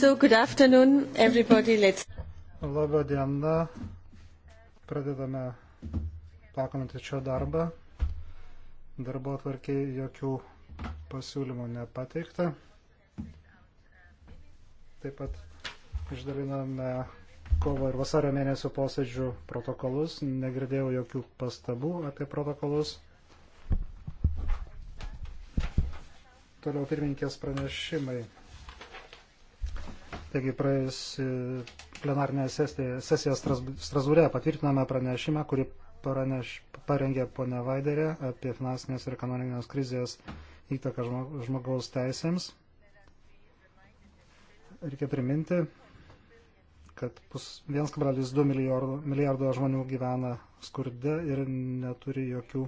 So, good afternoon, everybody. Let's... Labą dieną. Pradedame pakomitečio darbą. Darbo atvarkiai jokių pasiūlymų nepateikta. Taip pat išdaliname kovo ir vasario mėnesio posėdžių protokolus. Negirdėjau jokių pastabų apie protokolus. Toliau pirmininkės pranešimai. Taigi praėjusi e, plenarinė sesija, sesija Strasbūrė patvirtiname pranešimą, kurį paraneš, parengė ponia Vaiderė apie finansinės ir ekonominės krizės įtaką žmogaus teisėms. Reikia priminti, kad 1,2 milijardo, milijardo žmonių gyvena skurde ir neturi jokių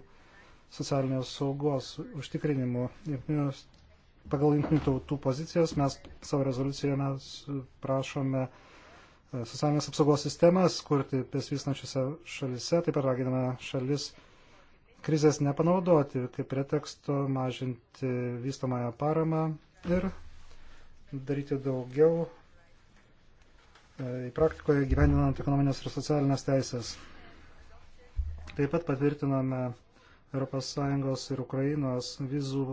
socialinės saugos užtikrinimų. Jungtinių pagal jungtinių tautų pozicijos mes savo rezoliucijoje prašome e, socialinės apsaugos sistemas kurti besivystančiose šalise, taip pat raginame šalis krizės nepanaudoti kaip preteksto mažinti vystamąją paramą ir daryti daugiau e, į praktikoje gyveninant ekonominės ir socialinės teisės. Taip pat patvirtiname ES ir Ukrainos vizų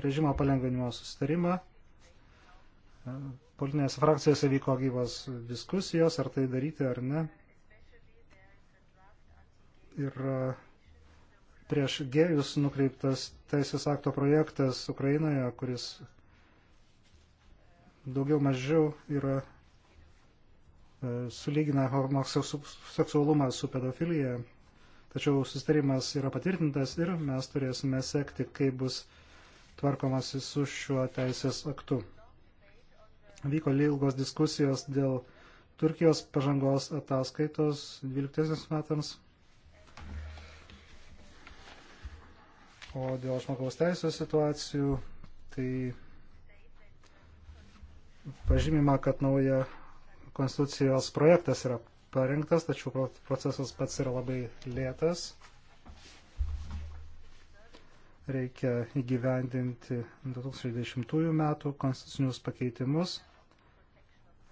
režimo palengvinimo susitarimą. Politinėse frakcijose vyko gyvos diskusijos, ar tai daryti ar ne. Ir e, prieš gėjus nukreiptas teisės akto projektas Ukrainoje, kuris daugiau mažiau yra e, sulygina homoseksualumą su pedofilija, tačiau sustarimas yra patvirtintas ir mes turėsime sekti, kaip bus tvarkomasi su šiuo teisės aktu. Vyko ilgos diskusijos dėl Turkijos pažangos ataskaitos 12 metams. O dėl žmogaus teisės situacijų, tai pažymima, kad nauja konstitucijos projektas yra parengtas, tačiau procesas pats yra labai lėtas reikia įgyvendinti 2010 metų konstitucinius pakeitimus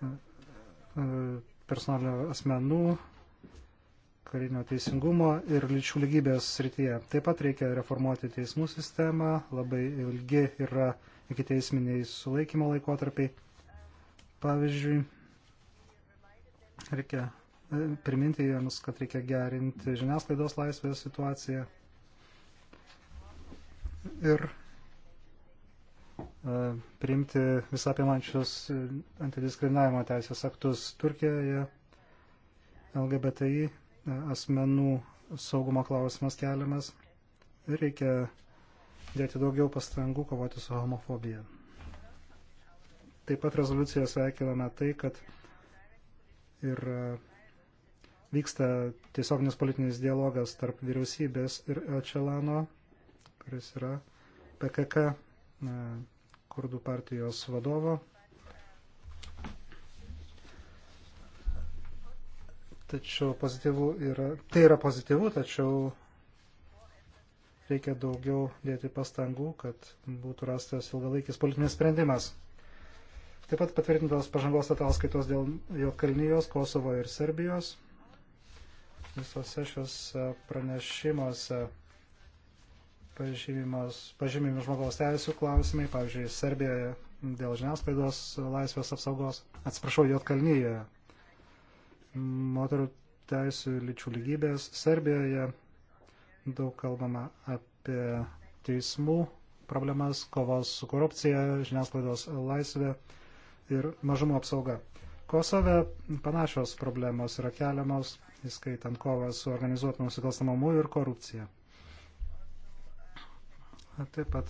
e, personalio asmenų, karinio teisingumo ir lyčių lygybės srityje. Taip pat reikia reformuoti teismų sistemą, labai ilgi yra iki teisminiai sulaikymo laikotarpiai. Pavyzdžiui, reikia e, priminti jiems, kad reikia gerinti žiniasklaidos laisvės situaciją ir e, priimti visą apimančius antidiskriminavimo teisės aktus Turkijoje. LGBTI e, asmenų saugumo klausimas keliamas. Reikia dėti daugiau pastangų kovoti su homofobija. Taip pat rezoliucijoje sveikiname tai, kad ir e, vyksta tiesioginis politinis dialogas tarp vyriausybės ir Čelano kuris yra PKK kurdų partijos vadovo. Tačiau pozityvų yra, tai yra pozityvų, tačiau reikia daugiau dėti pastangų, kad būtų rastas ilgalaikis politinis sprendimas. Taip pat patvirtintos pažangos ataskaitos dėl Jotkalnyjos, Kosovo ir Serbijos. Visose šios pranešimuose pažymimi žmogaus teisų klausimai, pavyzdžiui, Serbijoje dėl žiniasklaidos laisvės apsaugos, atsiprašau, Jotkalnyje, moterų teisų lyčių lygybės, Serbijoje daug kalbama apie teismų problemas, kovos su korupcija, žiniasklaidos laisvė ir mažumų apsauga. Kosove panašios problemos yra keliamos, įskaitant kovą su organizuotų nusikalstamumu ir korupcija. Taip pat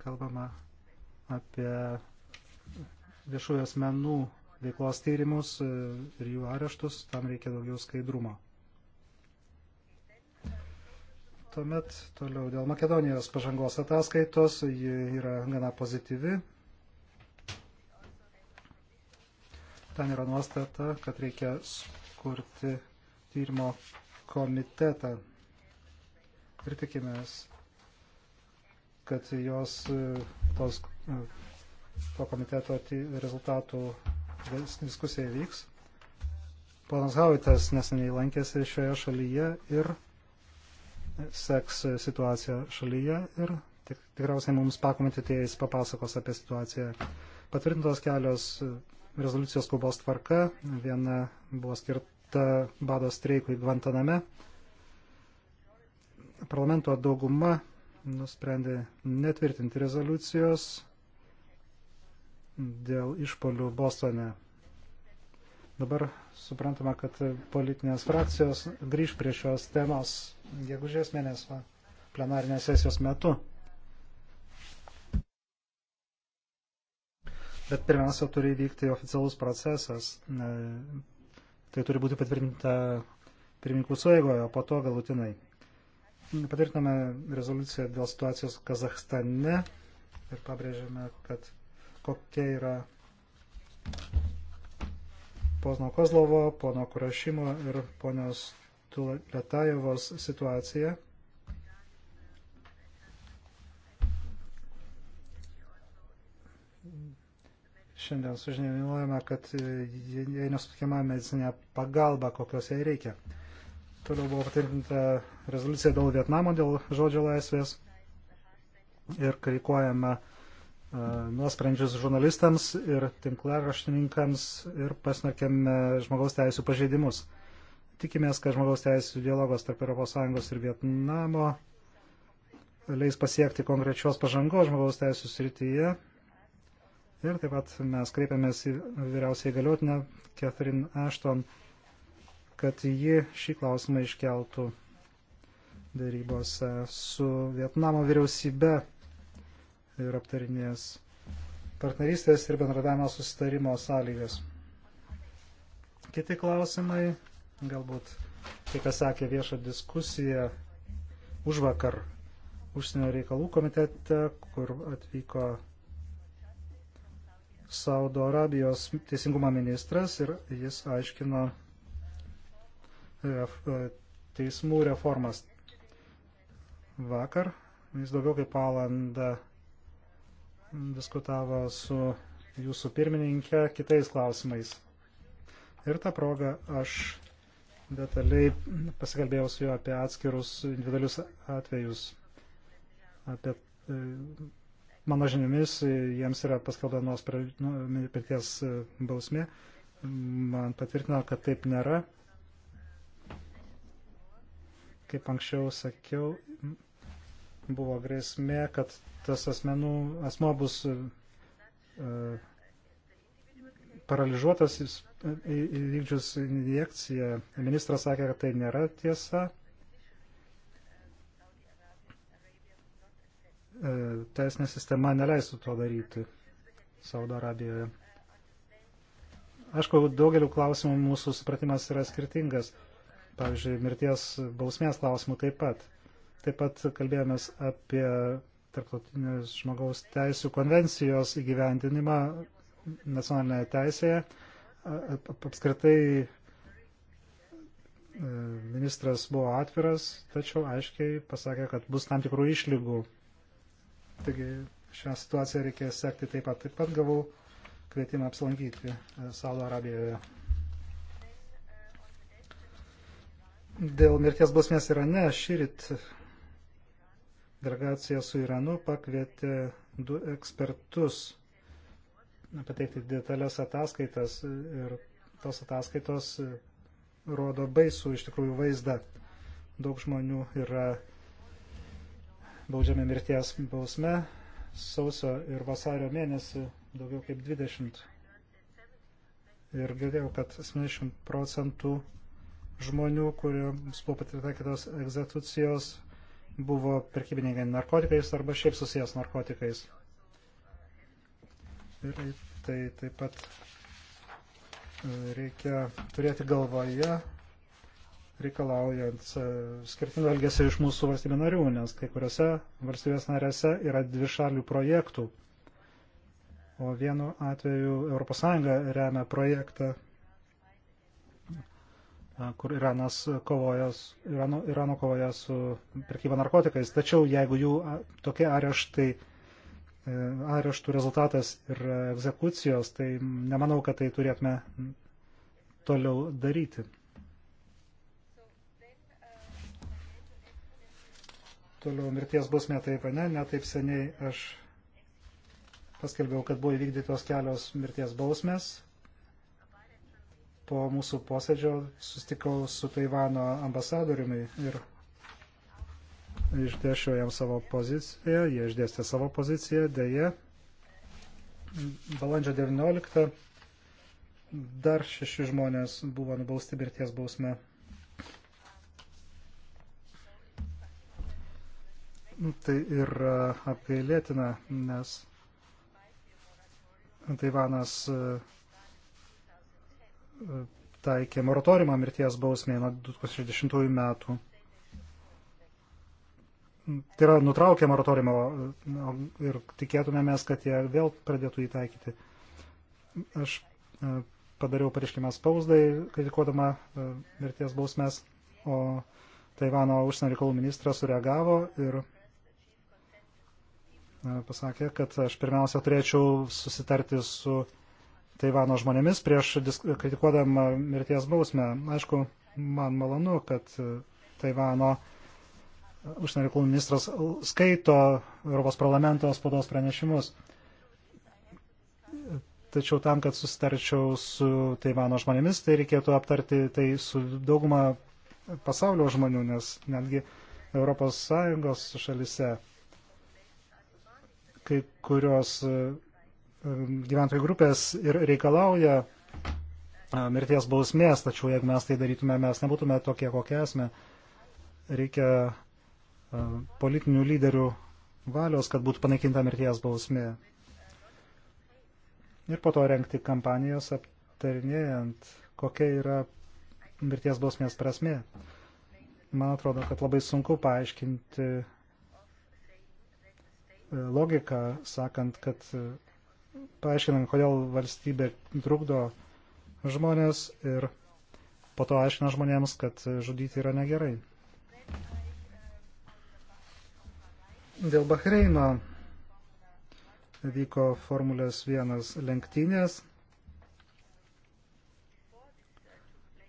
kalbama apie viešųjų asmenų veiklos tyrimus ir jų areštus, tam reikia daugiau skaidrumo. Tuomet toliau dėl Makedonijos pažangos ataskaitos, ji yra gana pozityvi. Ten yra nuostata, kad reikia skurti tyrimo komitetą. Ir tikimės, kad jos e, tos, e, to komiteto rezultatų diskusija vyks. Ponas Havitas neseniai lankėsi šioje šalyje ir seks situaciją šalyje ir tik, tikriausiai mums pakomitetėjais papasakos apie situaciją. Patvirtintos kelios e, rezoliucijos kalbos tvarka. Viena buvo skirta bado streikui Gvantaname. Parlamento dauguma nusprendė netvirtinti rezoliucijos dėl išpolių Bostone. Dabar suprantama, kad politinės frakcijos grįž prie šios temos gegužės mėnesio plenarinės sesijos metu. Bet pirmiausia, turi vykti oficialus procesas. E, tai turi būti patvirtinta pirmininkų suėgoje, po to galutinai patvirtiname rezoliuciją dėl situacijos Kazahstane ir pabrėžiame, kad kokia yra pono Kozlovo, pono Kurašimo ir ponios Tuletajevos situacija. Šiandien sužinojame, kad jai nesutikima medicinė pagalba, kokios jai reikia. Toliau buvo patvirtinta rezoliucija dėl Vietnamo, dėl žodžio laisvės ir kritikuojama e, nuosprendžius žurnalistams ir tinklaraštininkams ir pasmerkėme žmogaus teisų pažeidimus. Tikimės, kad žmogaus teisų dialogas tarp ES ir Vietnamo leis pasiekti konkrečios pažangos žmogaus teisų srityje. Ir taip pat mes kreipiamės į vyriausiai galiotinę Catherine Ashton kad ji šį klausimą iškeltų darybose su Vietnamo vyriausybe ir aptarinės partnerystės ir bendradavimo susitarimo sąlygas. Kiti klausimai, galbūt tai, kas sakė viešą diskusiją už vakar užsienio reikalų komitete, kur atvyko Saudo Arabijos teisingumo ministras ir jis aiškino E, teismų reformas. Vakar jis daugiau kaip valandą diskutavo su jūsų pirmininkė kitais klausimais. Ir tą progą aš detaliai pasikalbėjau su juo apie atskirus individualius atvejus. Apie, e, mano žiniomis, jiems yra paskelbta nuos pirties nu, bausmė. Man patvirtino, kad taip nėra. Kaip anksčiau sakiau, buvo grėsmė, kad tas asmenų, asmo bus e, e, paralyžiuotas e, įvykdžius injekciją. Ministras sakė, kad tai nėra tiesa. Teisinė sistema neleistų to daryti Saudo Arabijoje. Aišku, daugeliu klausimų mūsų supratimas yra skirtingas pavyzdžiui, mirties bausmės klausimų taip pat. Taip pat kalbėjomės apie tarptautinės žmogaus teisų konvencijos įgyvendinimą nacionalinėje teisėje. Apskritai e, ministras buvo atviras, tačiau aiškiai pasakė, kad bus tam tikrų išlygų. Taigi šią situaciją reikės sekti taip pat. Taip pat gavau kvietimą apsilankyti e, Saudo Arabijoje. Dėl mirties bausmės Irane šyrit delegacija su Iranu pakvietė du ekspertus pateikti detalės ataskaitas ir tos ataskaitos rodo baisų iš tikrųjų vaizdą. Daug žmonių yra baudžiami mirties bausme sausio ir vasario mėnesį daugiau kaip 20. Ir girdėjau, kad 70 procentų žmonių, kuriems buvo patvirtintos egzekucijos, buvo perkybininkai narkotikais arba šiaip susijęs narkotikais. Ir tai taip pat e, reikia turėti galvoje, reikalaujant e, skirtingą elgesį iš mūsų valstybių narių, nes kai kuriuose valstybės narėse yra dvi šalių projektų. O vienu atveju ES remia projektą kur Iranas kovoja, Irano, Irano kovoja su prekyba narkotikais. Tačiau jeigu jų tokie areštai, e, areštų rezultatas ir egzekucijos, tai nemanau, kad tai turėtume toliau daryti. Toliau mirties bausmė taip, ne, ne taip seniai aš paskelbiau, kad buvo įvykdytos kelios mirties bausmės po mūsų posėdžio sustikau su Taivano ambasadoriumi ir išdėšiau jam savo poziciją, jie išdėstė savo poziciją, dėje. Balandžio 19 dar šeši žmonės buvo nubausti mirties bausme. Tai yra apgailėtina, nes Taivanas uh, taikė moratoriumą mirties bausmėje nuo 2010 metų. Tai yra nutraukė moratoriumą ir tikėtumėmės, kad jie vėl pradėtų įtaikyti. Aš e, padariau pareiškimą spausdai, kritikuodama e, mirties bausmės, o Taivano užsienio reikalų ministras sureagavo ir e, pasakė, kad aš pirmiausia turėčiau susitarti su Taivano žmonėmis prieš kritikuodama mirties bausmę. Aišku, man malonu, kad e, Taivano e, užsienio reikalų ministras skaito Europos parlamento spaudos pranešimus. Tačiau tam, kad susitarčiau su Taivano žmonėmis, tai reikėtų aptarti tai su dauguma pasaulio žmonių, nes netgi Europos Sąjungos šalise kai kurios e, gyventojų grupės ir reikalauja mirties bausmės, tačiau jeigu mes tai darytume, mes nebūtume tokie, kokie esame. Reikia politinių lyderių valios, kad būtų panaikinta mirties bausmė. Ir po to renkti kampanijos aptarinėjant, kokia yra mirties bausmės prasmė. Man atrodo, kad labai sunku paaiškinti e, logiką, sakant, kad e, paaiškinant, kodėl valstybė trukdo žmonės ir po to aiškina žmonėms, kad žudyti yra negerai. Dėl Bahreino vyko Formulės 1 lenktynės.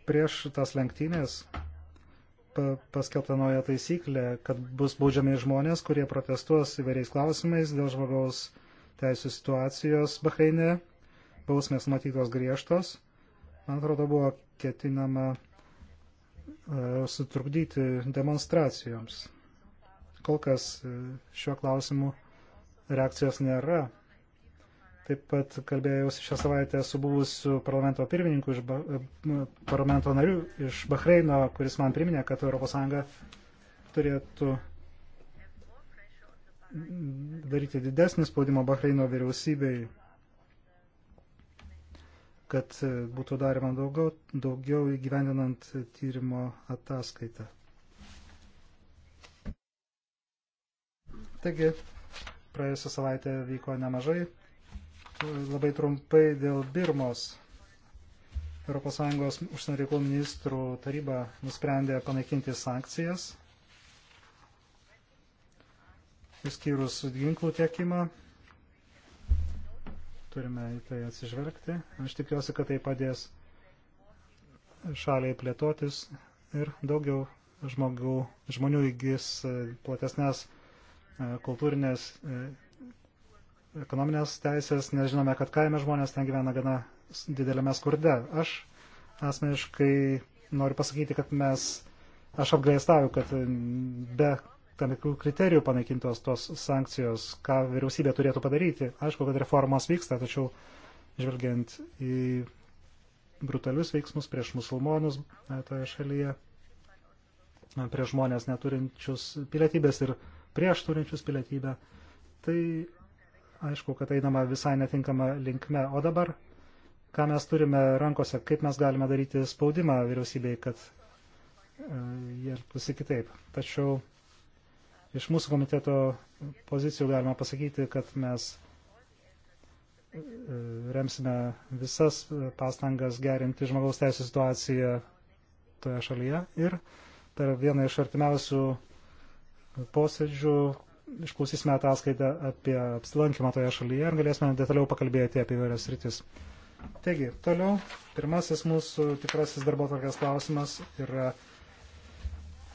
Prieš tas lenktynės paskelbta nauja taisyklė, kad bus baudžiami žmonės, kurie protestuos įvairiais klausimais dėl žmogaus teisų situacijos Bahreinė, bausmės matytos griežtos. Man atrodo, buvo ketinama e, sutrukdyti demonstracijoms. Kol kas e, šiuo klausimu reakcijos nėra. Taip pat kalbėjausi šią savaitę su buvusiu parlamento pirmininku, iš ba, e, parlamento nariu iš Bahreino, kuris man priminė, kad ES turėtų daryti didesnį spaudimą Bahreino vyriausybei, kad e, būtų darima daugiau, daugiau įgyvendinant tyrimo ataskaitą. Taigi, praėjusią savaitę vyko nemažai. E, labai trumpai dėl Birmos. ES užsienio reikalų ministrų taryba nusprendė panaikinti sankcijas išskyrus ginklų tiekimą. Turime į tai atsižvelgti. Aš tikiuosi, kad tai padės šaliai plėtotis ir daugiau žmogų, žmonių įgis e, platesnės e, kultūrinės, e, ekonominės teisės, nes žinome, kad kaime žmonės ten gyvena gana didelėme skurde. Aš asmeniškai noriu pasakyti, kad mes, aš apgailestauju, kad be tam tikrų kriterijų panaikintos tos sankcijos, ką vyriausybė turėtų padaryti. Aišku, kad reformos vyksta, tačiau žvelgiant į brutalius veiksmus prieš musulmonus e, toje šalyje, e, prieš žmonės neturinčius pilietybės ir prieš turinčius pilietybę, tai aišku, kad einama visai netinkama linkme. O dabar, ką mes turime rankose, kaip mes galime daryti spaudimą vyriausybei, kad e, jie elgtųsi kitaip. Tačiau Iš mūsų komiteto pozicijų galima pasakyti, kad mes e, remsime visas pastangas gerinti žmogaus teisų situaciją toje šalyje. Ir per vieną iš artimiausių posėdžių išklausysime ataskaitą apie apsilankymą toje šalyje ir galėsime detaliau pakalbėti apie įvairias rytis. Taigi, toliau, pirmasis mūsų tikrasis darbo tvarkės klausimas yra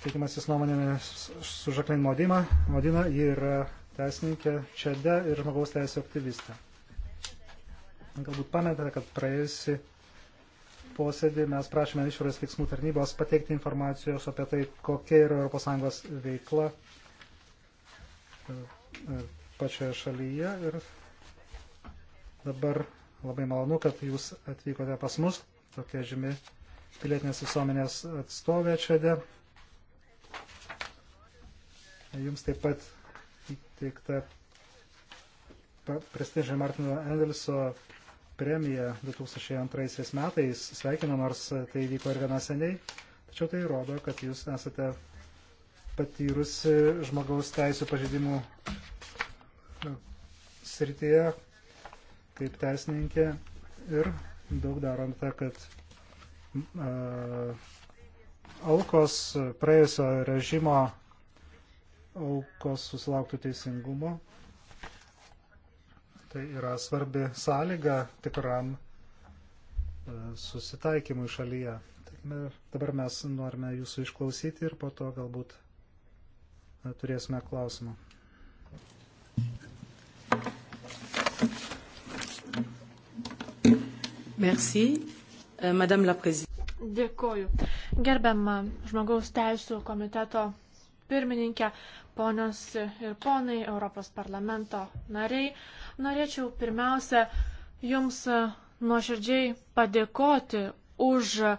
keitimasis nuomonėmis su Žaklin Modima. Modina yra teisininkė Čede ir žmogaus teisų aktyvistė. Galbūt pamėtate, kad praėjusi posėdį mes prašėme išorės veiksmų tarnybos pateikti informacijos apie tai, kokia yra ES veikla e, pačioje šalyje. Ir dabar labai malonu, kad jūs atvykote pas mus, tokia žymi pilietinės visuomenės atstovė čia. De. Jums taip pat įteikta prestižė Martino Endelso premija 2002 metais. Sveikinu, nors tai vyko ir gana seniai. Tačiau tai rodo, kad jūs esate patyrusi žmogaus teisų pažeidimų nu, srityje kaip teisininkė ir daug daromte, kad uh, aukos praėjusio režimo aukos susilauktų teisingumo. Tai yra svarbi sąlyga tikram e, susitaikymui šalyje. Dabar mes norime jūsų išklausyti ir po to galbūt e, turėsime klausimą. Merci, e, Madame la Présidente. Dėkoju. Gerbiam žmogaus teisų komiteto pirmininkė, ponios ir ponai, Europos parlamento nariai. Norėčiau pirmiausia Jums e, nuoširdžiai padėkoti už e,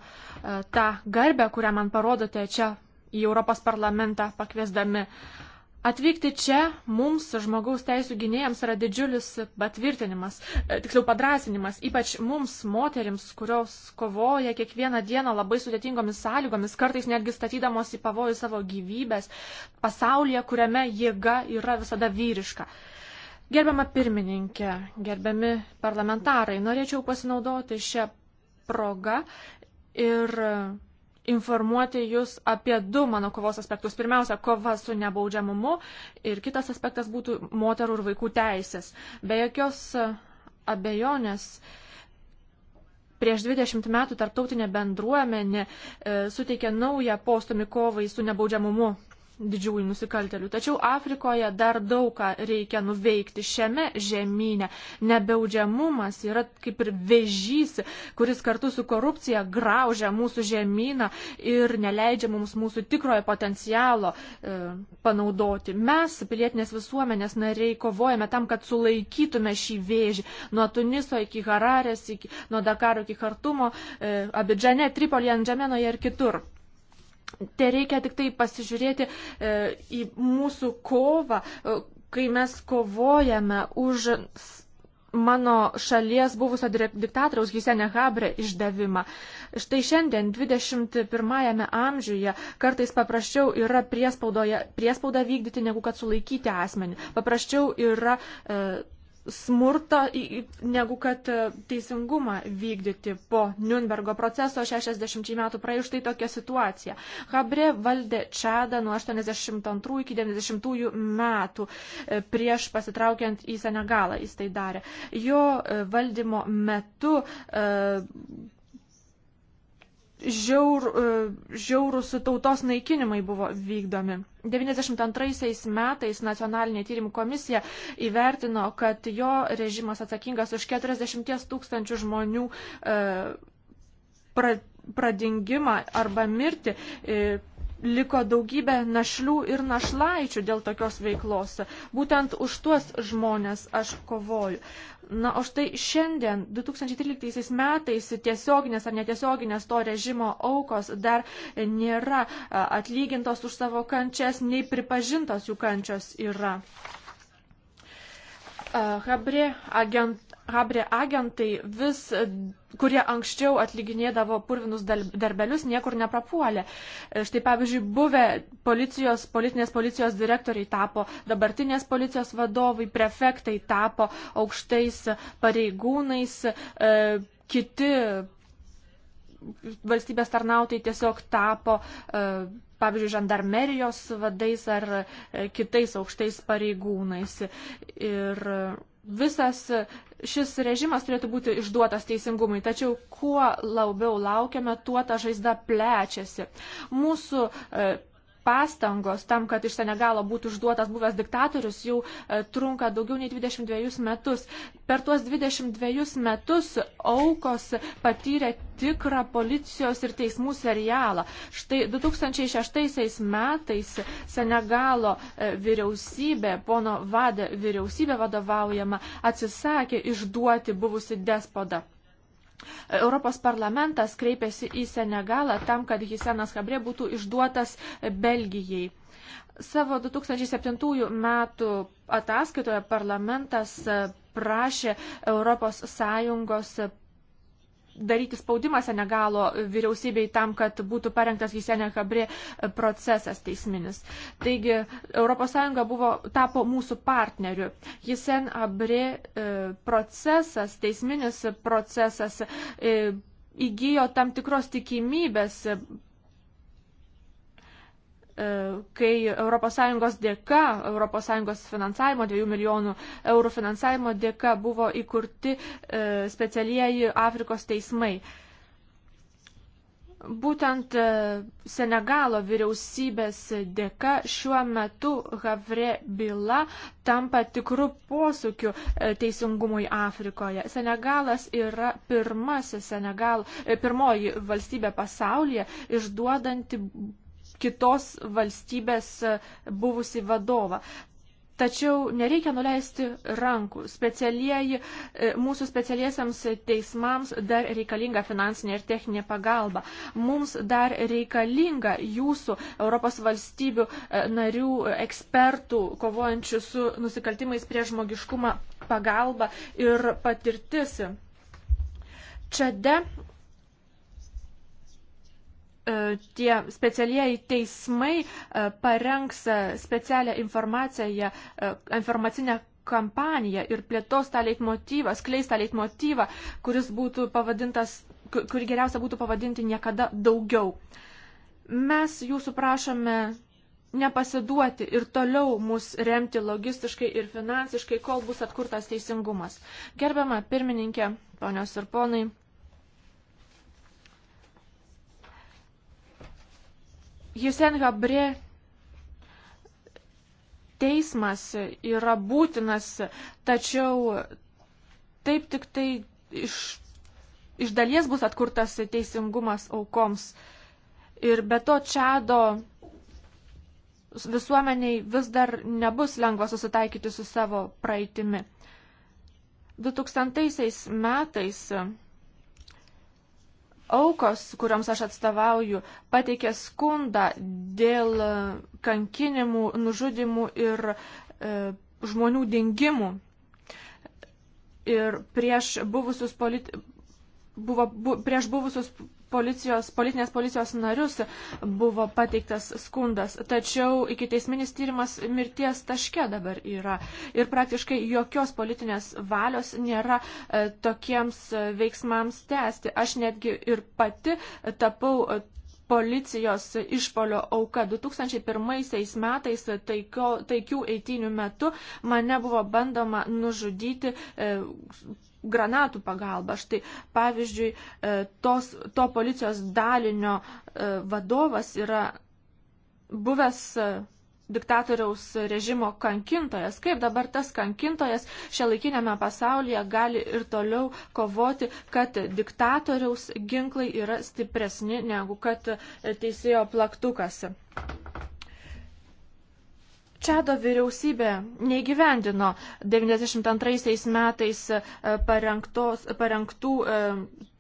tą garbę, kurią man parodote čia į Europos parlamentą pakviesdami Atvykti čia mums, žmogaus teisų gynėjams, yra didžiulis patvirtinimas, e, tiksliau padrasinimas, ypač mums, moterims, kurios kovoja kiekvieną dieną labai sudėtingomis sąlygomis, kartais netgi statydamos į pavojų savo gyvybės, pasaulyje, kuriame jėga yra visada vyriška. Gerbiama pirmininkė, gerbiami parlamentarai, norėčiau pasinaudoti šią progą ir informuoti jūs apie du mano kovos aspektus. Pirmiausia, kova su nebaudžiamumu ir kitas aspektas būtų moterų ir vaikų teisės. Be jokios e, abejonės. Prieš 20 metų tarptautinė bendruomenė e, suteikė naują postumį kovai su nebaudžiamumu didžiųjų nusikaltelių. Tačiau Afrikoje dar daug ką reikia nuveikti šiame žemynė. Nebaudžiamumas yra kaip ir vežys, kuris kartu su korupcija graužia mūsų žemyną ir neleidžia mums mūsų tikrojo potencialo e, panaudoti. Mes, pilietinės visuomenės nariai, kovojame tam, kad sulaikytume šį vėžį nuo Tuniso iki Hararės, iki, nuo Dakaro iki Hartumo, e, Abidžane, Tripolį, Andžamenoje ir kitur. Te reikia tik tai pasižiūrėti e, į mūsų kovą, e, kai mes kovojame už mano šalies buvusio diktatoriaus Hisenė Habre išdavimą. Štai šiandien, 21-ame amžiuje, kartais paprasčiau yra priespaudą vykdyti, negu kad sulaikyti asmenį. Paprasčiau yra e, smurtą, negu kad e, teisingumą vykdyti po Nürnbergo proceso 60 metų praėjus štai tokia situacija. Habrė valdė Čadą nuo 82 iki 90 metų e, prieš pasitraukiant į Senegalą jis tai darė. Jo e, valdymo metu žiaur, e, žiaurus tautos naikinimai buvo vykdomi. 92 metais nacionalinė tyrimų komisija įvertino, kad jo režimas atsakingas už 40 tūkstančių žmonių e, pra, pradingimą arba mirti. E, liko daugybė našlių ir našlaičių dėl tokios veiklos. Būtent už tuos žmonės aš kovoju. Uh, Na, o štai šiandien, 2013 metais, tiesioginės ar netiesioginės to režimo aukos dar nėra atlygintos už savo kančias, nei pripažintos jų kančios yra. Habrė agent, Habrė agentai, vis, kurie anksčiau atlyginėdavo purvinus darbelius, niekur neprapuolė. E, štai pavyzdžiui, buvę policijos, politinės policijos direktoriai tapo, dabartinės policijos vadovai, prefektai tapo aukštais pareigūnais, e, kiti valstybės tarnautai tiesiog tapo. E, pavyzdžiui, žandarmerijos vadais ar e, kitais aukštais pareigūnais. Ir visas šis režimas turėtų būti išduotas teisingumui, tačiau kuo labiau laukiame, tuo ta žaizda plečiasi. Mūsų e, pastangos tam, kad iš Senegalo būtų užduotas buvęs diktatorius, jau e, trunka daugiau nei 22 metus. Per tuos 22 metus aukos patyrė tikrą policijos ir teismų serialą. Štai 2006 metais Senegalo e, vyriausybė, pono Vade vyriausybė vadovaujama, atsisakė išduoti buvusi despodą. Europos parlamentas kreipėsi į Senegalą tam, kad Hisenas Habrė būtų išduotas Belgijai. Savo 2007 metų ataskaitoje parlamentas prašė ES daryti spaudimą Senegalo vyriausybei tam, kad būtų parengtas Hisenė Kabrė procesas teisminis. Taigi ES buvo, tapo mūsų partneriu. Hisen Abrė e, procesas, teisminis procesas e, įgyjo tam tikros tikimybės E, kai ES dėka, ES finansavimo, 2 milijonų eurų finansavimo dėka buvo įkurti e, specialieji Afrikos teismai. Būtent e, Senegalo vyriausybės dėka šiuo metu Havre byla tampa tikru posūkiu teisingumui Afrikoje. Senegalas yra pirmasis Senegal, pirmoji valstybė pasaulyje išduodanti kitos valstybės buvusi vadovą. Tačiau nereikia nuleisti rankų. Specialieji, e, mūsų specialiesiams teismams dar reikalinga finansinė ir techninė pagalba. Mums dar reikalinga jūsų Europos valstybių e, narių e, ekspertų, kovojančių su nusikaltimais prie žmogiškumą pagalba ir patirtis. Čade E, tie specialieji teismai e, parengs e, specialią informaciją, informacinę kampaniją ir plėtos tą leitmotyvą, skleis tą leitmotyvą, kuris būtų pavadintas, kurį geriausia būtų pavadinti niekada daugiau. Mes jūsų prašome nepasiduoti ir toliau mus remti logistiškai ir finansiškai, kol bus atkurtas teisingumas. Gerbiama pirmininkė, ponios ir ponai, Jusen Habrė teismas yra būtinas, tačiau taip tik tai iš, iš dalies bus atkurtas teisingumas aukoms. Ir be to Čado visuomeniai vis dar nebus lengva susitaikyti su savo praeitimi. 2000 metais Aukos, kuriuoms aš atstovauju, pateikė skundą dėl kankinimų, nužudimų ir e, žmonių dingimų. Ir prieš buvusius, politi... buvo, bu... prieš buvusius policijos, politinės policijos narius buvo pateiktas skundas, tačiau iki teisminis tyrimas mirties taške dabar yra. Ir praktiškai jokios politinės valios nėra e, tokiems e, veiksmams tęsti. Aš netgi ir pati tapau e, policijos išpolio auka. 2001 metais taikio, taikių eitynių metu mane buvo bandoma nužudyti e, granatų pagalba. Štai, pavyzdžiui, e, tos, to policijos dalinio e, vadovas yra buvęs e, diktatoriaus režimo kankintojas. Kaip dabar tas kankintojas šia laikinėme pasaulyje gali ir toliau kovoti, kad diktatoriaus ginklai yra stipresni negu kad teisėjo plaktukas. Čado vyriausybė neįgyvendino 92 metais e, parengtos, parengtų e,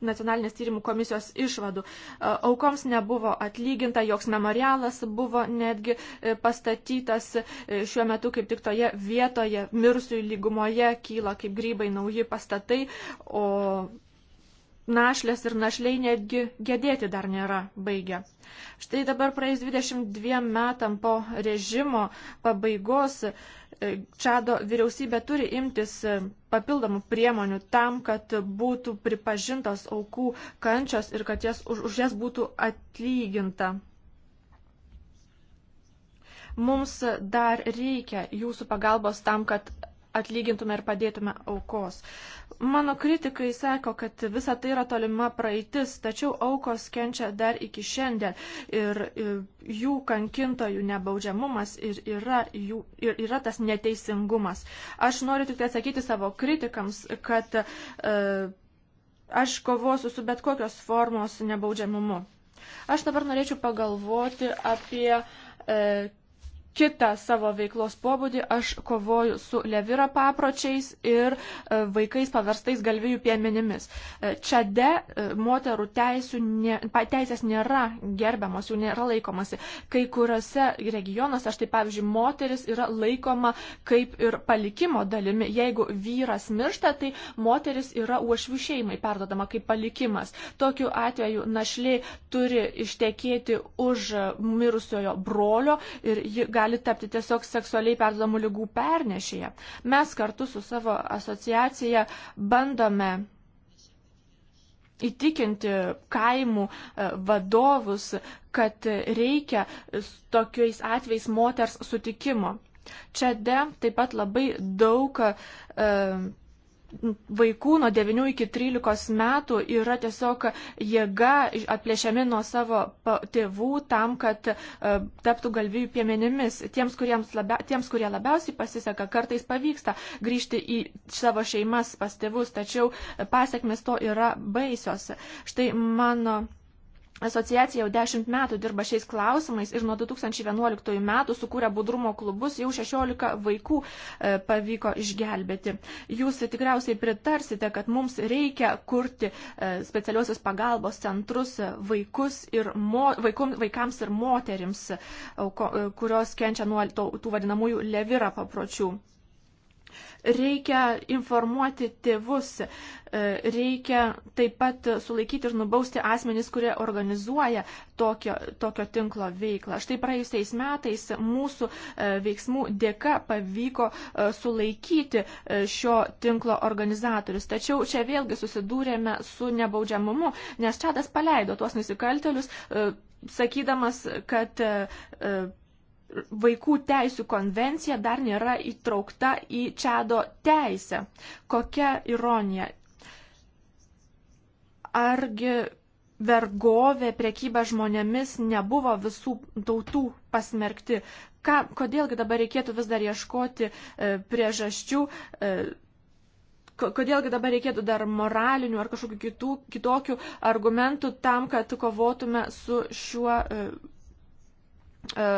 nacionalinės tyrimų komisijos išvadų. E, aukoms nebuvo atlyginta, joks memorialas buvo netgi pastatytas šiuo metu kaip tik toje vietoje, mirusiųjų lygumoje kyla kaip grybai nauji pastatai, o našlės ir našliai netgi gedėti dar nėra baigę. Štai dabar praeis 22 metam po režimo pabaigos e, Čado vyriausybė turi imtis e, papildomų priemonių tam, kad būtų pripažintos aukų kančios ir kad jas, už, už jas būtų atlyginta. Mums dar reikia jūsų pagalbos tam, kad atlygintume ir padėtume aukos. Mano kritikai sako, kad visa tai yra tolima praeitis, tačiau aukos kenčia dar iki šiandien ir, ir e, jų kankintojų nebaudžiamumas ir yra, jų, ir yra tas neteisingumas. Aš noriu tik tai atsakyti savo kritikams, kad e, aš kovosiu su bet kokios formos nebaudžiamumu. Aš dabar norėčiau pagalvoti apie e, kitą savo veiklos pobūdį, aš kovoju su levira papročiais ir e, vaikais paverstais galvijų piemenimis. E, Čade e, moterų teisų, ne, teisės nėra gerbiamos, jų nėra laikomasi. Kai kuriuose regionuose, aš tai pavyzdžiui, moteris yra laikoma kaip ir palikimo dalimi. Jeigu vyras miršta, tai moteris yra uošvių šeimai perdodama kaip palikimas. Tokiu atveju našlė turi ištekėti už mirusiojo brolio ir ji gali gali tapti tiesiog seksualiai perdodamų lygų pernešėje. Mes kartu su savo asociacija bandome įtikinti kaimų e, vadovus, kad reikia tokiais atvejais moters sutikimo. Čia de taip pat labai daug e, vaikų nuo 9 iki 13 metų yra tiesiog jėga atplėšiami nuo savo tėvų tam, kad e, taptų galvijų piemenimis. Tiems, labia, tiems, kurie labiausiai pasiseka, kartais pavyksta grįžti į savo šeimas pas tėvus, tačiau e, pasiekmes to yra baisios. Štai mano Asociacija jau dešimt metų dirba šiais klausimais ir nuo 2011 metų sukūrė budrumo klubus, jau 16 vaikų e, pavyko išgelbėti. Jūs tikriausiai pritarsite, kad mums reikia kurti e, specialiosios pagalbos centrus e, vaikus ir mo, vaikum, vaikams ir moterims, kurios kenčia nuo tų vadinamųjų levira papročių. Reikia informuoti tėvus, e, reikia taip pat sulaikyti ir nubausti asmenys, kurie organizuoja tokio, tokio tinklo veiklą. Štai praėjusiais metais mūsų e, veiksmų dėka pavyko e, sulaikyti šio tinklo organizatorius. Tačiau čia vėlgi susidūrėme su nebaudžiamumu, nes Čadas paleido tuos nusikaltelius sakydamas, kad vaikų teisų konvencija dar nėra įtraukta į Čado teisę. Kokia ironija. Argi vergovė, priekyba žmonėmis nebuvo visų tautų pasmerkti. Ką, kodėlgi dabar reikėtų vis dar ieškoti e, priežasčių, e, kodėlgi dabar reikėtų dar moralinių ar kažkokių kitų, kitokių argumentų tam, kad kovotume su šiuo. E, e,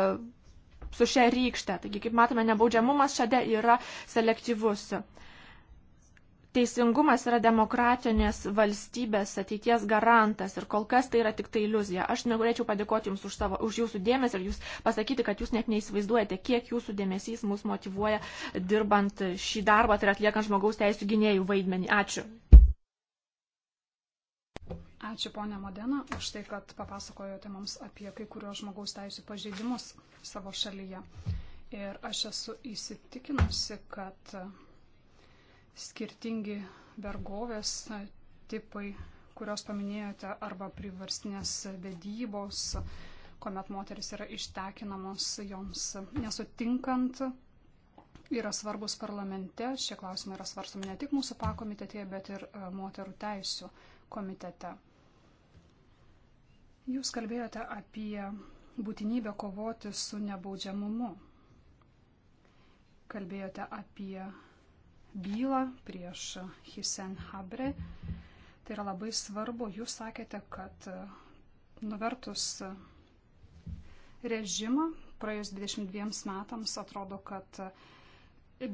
su šia rykšte. Taigi, kaip matome, nebaudžiamumas šiade yra selektyvus. Teisingumas yra demokratinės valstybės ateities garantas ir kol kas tai yra tik tai iliuzija. Aš negalėčiau padėkoti Jums už, savo, už Jūsų dėmesį ir Jūs pasakyti, kad Jūs net neįsivaizduojate, kiek Jūsų dėmesys mus motivuoja dirbant šį darbą, tai yra atliekant žmogaus teisų gynėjų vaidmenį. Ačiū. Ačiū ponė Modena už tai, kad papasakojote mums apie kai kurios žmogaus teisų pažeidimus savo šalyje. Ir aš esu įsitikinusi, kad skirtingi vergovės tipai, kurios paminėjote, arba privarstinės vedybos, kuomet moteris yra ištekinamos joms nesutinkant, yra svarbus parlamente. Šie klausimai yra svarstomi ne tik mūsų pakomitetėje, bet ir e, moterų teisų komitete. Jūs kalbėjote apie būtinybę kovoti su nebaudžiamumu. Kalbėjote apie bylą prieš Hisen Habre. Tai yra labai svarbu. Jūs sakėte, kad nuvertus režimą praėjus 22 metams atrodo, kad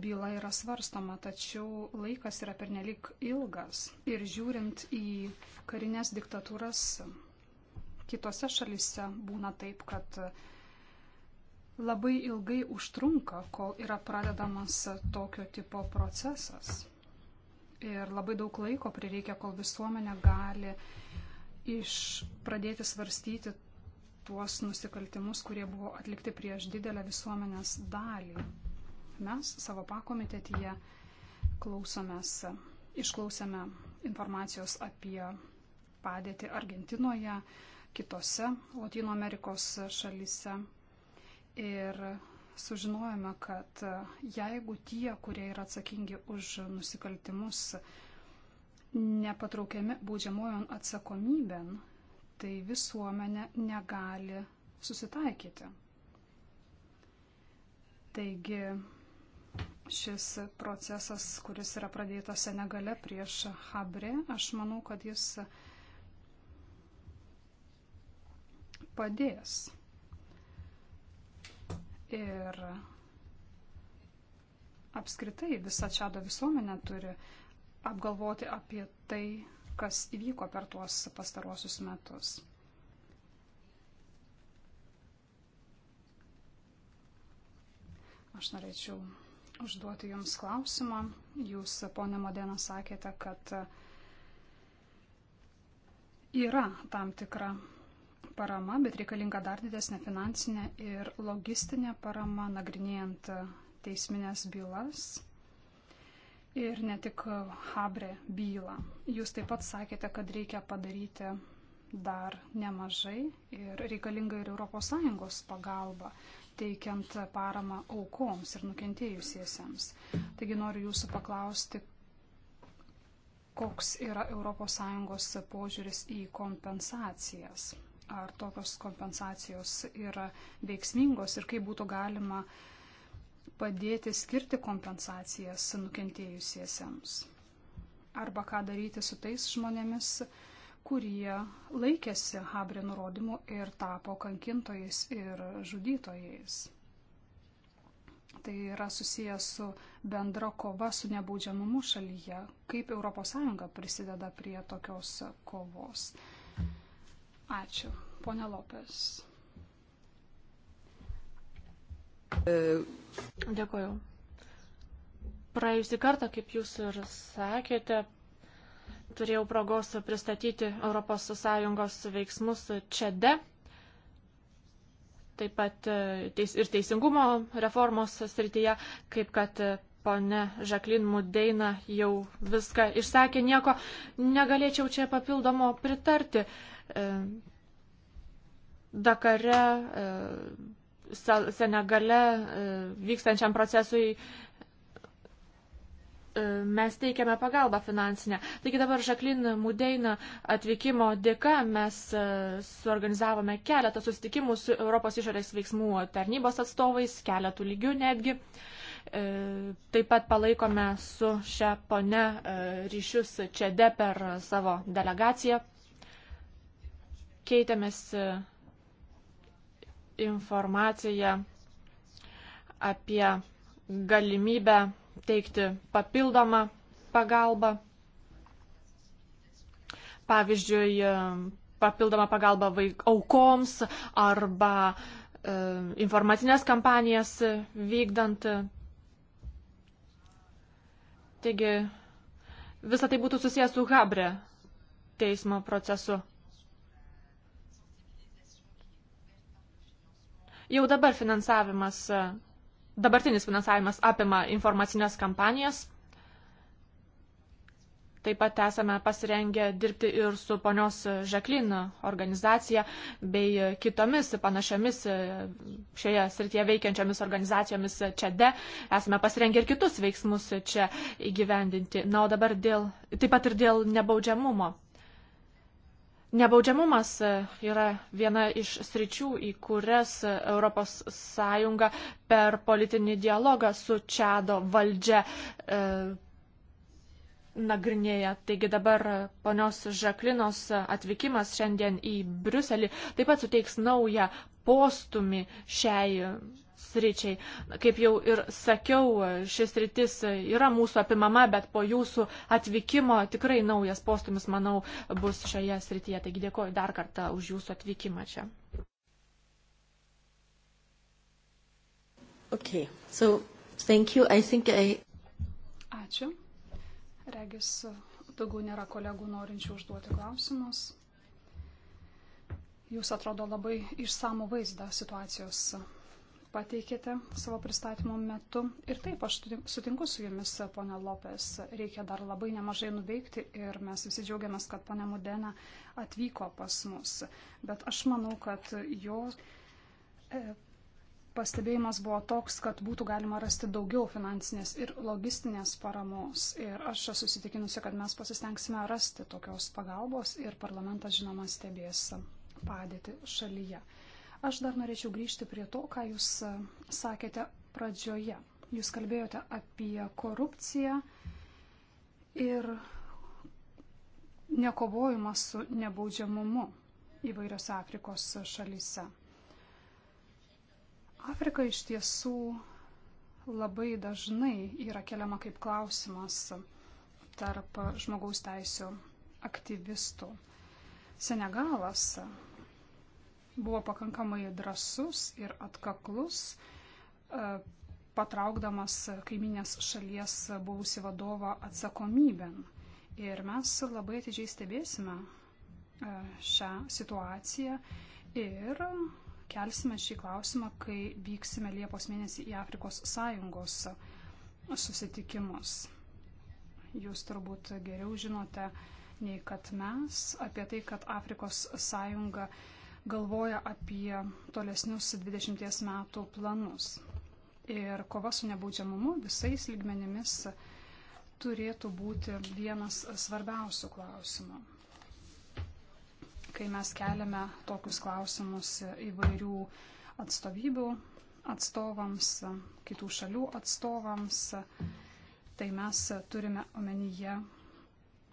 byla yra svarstoma, tačiau laikas yra pernelik ilgas. Ir žiūrint į karinės diktatūras Kitose šalise būna taip, kad labai ilgai užtrunka, kol yra pradedamas tokio tipo procesas. Ir labai daug laiko prireikia, kol visuomenė gali iš pradėti svarstyti tuos nusikaltimus, kurie buvo atlikti prieš didelę visuomenės dalį. Mes savo pakomitetyje klausomės, išklausėme informacijos apie padėtį Argentinoje, kitose Latino Amerikos šalyse. Ir sužinojome, kad e, jeigu tie, kurie yra atsakingi už nusikaltimus, nepatraukiami baudžiamojon atsakomybėn, tai visuomenė negali susitaikyti. Taigi šis procesas, kuris yra pradėtas Senegale prieš Habre, aš manau, kad jis padės. Ir apskritai visa čiado visuomenė turi apgalvoti apie tai, kas įvyko per tuos pastaruosius metus. Aš norėčiau užduoti Jums klausimą. Jūs, ponė Modena, sakėte, kad yra tam tikra parama, bet reikalinga dar didesnė finansinė ir logistinė parama nagrinėjant teisminės bylas ir ne tik Habre bylą. Jūs taip pat sakėte, kad reikia padaryti dar nemažai ir reikalinga ir ES pagalba teikiant paramą aukoms ir nukentėjusiesiems. Taigi noriu jūsų paklausti, koks yra ES požiūris į kompensacijas ar tokios kompensacijos yra veiksmingos ir kaip būtų galima padėti skirti kompensacijas nukentėjusiesiems. Arba ką daryti su tais žmonėmis, kurie laikėsi Habrė nurodymų ir tapo kankintojais ir žudytojais. Tai yra susijęs su bendra kova su nebaudžiamumu šalyje, kaip ES prisideda prie tokios kovos. Ačiū. Pone Lopes. E. Dėkuoju. Praėjusį kartą, kaip jūs ir sakėte, turėjau progos pristatyti ES veiksmus ČEDE, taip pat e, teis, ir teisingumo reformos srityje, kaip kad e, pane Žaklin Mudeina jau viską išsakė, nieko negalėčiau čia papildomo pritarti. Uh, E, Dakare, e, Senegale e, vykstančiam procesui mes teikiame pagalbą finansinę. Taigi dabar Žaklin Mudeina atvykimo dėka mes suorganizavome keletą susitikimų su Europos išorės veiksmų tarnybos atstovais, keletų lygių netgi. Taip pat palaikome su šia pone ryšius Čede per savo delegaciją keitėmės e, informaciją apie galimybę teikti papildomą pagalbą. Pavyzdžiui, e, papildomą pagalbą vaik, aukoms arba e, informacinės kampanijas vykdant. Taigi, visa tai būtų susijęs su Habre teismo procesu. Jau dabar finansavimas, e, dabartinis finansavimas apima informacinės kampanijas. Taip pat esame pasirengę dirbti ir su ponios Žaklin organizacija bei kitomis panašiomis e, šioje srityje veikiančiomis organizacijomis čia de. Esame pasirengę ir kitus veiksmus čia įgyvendinti. Na, o dabar dėl, taip pat ir dėl nebaudžiamumo. Nebaudžiamumas e, yra viena iš sričių, į kurias ES per politinį dialogą su Čado valdžia e, nagrinėja. Taigi dabar ponios Žaklinos atvykimas šiandien į Briuselį taip pat suteiks naują postumį šiai sričiai. Kaip jau ir sakiau, šis rytis yra mūsų apimama, bet po jūsų atvykimo tikrai naujas postumis, manau, bus šioje srityje. Taigi dėkoju dar kartą už jūsų atvykimą čia. Okay. So, thank you. I think I... Ačiū. Regis, daugiau nėra kolegų norinčių užduoti klausimus. Jūs atrodo labai išsamų vaizdą situacijos pateikėte savo pristatymo metu. Ir taip, aš sutinku su jumis, ponia Lopes, reikia dar labai nemažai nuveikti ir mes visi džiaugiamės, kad ponia Mudena atvyko pas mus. Bet aš manau, kad jo e, pastebėjimas buvo toks, kad būtų galima rasti daugiau finansinės ir logistinės paramos. Ir aš esu įsitikinusi, kad mes pasistengsime rasti tokios pagalbos ir parlamentas, žinoma, stebės padėti šalyje. Aš dar norėčiau grįžti prie to, ką Jūs e, sakėte pradžioje. Jūs kalbėjote apie korupciją ir nekovojimą su nebaudžiamumu įvairiose Afrikos šalyse. Afrika iš tiesų labai dažnai yra keliama kaip klausimas tarp žmogaus teisų aktyvistų. Senegalas buvo pakankamai drasus ir atkaklus, e, patraukdamas kaiminės šalies buvusi vadovą atsakomybėn. Ir mes labai atidžiai stebėsime e, šią situaciją ir kelsime šį klausimą, kai vyksime Liepos mėnesį į Afrikos sąjungos susitikimus. Jūs turbūt geriau žinote nei kad mes apie tai, kad Afrikos sąjunga uh, galvoja apie tolesnius 20 metų planus. Ir kova su nebaudžiamumu visais lygmenimis turėtų būti vienas svarbiausių klausimų. Kai mes keliame tokius klausimus įvairių atstovybių atstovams, kitų šalių atstovams, tai mes turime omenyje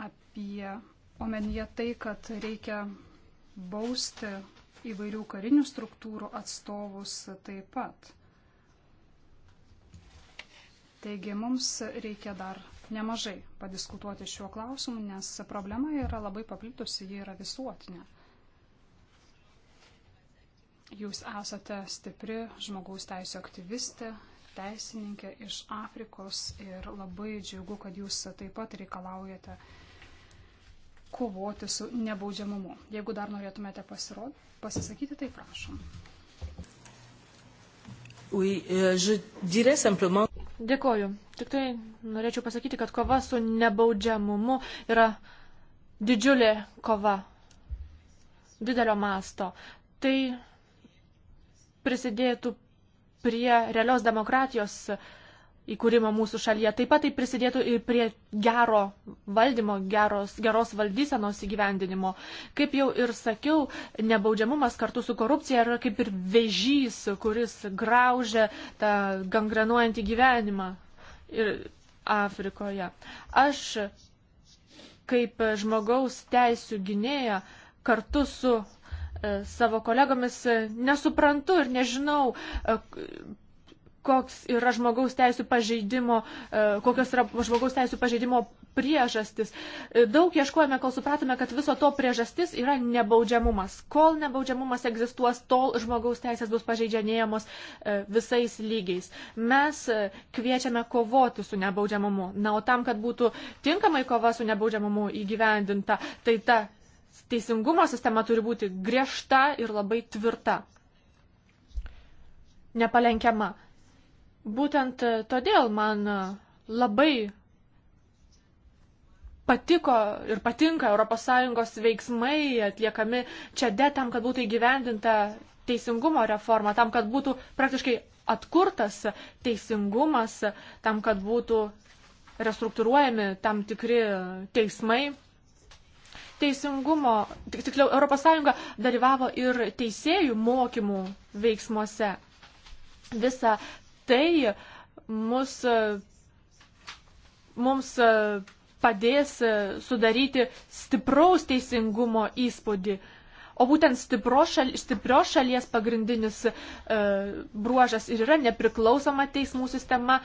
apie omenyje tai, kad reikia bausti įvairių karinių struktūrų atstovus taip pat. Taigi mums reikia dar nemažai padiskutuoti šiuo klausimu, nes problema yra labai paplitusi, ji yra visuotinė. Jūs esate stipri žmogaus teisų aktyvistė, teisininkė iš Afrikos ir labai džiugu, kad jūs taip pat reikalaujate kovoti su nebaudžiamumu. Jeigu dar norėtumėte pasirod, pasisakyti, tai prašom. Oui, euh, simplement... Dėkoju. Tik tai norėčiau pasakyti, kad kova su nebaudžiamumu yra didžiulė kova, didelio masto. Tai prisidėtų prie realios demokratijos uh, įkūrimo mūsų šalyje. Taip pat tai prisidėtų ir prie gero valdymo, geros, geros valdysenos įgyvendinimo. Kaip jau ir sakiau, nebaudžiamumas kartu su korupcija yra kaip ir vežys, kuris graužia tą gangrenuojantį gyvenimą ir Afrikoje. Aš kaip žmogaus teisų gynėja kartu su e, savo kolegomis e, nesuprantu ir nežinau e, koks yra žmogaus teisų pažeidimo, e, kokios yra žmogaus teisų pažeidimo priežastis. E, daug ieškojame, kol supratome, kad viso to priežastis yra nebaudžiamumas. Kol nebaudžiamumas egzistuos, tol žmogaus teisės bus pažeidžianėjamos e, visais lygiais. Mes kviečiame kovoti su nebaudžiamumu. Na, o tam, kad būtų tinkamai kova su nebaudžiamumu įgyvendinta, tai ta teisingumo sistema turi būti griežta ir labai tvirta nepalenkiama. Būtent e, todėl man e, labai patiko ir patinka ES veiksmai atliekami čia de tam, kad būtų įgyvendinta teisingumo reforma, tam, kad būtų praktiškai atkurtas teisingumas, tam, kad būtų restruktūruojami tam tikri teismai. Teisingumo, tiksliau, ES dalyvavo ir teisėjų mokymų veiksmuose. Visa tai mus, mums padės sudaryti stipraus teisingumo įspūdį. O būtent šal, stiprios šalies pagrindinis e, bruožas ir yra nepriklausoma teismų sistema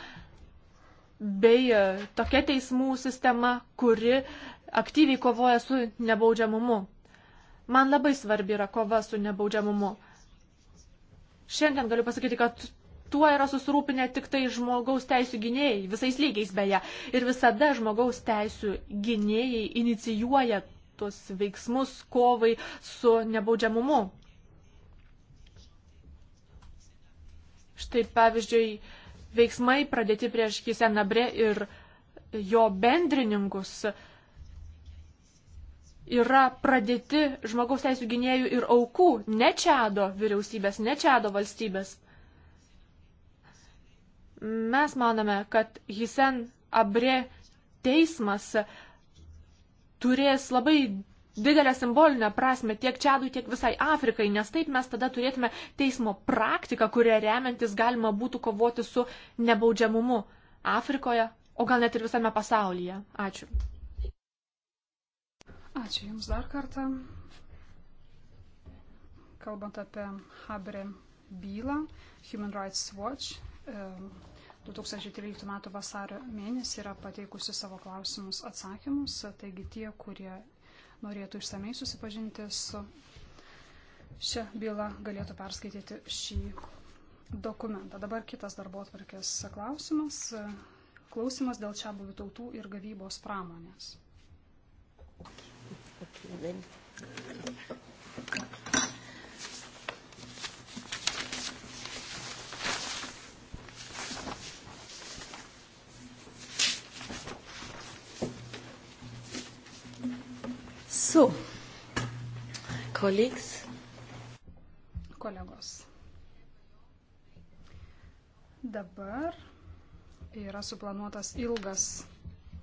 bei e, tokia teismų sistema, kuri aktyviai kovoja su nebaudžiamumu. Man labai svarbi yra kova su nebaudžiamumu. Šiandien galiu pasakyti, kad tuo yra susirūpinę tik tai žmogaus teisų gynėjai, visais lygiais beje. Ir visada žmogaus teisų gynėjai inicijuoja tuos veiksmus kovai su nebaudžiamumu. Štai pavyzdžiui, veiksmai pradėti prieš Kisenabre ir jo bendrininkus yra pradėti žmogaus teisų gynėjų ir aukų, ne Čado vyriausybės, ne Čado valstybės. Mes manome, kad Hisen Abre teismas turės labai didelę simbolinę prasme tiek Čadui, tiek visai Afrikai, nes taip mes tada turėtume teismo praktiką, kurią remiantis galima būtų kovoti su nebaudžiamumu Afrikoje, o gal net ir visame pasaulyje. Ačiū. Ačiū Jums dar kartą. Kalbant apie Habre bylą, Human Rights Watch 2013 m. vasario mėnesį yra pateikusi savo klausimus atsakymus, taigi tie, kurie norėtų išsamei susipažinti su šią bylą, galėtų perskaityti šį dokumentą. Dabar kitas darbo atvarkės klausimas. Klausimas dėl čia buvių tautų ir gavybos pramonės. Okay, then. So, colleagues. Kolegos. Dabar yra suplanuotas ilgas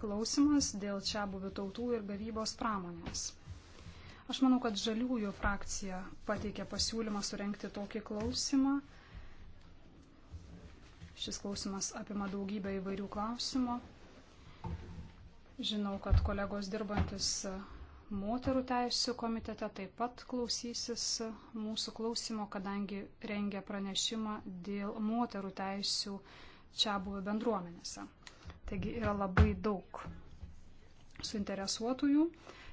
klausimas dėl čia buvių tautų ir gavybos pramonės. Aš manau, kad žaliųjų frakcija pateikė pasiūlymą surenkti tokį klausimą. Šis klausimas apima daugybę įvairių klausimų. Žinau, kad kolegos dirbantis moterų teisų komitete taip pat klausysis mūsų klausimo, kadangi rengia pranešimą dėl moterų teisų čia buvę bendruomenėse. Taigi yra labai daug suinteresuotųjų.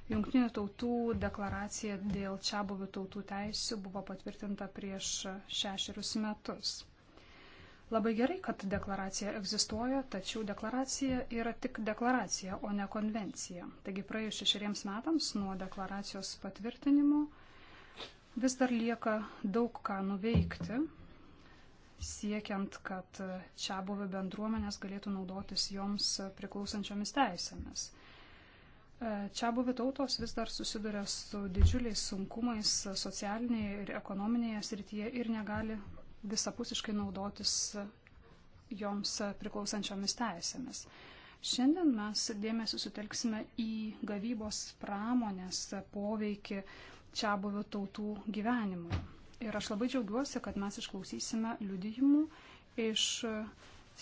Junktinių tautų deklaracija dėl čia buvę tautų teisų buvo patvirtinta prieš šešerius metus. Labai gerai, kad deklaracija egzistuoja, tačiau deklaracija yra tik deklaracija, o ne konvencija. Taigi praėjus šešeriems metams nuo deklaracijos patvirtinimo vis dar lieka daug ką nuveikti, siekiant, kad čia buvę bendruomenės galėtų naudotis joms priklausančiomis teisėmis. Čia buvę tautos vis dar susiduria su didžiuliais sunkumais socialinėje ir ekonominėje srityje ir negali visapusiškai naudotis joms priklausančiomis teisėmis. Šiandien mes dėmesį sutelksime į gavybos pramonės poveikį čia buvių tautų gyvenimui. Ir aš labai džiaugiuosi, kad mes išklausysime liudijimų iš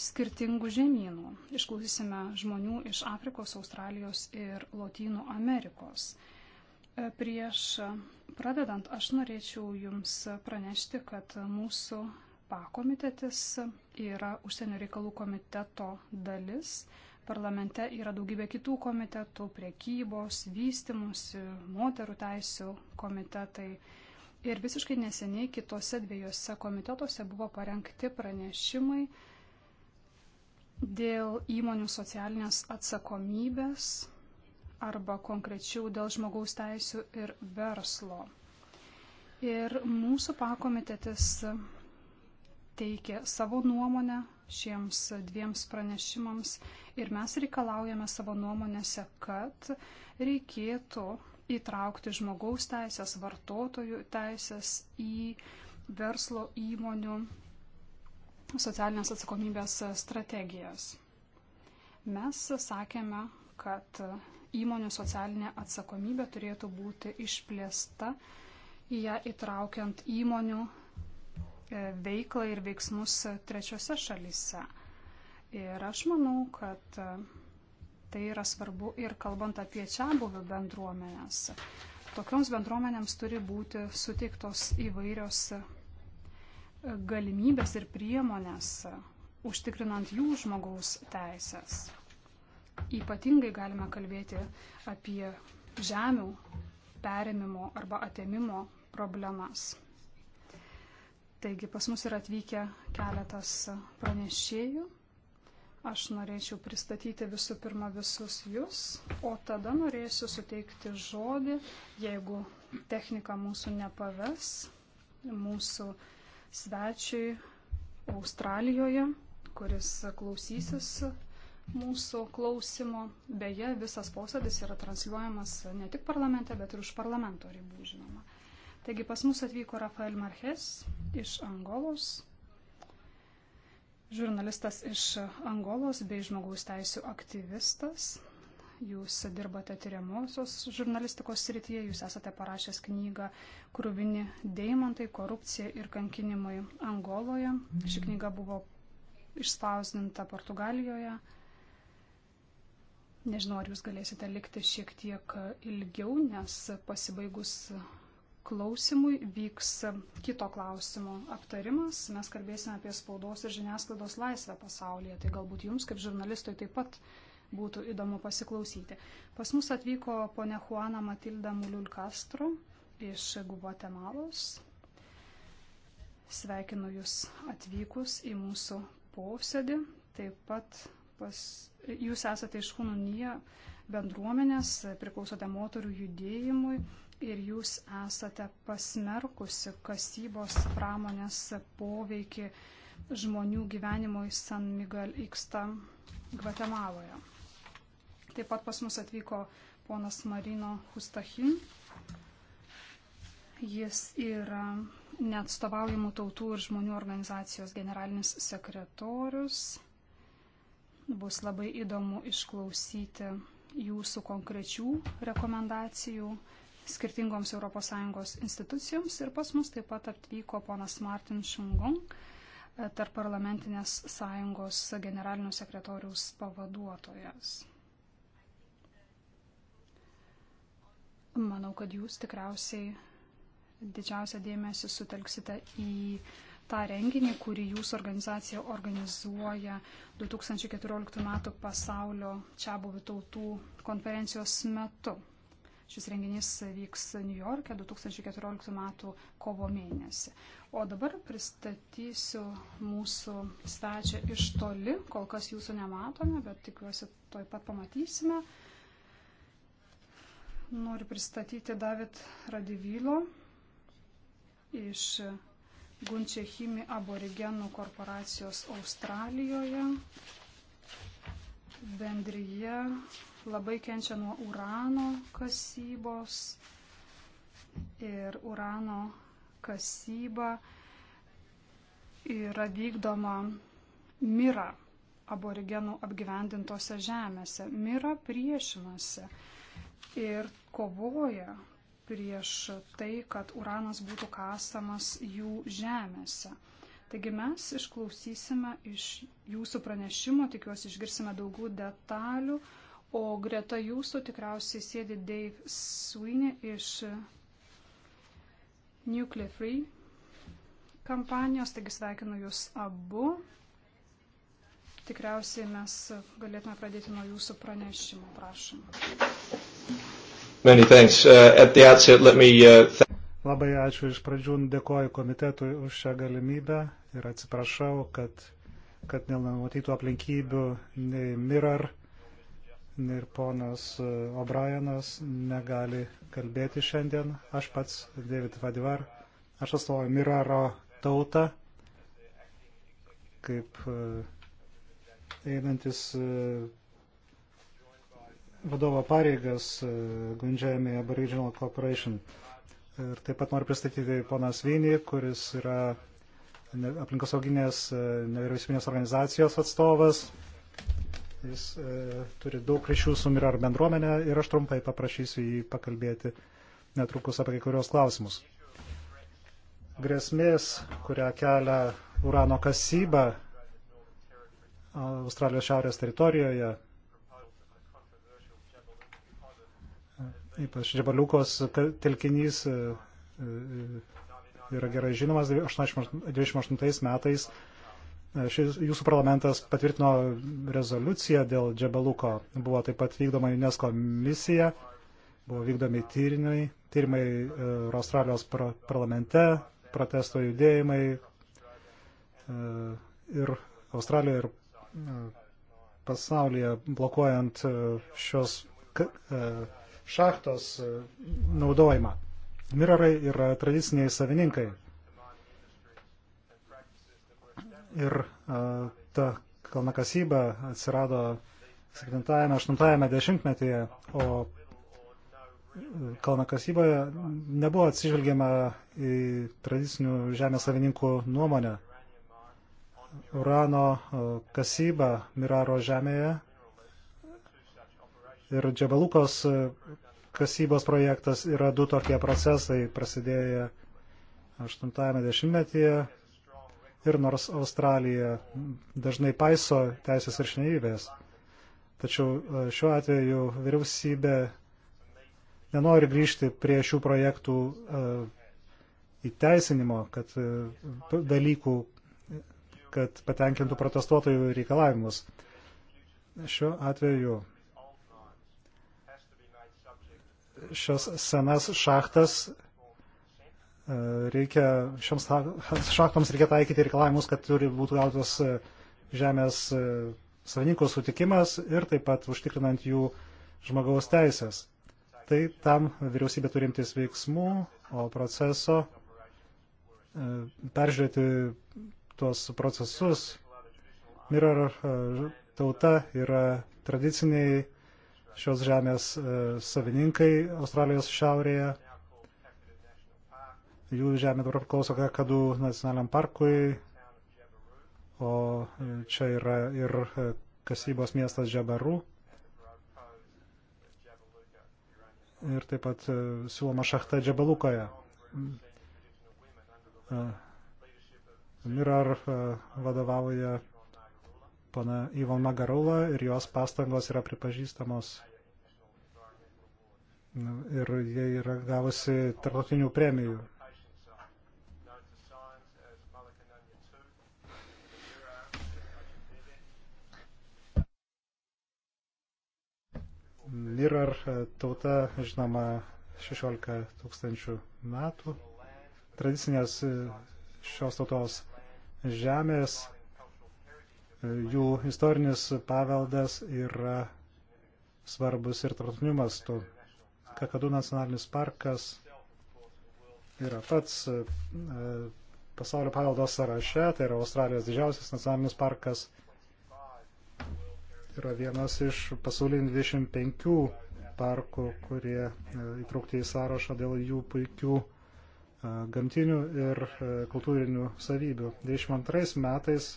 skirtingų žemynų. Išklausysime žmonių iš Afrikos, Australijos ir Lotynų Amerikos. Prieš pradedant, aš norėčiau Jums pranešti, kad mūsų pakomitetis yra užsienio reikalų komiteto dalis. Parlamente yra daugybė kitų komitetų - priekybos, vystimusi, moterų teisų komitetai. Ir visiškai neseniai kitose dviejose komitetuose buvo parengti pranešimai dėl įmonių socialinės atsakomybės arba konkrečiau dėl žmogaus teisų ir verslo. Ir mūsų pakomitetis teikė savo nuomonę šiems dviems pranešimams ir mes reikalaujame savo nuomonėse, kad reikėtų įtraukti žmogaus teisės, vartotojų teisės į verslo įmonių socialinės atsakomybės strategijas. Mes sakėme, kad įmonių socialinė atsakomybė turėtų būti išplėsta, į ją įtraukiant įmonių e, veiklą ir veiksmus e, trečiose šalyse. Ir aš manau, kad e, tai yra svarbu ir kalbant apie čia buvių bendruomenės. Tokioms bendruomenėms turi būti suteiktos įvairios galimybės ir priemonės, užtikrinant jų žmogaus teisės ypatingai galime kalbėti apie žemių perėmimo arba atėmimo problemas. Taigi pas mus yra atvykę keletas pranešėjų. Aš norėčiau pristatyti visų pirma visus jūs, o tada norėsiu suteikti žodį, jeigu technika mūsų nepaves, mūsų svečiui Australijoje, kuris klausysis mūsų klausimo. Beje, visas posėdis yra transliuojamas ne tik parlamente, bet ir už parlamento ribų, žinoma. Taigi pas mus atvyko Rafael Marches iš Angolos, žurnalistas iš Angolos bei žmogaus teisų aktyvistas. Jūs dirbate tyriamosios žurnalistikos srityje, jūs esate parašęs knygą Krūvini deimantai, korupcija ir kankinimai Angoloje. Ši knyga buvo išspausdinta Portugalijoje. Nežinau, ar jūs galėsite likti šiek tiek ilgiau, nes pasibaigus klausimui vyks kito klausimo aptarimas. Mes kalbėsime apie spaudos ir žiniasklaidos laisvę pasaulyje. Tai galbūt jums kaip žurnalistui taip pat būtų įdomu pasiklausyti. Pas mus atvyko ponia Juana Matilda Muliul Castro iš Guatemalos. Sveikinu Jūs atvykus į mūsų posėdį. Taip pat pas, jūs esate iš Hununija bendruomenės, priklausote moterų judėjimui ir jūs esate pasmerkusi kasybos pramonės poveikį žmonių gyvenimui San Miguel Iksta Gvatemaloje. Taip pat pas mus atvyko ponas Marino Hustahin. Jis yra neatstovaujamų tautų ir žmonių organizacijos generalinis sekretorius. Bus labai įdomu išklausyti jūsų konkrečių rekomendacijų skirtingoms ES institucijoms. Ir pas mus taip pat atvyko ponas Martin Šungong, e, tarp parlamentinės sąjungos generalinio sekretoriaus pavaduotojas. Manau, kad jūs tikriausiai didžiausią dėmesį sutelksite į tą renginį, kurį jūsų organizacija organizuoja 2014 m. pasaulio čia buvių tautų konferencijos metu. Šis renginys vyks New York'e 2014 m. kovo mėnesį. O dabar pristatysiu mūsų svečią iš toli, kol kas jūsų nematome, bet tikiuosi, toj pat pamatysime. Noriu pristatyti David Radivylo iš Gunčehimi aborigenų korporacijos Australijoje. Bendryje labai kenčia nuo urano kasybos ir urano kasyba yra vykdoma mira aborigenų apgyvendintose žemėse. Mira priešinasi ir kovoja prieš tai, kad uranas būtų kasamas jų žemėse. Taigi mes išklausysime iš jūsų pranešimo, tikiuosi išgirsime daugiau detalių, o greta jūsų tikriausiai sėdi Dave Sweeney iš Nuclear Free kampanijos, taigi sveikinu jūs abu. Tikriausiai mes galėtume pradėti nuo jūsų pranešimo, prašom. Many thanks. Uh, at the outset, let me uh, thank Labai ačiū iš pradžių, dėkoju komitetui už šią galimybę ir atsiprašau, kad, kad nenumatytų aplinkybių nei Mirar, nei ir ponas uh, O'Brienas negali kalbėti šiandien. Aš pats, David Vadivar, aš atstovauju Miraro tautą kaip uh, einantis uh, vadovo pareigas e, Gundžiame Bar Regional Corporation. Ir taip pat noriu pristatyti ponas Vinį, kuris yra aplinkosauginės e, nevyriausybinės organizacijos atstovas. Jis e, turi daug ryšių su Mirar bendruomenė ir aš trumpai paprašysiu jį pakalbėti netrukus apie kai kurios klausimus. Grėsmės, kurią kelia urano kasyba Australijos šiaurės teritorijoje, ypač Džabaliukos telkinys e, e, yra gerai žinomas 1928 metais. E, šis, jūsų parlamentas patvirtino rezoliuciją dėl Džabaluko. Buvo taip pat vykdoma UNESCO misija, buvo vykdomi tyrimai, tyrimai Australijos pra, parlamente, protesto judėjimai ir Australijoje ir pasaulyje blokuojant šios šachtos e, naudojimą. Mirarai yra tradiciniai savininkai. Ir a, e, ta kalnakasyba atsirado 7-8 dešimtmetyje, o e, kalnakasyboje nebuvo atsižvelgiama į tradicinių žemės savininkų nuomonę. Urano kasyba Miraro žemėje ir Džabalukos e, kasybos projektas yra du tokie procesai prasidėję 80-metyje. Ir nors Australija dažnai paiso teisės ir šneivės, tačiau e, šiuo atveju vyriausybė nenori grįžti prie šių projektų e, įteisinimo, kad dalykų, kad patenkintų protestuotojų reikalavimus. Šiuo atveju šias senas šachtas e, reikia, šioms šachtoms reikia taikyti reikalavimus, kad turi būti gautas e, žemės e, savininkų sutikimas ir taip pat užtikrinant jų žmogaus teisės. Tai tam vyriausybė turimtis veiksmų, o proceso peržiūrėti tuos procesus. Mirar tauta yra tradiciniai šios žemės e, savininkai Australijos šiaurėje. Jų žemė dabar priklauso Kakadu nacionaliniam parkui, o e, čia yra ir e, kasybos miestas Džabarų. Ir taip pat siūloma šachta Džabalukoje. Mirar vadovauja pana Ivalna Garula ir jos pastangos yra pripažįstamos. Ir jie yra gavusi tarptautinių premijų. Mirar tauta žinoma 16 tūkstančių metų. Tradicinės šios tautos žemės jų istorinis paveldas yra svarbus ir tarptautiniu mastu. Kakadu nacionalinis parkas yra pats e, pasaulio paveldo sąraše, tai yra Australijos didžiausias nacionalinis parkas, yra vienas iš pasaulinių 25 parkų, kurie e, įtraukti į sąrašą dėl jų puikių e, gamtinių ir kultūrinių savybių. 22 metais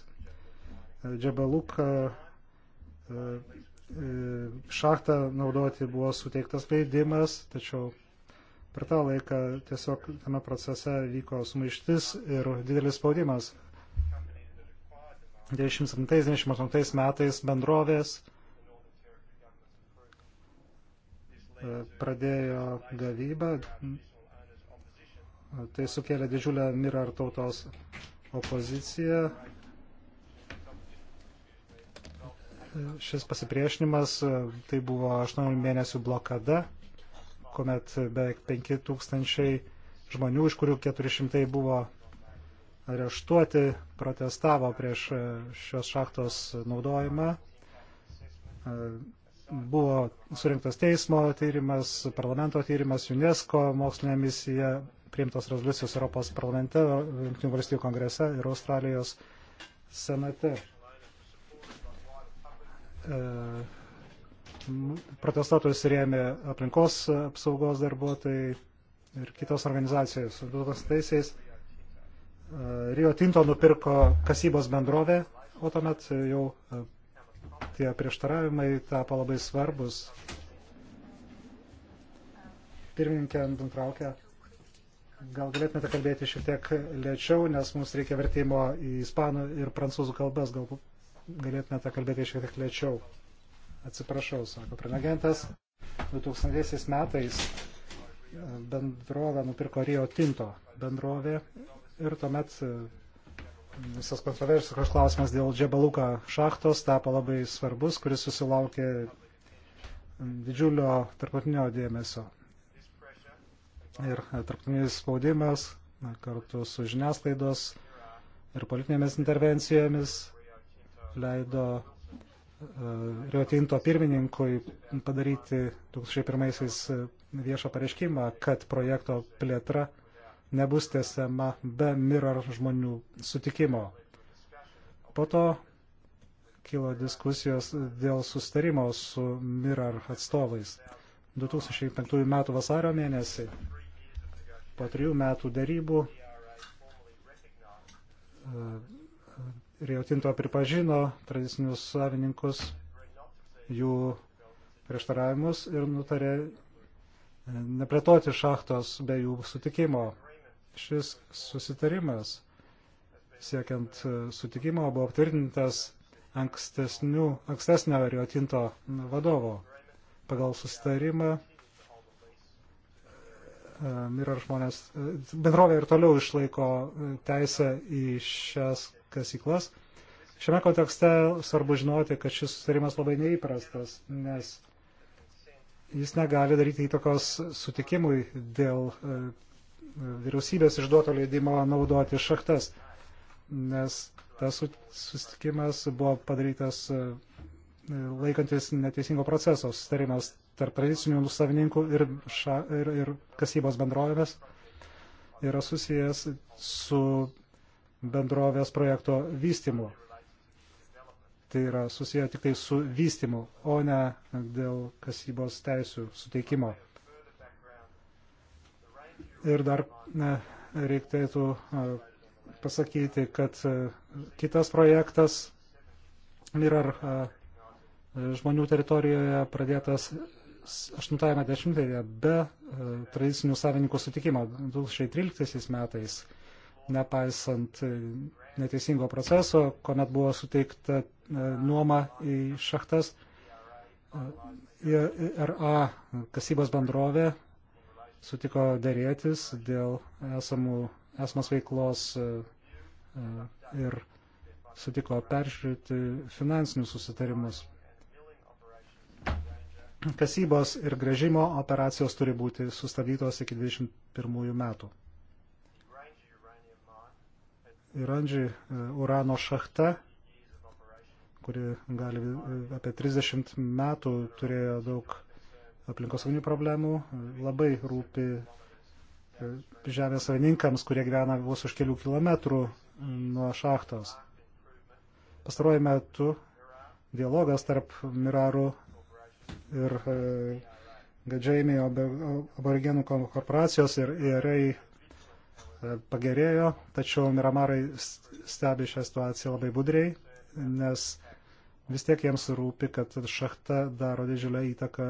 Džabaluka e, e, šachtą naudoti buvo suteiktas leidimas, tačiau per tą laiką tiesiog tame procese vyko sumaištis ir didelis spaudimas. 1997-1998 metais bendrovės e, pradėjo gavybą. Tai sukėlė didžiulę mirą ar tautos opoziciją šis pasipriešinimas, e, tai buvo 8 mėnesių blokada, kuomet beveik 5000 žmonių, iš kurių 400 buvo areštuoti, protestavo prieš e, šios šachtos naudojimą. E, buvo surinktas teismo tyrimas, parlamento tyrimas, UNESCO mokslinė misija, priimtos rezoliucijos Europos parlamente, Junktinių valstybių kongrese ir Australijos senate. E, protestuotojus rėmė aplinkos apsaugos darbuotojai ir kitos organizacijos. 2000-aisiais e, Rio Tinto nupirko kasybos bendrovę, o tuomet jau e, tie prieštaravimai tapo labai svarbus. Pirmininkė nutraukė. Gal galėtumėte kalbėti šiek tiek lėčiau, nes mums reikia vertimo į ispanų ir prancūzų kalbas. Galbūt galėtumėte kalbėti šiek tiek lėčiau. Atsiprašau, sako pranagentas. 2000 metais e, bendrovę nupirko Rio Tinto bendrovė ir tuomet e, visas kontroversiškas klausimas dėl Džebaluka šachtos tapo labai svarbus, kuris susilaukė didžiulio tarptautinio dėmesio. Ir e, tarptautinis spaudimas kartu su žiniasklaidos ir politinėmis intervencijomis leido e, Rio Tinto pirmininkui padaryti 2001 e, viešą pareiškimą, kad projekto plėtra nebus tęsiama be mirar žmonių sutikimo. Po to kilo diskusijos dėl sustarimo su mirar atstovais 2005 m. vasario mėnesį. Po trijų metų darybų e, Rio Tinto pripažino tradicinius savininkus, jų prieštaravimus ir nutarė e, neplėtoti šachtos be jų sutikimo. Šis susitarimas siekiant e, sutikimo buvo aptvirtintas ankstesnio Rio Tinto vadovo. Pagal susitarimą e, Mirar žmonės, bendrovė ir toliau išlaiko teisę į šias kasyklas. Šiame kontekste svarbu žinoti, kad šis sutarimas labai neįprastas, nes jis negali daryti įtakos sutikimui dėl e, vyriausybės išduoto leidimo naudoti šachtas, nes tas susitikimas buvo padarytas e, laikantis neteisingo proceso sutarimas tarp tradicinių savininkų ir, ša, ir, ir kasybos bendrovės yra susijęs su bendrovės projekto vystimu. Tai yra susiję tik tai su vystimu, o ne dėl kasybos teisų suteikimo. Ir dar reikėtų pasakyti, kad kitas projektas Mirar žmonių teritorijoje pradėtas 80-ąją dešimtąją be tradicinių savininkų sutikimo 2013 metais nepaisant e, neteisingo proceso, kuomet buvo suteikta e, nuoma į šachtas. E, RA kasybos bendrovė sutiko dėrėtis dėl esamų, esamos veiklos ir sutiko peržiūrėti finansinius susitarimus. Kasybos ir grežimo operacijos turi būti sustabdytos iki 21 metų. Irandži e, urano šachta, kuri gali e, apie 30 metų turėjo daug aplinkosauginių problemų, e, labai rūpi žemės savininkams, kurie gyvena vos už kelių kilometrų nuo šachtos. Pastaruoju metu dialogas tarp Mirarų ir Gadžaimio aborigenų korporacijos ir ERA pagerėjo, tačiau Miramarai stebi šią situaciją labai budriai, nes vis tiek jiems rūpi, kad šachta daro didžiulę įtaką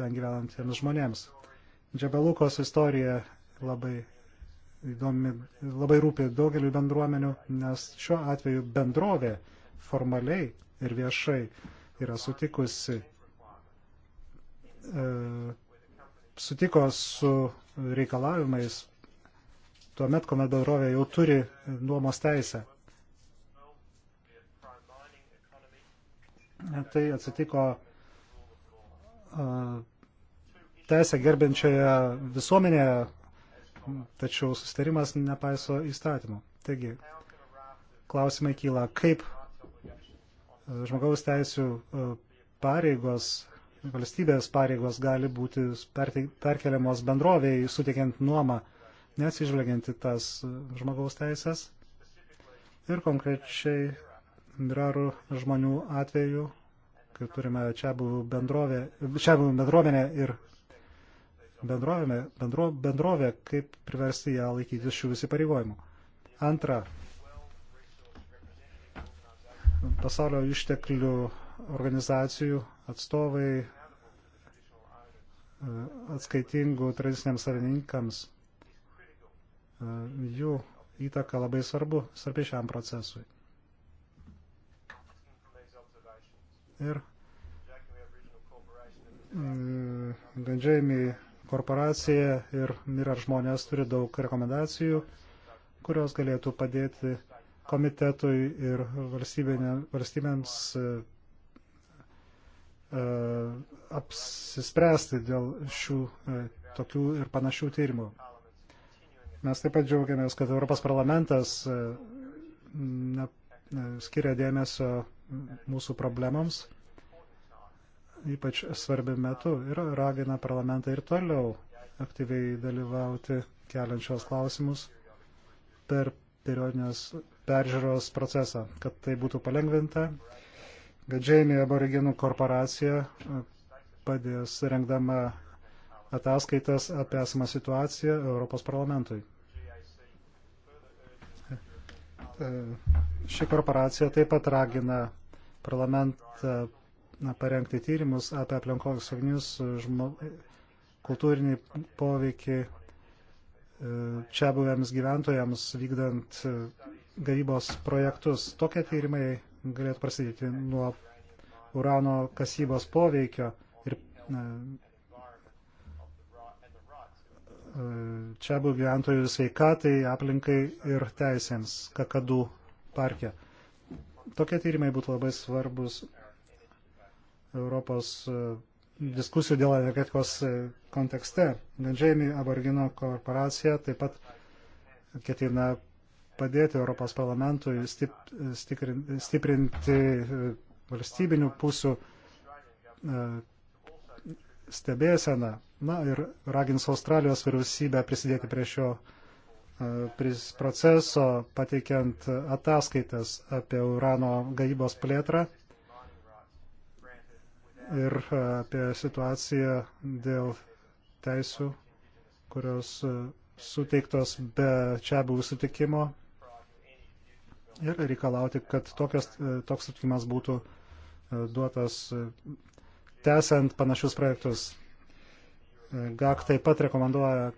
ten gyvenantiems žmonėms. Džebelukos istorija labai įdomi, labai rūpi daugeliu bendruomenių, nes šiuo atveju bendrovė formaliai ir viešai yra sutikusi, e, sutiko su reikalavimais tuomet, kuomet bendrovė jau turi nuomos teisę. Tai atsitiko teisę gerbiančioje visuomenėje, tačiau sustarimas nepaiso įstatymų. Taigi, klausimai kyla, kaip žmogaus teisų pareigos, valstybės pareigos gali būti perkeliamos bendrovėjai, suteikiant nuomą neatsižvelgianti tas žmogaus teisės ir konkrečiai mirarų žmonių atveju, kai turime čia buvų bendrovė, čia buvų bendruomenė ir bendrovė, bendro, bendrovė, kaip priversti ją laikytis šių įsipareigojimų. Antra, pasaulio išteklių organizacijų atstovai e, atskaitingų tradiciniams savininkams jų įtaka labai svarbu, svarbi šiam procesui. Ir mm, Gandžiaimi korporacija ir Mirar žmonės turi daug rekomendacijų, kurios galėtų padėti komitetui ir valstybėms e, e, apsispręsti dėl šių e, tokių ir panašių tyrimų. Mes taip pat džiaugiamės, kad Europos parlamentas e, ne, ne, skiria dėmesio mūsų problemams, ypač svarbi metu, ir ragina parlamentą ir toliau aktyviai dalyvauti keliančios klausimus per periodinės peržiūros procesą, kad tai būtų palengvinta, kad Džeimė aboriginų korporacija e, padės rengdama ataskaitas apie esamą situaciją Europos parlamentui. E, ši korporacija taip pat ragina parlamentą parengti tyrimus apie aplinkos agnius kultūrinį poveikį e, čia buvėms gyventojams vykdant e, gavybos projektus. Tokie tyrimai galėtų prasidėti nuo urano kasybos poveikio ir čia buvų gyventojų sveikatai, aplinkai ir teisėms Kakadų parke. Tokie tyrimai būtų labai svarbus Europos e, diskusijų dėl energetikos e, kontekste. Gandžėjami Aborgino korporacija taip pat ketina padėti Europos parlamentui e, stiprinti valstybinių pusių stebėseną. Na ir ragins Australijos vyriausybę prisidėti prie šio e, proceso, pateikiant ataskaitas apie urano gavybos plėtrą ir e, apie situaciją dėl teisų, kurios e, suteiktos be čia buvų sutikimo ir reikalauti, kad tokios, toks sutikimas būtų duotas tęsiant panašius projektus. GAK taip pat rekomenduoja,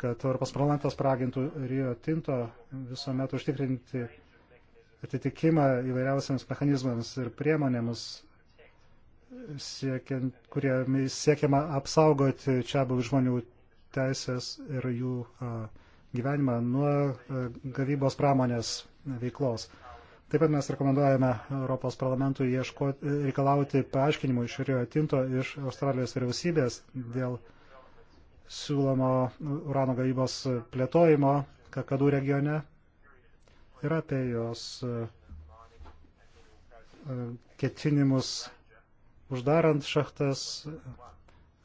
kad Europos parlamentas pragintų Rio Tinto visuomet užtikrinti atitikimą įvairiausiams mechanizmams ir priemonėms, siekiant, kurie siekiama apsaugoti čia buvų žmonių teisės ir jų gyvenimą nuo gavybos pramonės veiklos. Taip pat mes rekomenduojame Europos parlamentui ieškoti, reikalauti paaiškinimų iš Rio Tinto, iš Australijos vyriausybės dėl siūlomo urano gavybos plėtojimo Kakadų regione ir apie jos e, ketinimus uždarant šachtas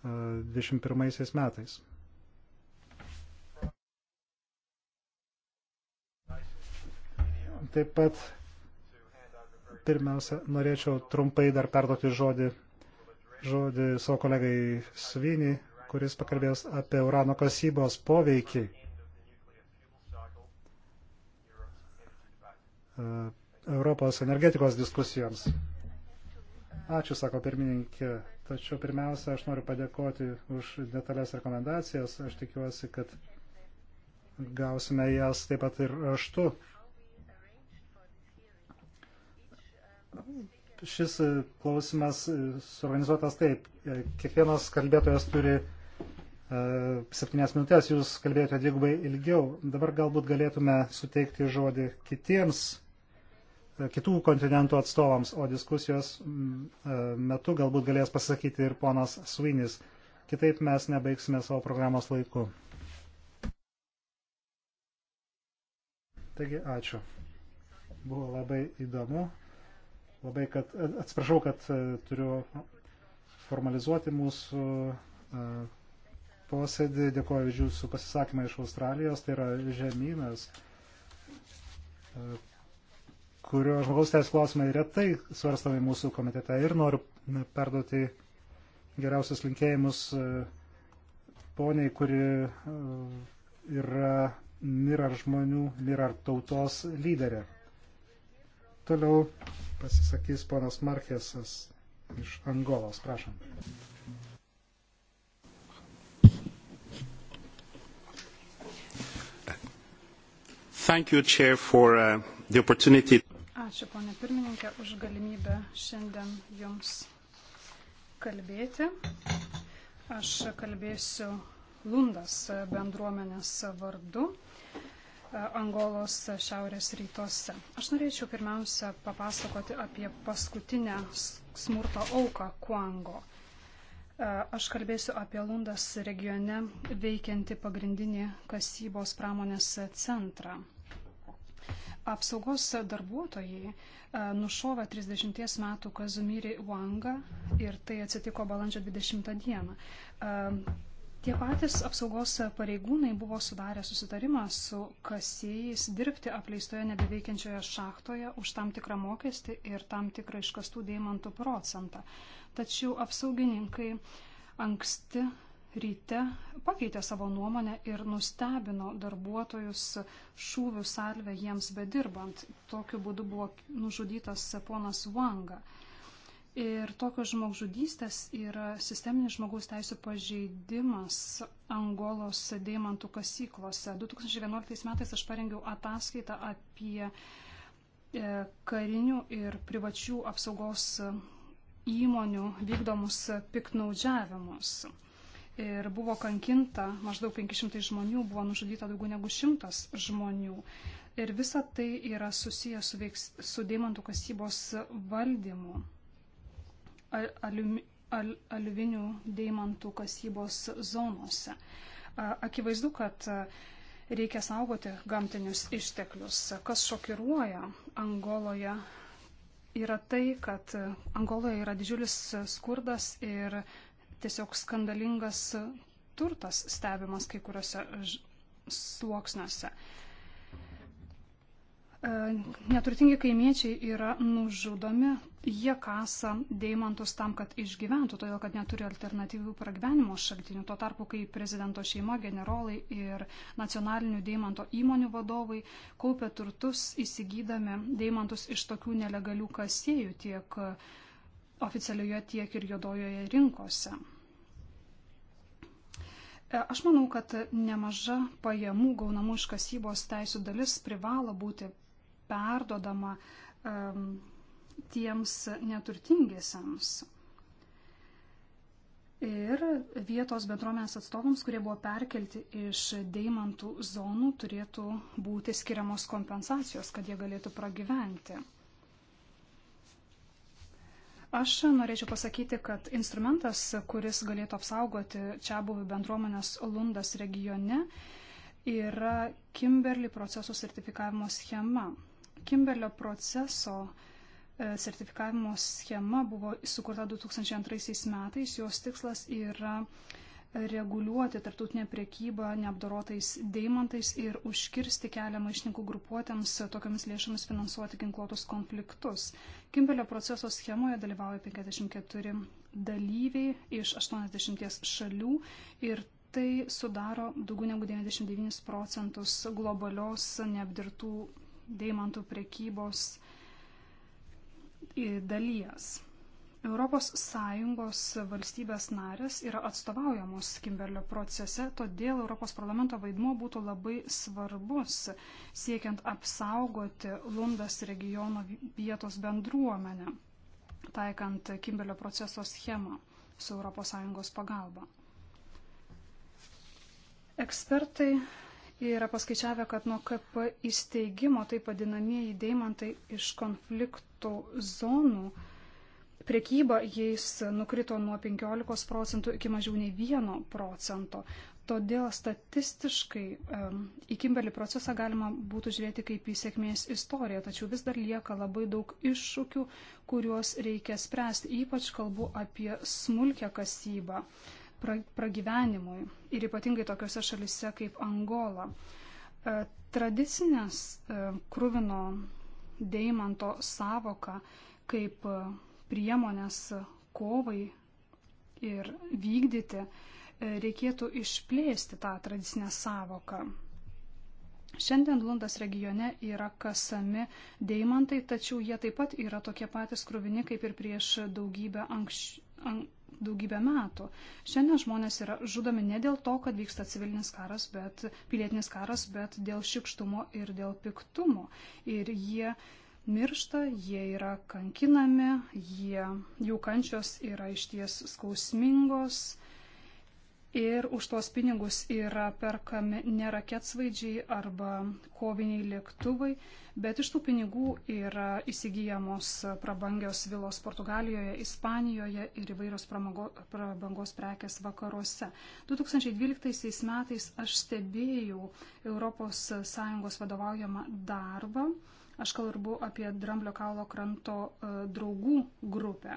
21 e, metais. Taip pat Pirmiausia, norėčiau trumpai dar perduoti žodį, žodį savo kolegai Svinį, kuris pakalbės apie urano kasybos poveikį e, Europos energetikos diskusijoms. Ačiū, sako pirmininkė. Tačiau pirmiausia, aš noriu padėkoti už detalės rekomendacijas. Aš tikiuosi, kad gausime jas taip pat ir raštu. šis e, klausimas e, suorganizuotas taip. E, kiekvienas kalbėtojas turi septynės minutės, jūs kalbėjote dvigubai ilgiau. Dabar galbūt galėtume suteikti žodį kitiems, kitų kontinentų atstovams, o diskusijos metu galbūt galės pasakyti ir ponas Svinis. Kitaip mes nebaigsime savo programos laiku. Taigi, ačiū. Buvo labai įdomu labai, kad atsiprašau, kad turiu formalizuoti mūsų posėdį. Dėkuoju už jūsų pasisakymą iš Australijos. Tai yra žemynas, kurio žmogaus teisų klausimai retai svarstami mūsų komitete. Ir noriu perduoti geriausius linkėjimus poniai, kuri yra mirar žmonių, mirar tautos lyderė. Toliau pasisakys ponas Markėsas iš Angolos. Prašom. Thank you, Chair, for uh, the opportunity. Ačiū, ponė pirmininkė, už galimybę šiandien jums kalbėti. Aš kalbėsiu Lundas bendruomenės vardu. E, Angolos šiaurės rytuose. Aš norėčiau pirmiausia papasakoti apie paskutinę smurto auką Kuango. E, aš kalbėsiu apie Lundas regione veikianti pagrindinį kasybos pramonės centrą. Apsaugos darbuotojai e, nušovė 30 metų Kazumyrį Wangą ir tai atsitiko balandžio 20 dieną. Tie patys apsaugos pareigūnai buvo sudarę susitarimą su kasėjais dirbti apleistoje nebeveikiančioje šachtoje už tam tikrą mokestį ir tam tikrą iškastų deimantų procentą. Tačiau apsaugininkai anksti ryte pakeitė savo nuomonę ir nustebino darbuotojus šūvių salvę jiems bedirbant. Tokiu būdu buvo nužudytas ponas Vanga. Ir tokios žmogžudystės yra sisteminis žmogaus teisų pažeidimas Angolos deimantų kasyklose. 2011 metais aš parengiau ataskaitą apie e, karinių ir privačių apsaugos įmonių vykdomus piknaudžiavimus. Ir buvo kankinta maždaug 500 žmonių, buvo nužudyta daugiau negu 100 žmonių. Ir visa tai yra susijęs su, veiks, su deimantų kasybos valdymu aliumi, al, aliuvinių deimantų kasybos zonose. Akivaizdu, kad reikia saugoti gamtinius išteklius. Kas šokiruoja Angoloje yra tai, kad Angoloje yra didžiulis skurdas ir tiesiog skandalingas turtas stebimas kai kuriuose sluoksniuose. Neturtingi kaimiečiai yra nužudomi Jie kasa deimantus tam, kad išgyventų, todėl kad neturi alternatyvių pragyvenimo šaltinių. Tuo tarpu, kai prezidento šeima, generolai ir nacionalinių deimanto įmonių vadovai kaupia turtus įsigydami deimantus iš tokių nelegalių kasėjų tiek oficialioje, tiek ir juodojoje rinkose. E, aš manau, kad nemaža pajamų gaunamų iš kasybos teisų dalis privalo būti perdodama um, tiems neturtingiesiams. Ir vietos bendruomenės atstovams, kurie buvo perkelti iš deimantų zonų, turėtų būti skiriamos kompensacijos, kad jie galėtų pragyventi. Aš norėčiau pasakyti, kad instrumentas, kuris galėtų apsaugoti čia buvių bendruomenės Lundas regione, yra Kimberly proceso sertifikavimo schema. Kimberlio proceso uh, E, sertifikavimo schema buvo sukurta 2002 metais. Jos tikslas yra reguliuoti tarptautinę priekybą neapdorotais deimantais ir užkirsti kelią maišininkų grupuotėms tokiamis lėšomis finansuoti ginkluotus konfliktus. Kimbelio proceso schemoje dalyvauja 54 dalyviai iš 80 šalių ir tai sudaro daugiau negu 99 procentus globalios neapdirtų deimantų priekybos dalies. ES valstybės narės yra atstovaujamos Kimberlio procese, todėl ES parlamento vaidmuo būtų labai svarbus, siekiant apsaugoti Lundas regiono vietos bendruomenę, taikant Kimberlio proceso schemą su ES pagalba. Ekspertai yra paskaičiavę, kad nuo KP įsteigimo taip vadinamieji deimantai iš konfliktų eksporto zonų prekyba jais nukrito nuo 15 procentų iki mažiau nei 1 procento. Todėl statistiškai į Kimberlį procesą galima būtų žiūrėti kaip į sėkmės istoriją, tačiau vis dar lieka labai daug iššūkių, kuriuos reikia spręsti, ypač kalbu apie smulkę kasybą pra, pragyvenimui ir ypatingai tokiuose šalise kaip Angola. E, tradicinės e, krūvino deimanto savoką kaip priemonės kovai ir vykdyti, e, reikėtų išplėsti tą tradicinę savoką. Šiandien Lundas regione yra kasami deimantai, tačiau jie taip pat yra tokie patys kruvini kaip ir prieš daugybę anksč... an daugybę metų. Šiandien žmonės yra žudomi ne dėl to, kad vyksta civilinis karas, bet pilietinis karas, bet dėl šikštumo ir dėl piktumo. Ir jie miršta, jie yra kankinami, jie, jų kančios yra išties skausmingos ir už tuos pinigus yra perkami ne raketsvaidžiai arba koviniai lėktuvai, bet iš tų pinigų yra įsigijamos prabangios vilos Portugalijoje, Ispanijoje ir įvairios pramogo, prabangos prekes vakaruose. 2012 metais aš stebėjau ES vadovaujamą darbą. Aš kalbu apie Dramblio kaulo kranto e, draugų grupę.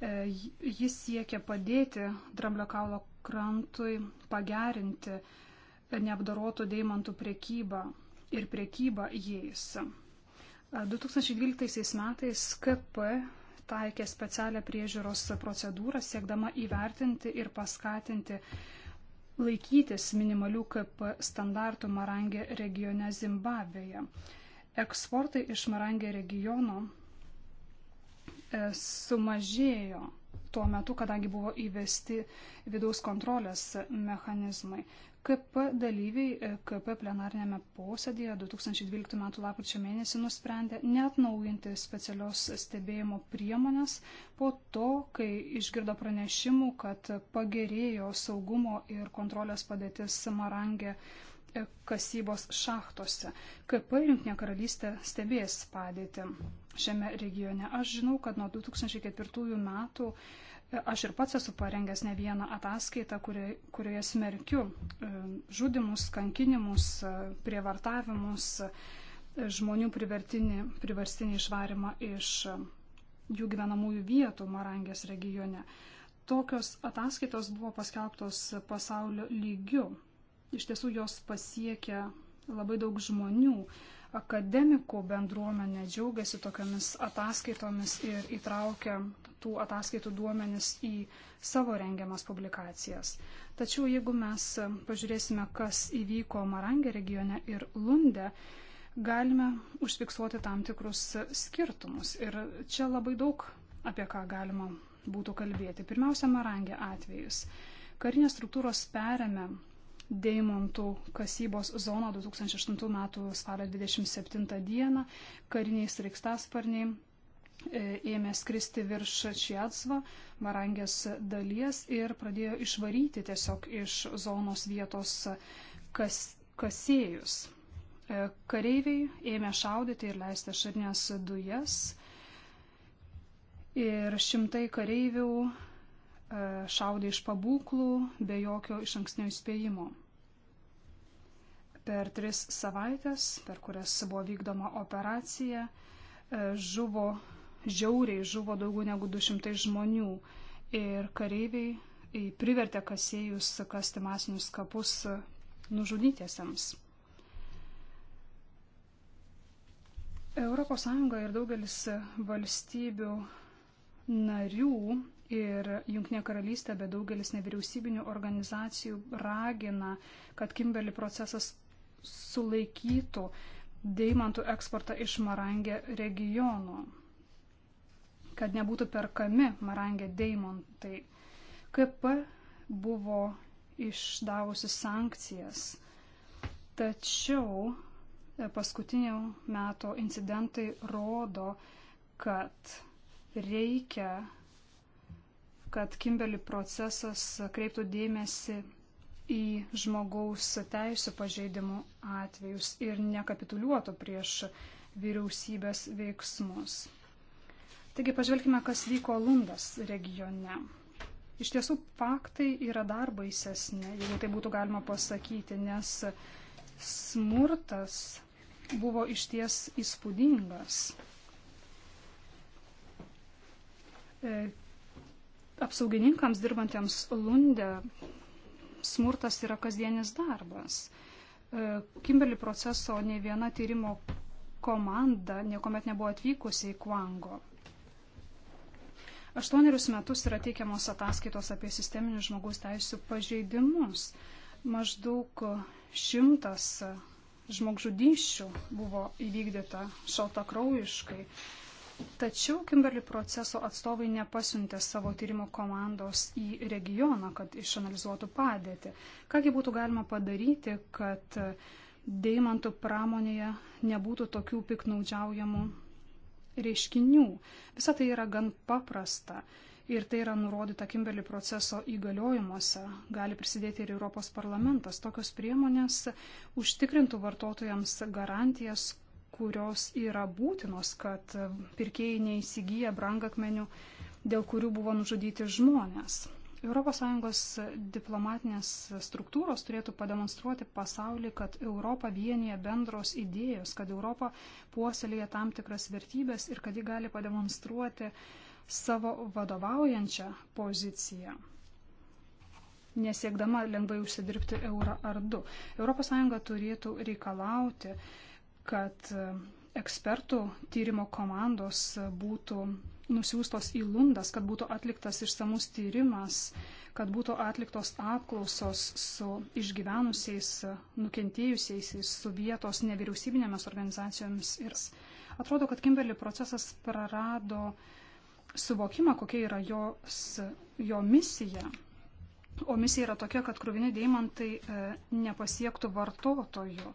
E, jis siekia padėti Dramblio kaulo krantui pagerinti neapdorotų deimantų priekybą ir priekybą jais. 2012 metais KP taikė specialią priežiūros procedūrą siekdama įvertinti ir paskatinti laikytis minimalių KP standartų Marangė regione Zimbabvėje. Eksportai iš Marangė regiono e, sumažėjo tuo metu, kadangi buvo įvesti vidaus kontrolės mechanizmai. KP dalyviai e, KP plenarinėme posėdėje 2012 m. lapkričio mėnesį nusprendė neatnaujinti specialios stebėjimo priemonės po to, kai išgirdo pranešimų, kad pagerėjo saugumo ir kontrolės padėtis Marangė e, kasybos šachtose. KP Junktinė karalystė stebės padėtį šiame regione. Aš žinau, kad nuo 2004 metų e, aš ir pats esu parengęs ne vieną ataskaitą, kurioje, kurioje smerkiu e, žudimus, kankinimus, e, prievartavimus, žmonių priverstinį išvarimą iš jų gyvenamųjų vietų Marangės regione. Tokios ataskaitos buvo paskelbtos pasaulio lygiu. Iš tiesų jos pasiekia labai daug žmonių akademikų bendruomenė džiaugiasi tokiamis ataskaitomis ir įtraukia tų ataskaitų duomenis į savo rengiamas publikacijas. Tačiau jeigu mes pažiūrėsime, kas įvyko Marangė regione ir Lunde, galime užfiksuoti tam tikrus skirtumus. Ir čia labai daug apie ką galima būtų kalbėti. Pirmiausia, Marangė atvejus. Karinės struktūros perėmė Deimontų kasybos zoną 2008 m. spalio 27 d. Kariniai srikstasparniai e, ėmė skristi virš Čiatsva, Varangės dalies ir pradėjo išvaryti tiesiog iš zonos vietos kas, kasėjus. E, kareiviai ėmė šaudyti ir leisti šarnės dujas ir šimtai kareivių E, šaudė iš pabūklų be jokio iš anksnio įspėjimo. Per tris savaitės, per kurias buvo vykdoma operacija, e, žuvo žiauriai, žuvo daugiau negu 200 žmonių ir kareiviai e, privertė kasėjus kasti masinius kapus nužudytiesiems. ES ir daugelis valstybių narių Ir Junktinė karalystė, bet daugelis nevyriausybinių organizacijų ragina, kad Kimberly procesas sulaikytų deimantų eksportą iš Marangė regiono, kad nebūtų perkami Marangė deimantai. KP buvo išdavusi sankcijas, tačiau e, paskutinių metų incidentai rodo, kad reikia kad Kimbeli procesas kreiptų dėmesį į žmogaus teisų pažeidimų atvejus ir nekapituliuotų prieš vyriausybės veiksmus. Taigi pažvelkime, kas vyko Lundas regione. Iš tiesų faktai yra dar baisesni, jeigu tai būtų galima pasakyti, nes smurtas buvo išties įspūdingas apsaugininkams dirbantiems Lunde smurtas yra kasdienis darbas. E, Kimberly proceso ne viena tyrimo komanda niekuomet nebuvo atvykusi į Kvango. Aštuonerius metus yra teikiamos ataskaitos apie sisteminius žmogaus teisų pažeidimus. Maždaug šimtas žmogžudyščių buvo įvykdyta šaltakraujiškai. kraujiškai Tačiau Kimberly proceso atstovai nepasiuntė savo tyrimo komandos į regioną, kad išanalizuotų padėtį. Kągi būtų galima padaryti, kad deimantų pramonėje nebūtų tokių piknaudžiaujamų reiškinių. Visą tai yra gan paprasta ir tai yra nurodyta Kimberly proceso įgaliojimuose. Gali prisidėti ir Europos parlamentas. Tokios priemonės užtikrintų vartotojams garantijas, kurios yra būtinos, kad pirkėjai neįsigyja brangakmenių, dėl kurių buvo nužudyti žmonės. ES diplomatinės struktūros turėtų pademonstruoti pasaulį, kad Europą vienyje bendros idėjos, kad Europa puoselėja tam tikras vertybės ir kad ji gali pademonstruoti savo vadovaujančią poziciją nesiekdama lengvai užsidirbti eurą ar du. ES turėtų reikalauti kad ekspertų tyrimo komandos būtų nusiųstos į Lundas, kad būtų atliktas išsamus tyrimas, kad būtų atliktos apklausos su išgyvenusiais, nukentėjusiais, su vietos nevyriausybinėmis organizacijomis. Ir atrodo, kad Kimberly procesas prarado suvokimą, kokia yra jos, jo misija. O misija yra tokia, kad krūviniai deimantai e, nepasiektų vartotojų.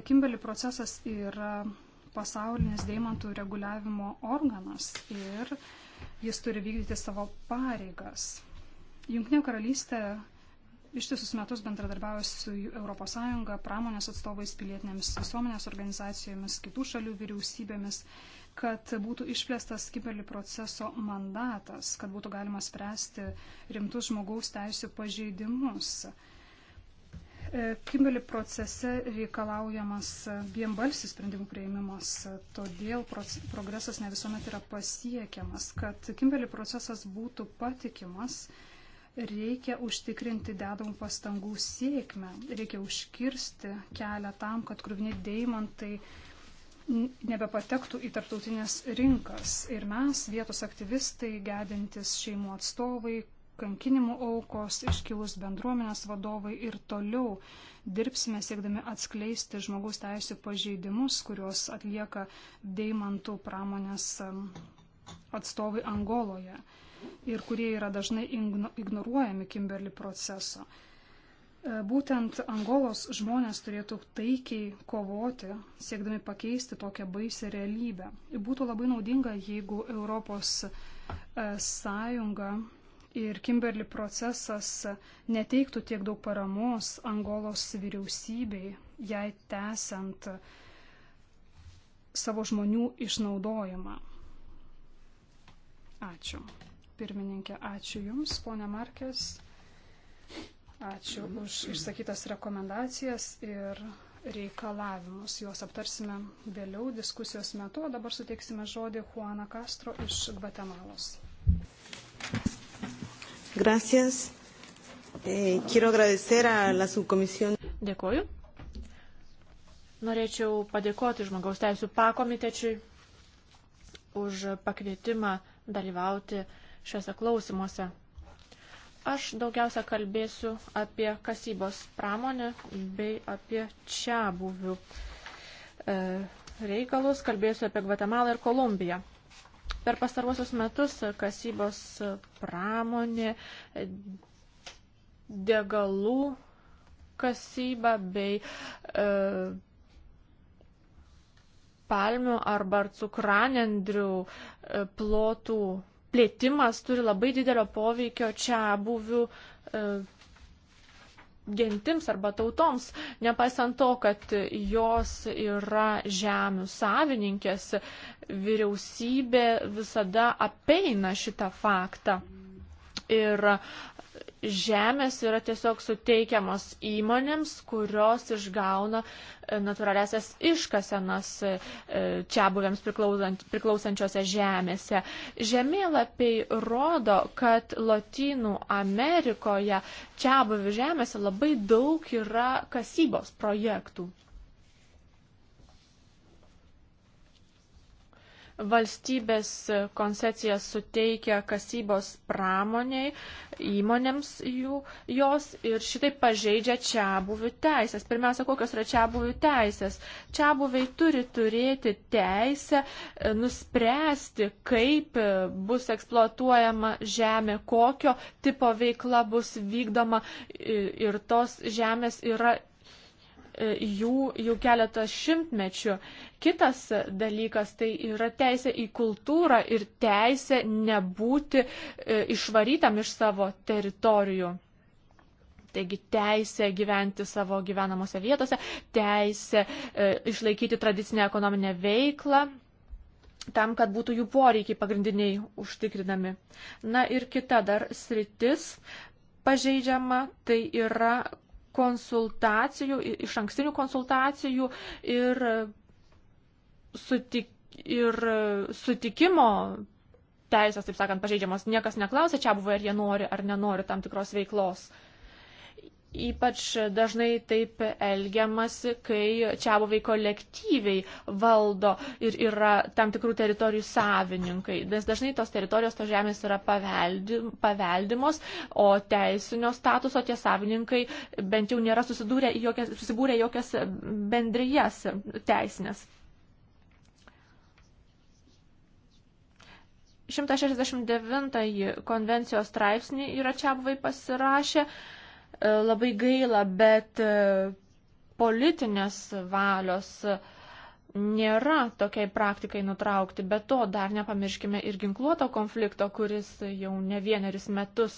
Kimbeli procesas yra pasaulinis deimantų reguliavimo organas ir jis turi vykdyti savo pareigas. Junktinė karalystė ištisus metus bendradarbiauja su ES, pramonės atstovais, pilietinėmis visuomenės organizacijomis, kitų šalių vyriausybėmis, kad būtų išplėstas Kibeli proceso mandatas, kad būtų galima spręsti rimtus žmogaus teisų pažeidimus. E, Kimbeli procese reikalaujamas vienbalsis sprendimų prieimimas, todėl progresas ne visuomet yra pasiekiamas. Kad Kimbeli procesas būtų patikimas, reikia užtikrinti dedamų pastangų sėkmę, reikia užkirsti kelią tam, kad krūviniai deimantai nebepatektų į tarptautinės rinkas. Ir mes, vietos aktyvistai, gedintis šeimų atstovai, kankinimų aukos, iškilus bendruomenės vadovai ir toliau dirbsime siekdami atskleisti žmogaus teisų pažeidimus, kuriuos atlieka deimantų pramonės atstovai Angoloje ir kurie yra dažnai ignoruojami Kimberly proceso. E, būtent Angolos žmonės turėtų taikiai kovoti, siekdami pakeisti tokią baisę realybę. Būtų labai naudinga, jeigu Europos e, Sąjunga ir Kimberly procesas neteiktų tiek daug paramos Angolos vyriausybei, jai tęsiant savo žmonių išnaudojimą. Ačiū. Pirmininkė, ačiū Jums, ponė Markės. Ačiū už išsakytas rekomendacijas ir reikalavimus. Juos aptarsime vėliau diskusijos metu, o dabar suteiksime žodį Juana Castro iš Gvatemalos. Thank you. Gracias. Eh, quiero agradecer a la subcomisión. Dėkoju. Norėčiau padėkoti žmogaus teisų pakomitečiui už pakvietimą dalyvauti šiuose klausimuose. Aš daugiausia kalbėsiu apie kasybos pramonę bei apie čia buvių e, reikalus, kalbėsiu apie Gvatemalą ir Kolumbiją. Per pastaruosius metus kasybos pramonė, degalų kasyba bei e, palmių arba cukranendrių e, plotų plėtimas turi labai didelio poveikio čia buvių e, gentims arba tautoms, nepaisant to, kad jos yra žemių savininkės, vyriausybė visada apeina šitą faktą. Ir žemės yra tiesiog suteikiamos įmonėms, kurios išgauna e, natūraliasias iškasenas e, e, čia buvėms priklausančiose žemėse. Žemėlapiai rodo, kad Latinų Amerikoje čia buvių žemėse labai daug yra kasybos projektų. valstybės koncesijas suteikia kasybos pramoniai, įmonėms jų, jos ir šitaip pažeidžia čia buvių teisės. Pirmiausia, kokios yra čia buvių teisės? Čia buviai turi turėti teisę e, nuspręsti, kaip e, bus eksploatuojama žemė, kokio tipo veikla bus vykdoma ir tos žemės yra E, jų jau keletą šimtmečių. Kitas dalykas tai yra teisė į kultūrą ir teisė nebūti e, išvarytam iš savo teritorijų. Taigi teisė gyventi savo gyvenamose vietose, teisė e, išlaikyti tradicinę ekonominę veiklą, tam, kad būtų jų poreikiai pagrindiniai užtikrinami. Na ir kita dar sritis pažeidžiama, tai yra konsultacijų, iš ankstinių konsultacijų ir, e, sutik, ir e, sutikimo teisės, taip sakant, pažeidžiamas. Niekas neklausė čia buvę, ar jie nori ar nenori tam tikros veiklos. Uh, Ypač dažnai taip elgiamasi, kai čia buvai kolektyviai valdo ir yra tam tikrų teritorijų savininkai, nes dažnai tos teritorijos, tos žemės yra paveldi, paveldimos, o teisinio statuso tie savininkai bent jau nėra jokias, susibūrę jokias bendrijas teisinės. 169 konvencijos straipsnį yra čia buvai pasirašę. E, labai gaila, bet e, politinės valios nėra tokiai praktikai nutraukti, bet to dar nepamirškime ir ginkluoto konflikto, kuris jau ne vienerius metus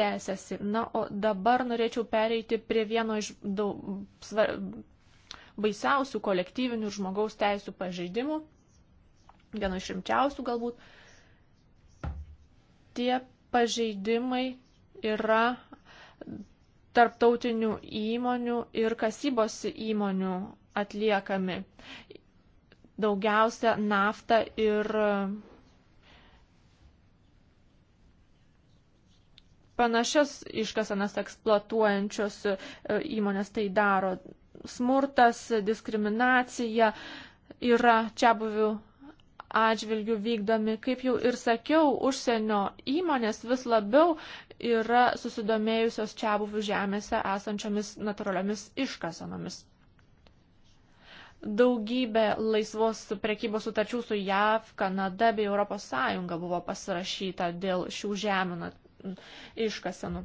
tęsiasi. Na, o dabar norėčiau pereiti prie vieno iš daug, svar, baisiausių kolektyvinių žmogaus teisų pažeidimų, vieno iš rimčiausių galbūt. Tie pažeidimai yra tarptautinių įmonių ir kasybos įmonių atliekami. Daugiausia nafta ir panašias iškasanas eksploatuojančios e, įmonės tai daro. Smurtas, diskriminacija yra čia buvių atžvilgių vykdomi. Kaip jau ir sakiau, užsienio įmonės vis labiau yra susidomėjusios čia buvų žemėse esančiomis natūraliomis iškasanomis. Daugybė laisvos prekybos sutarčių su JAV, Kanada bei ES buvo pasirašyta dėl šių žemių iškasenų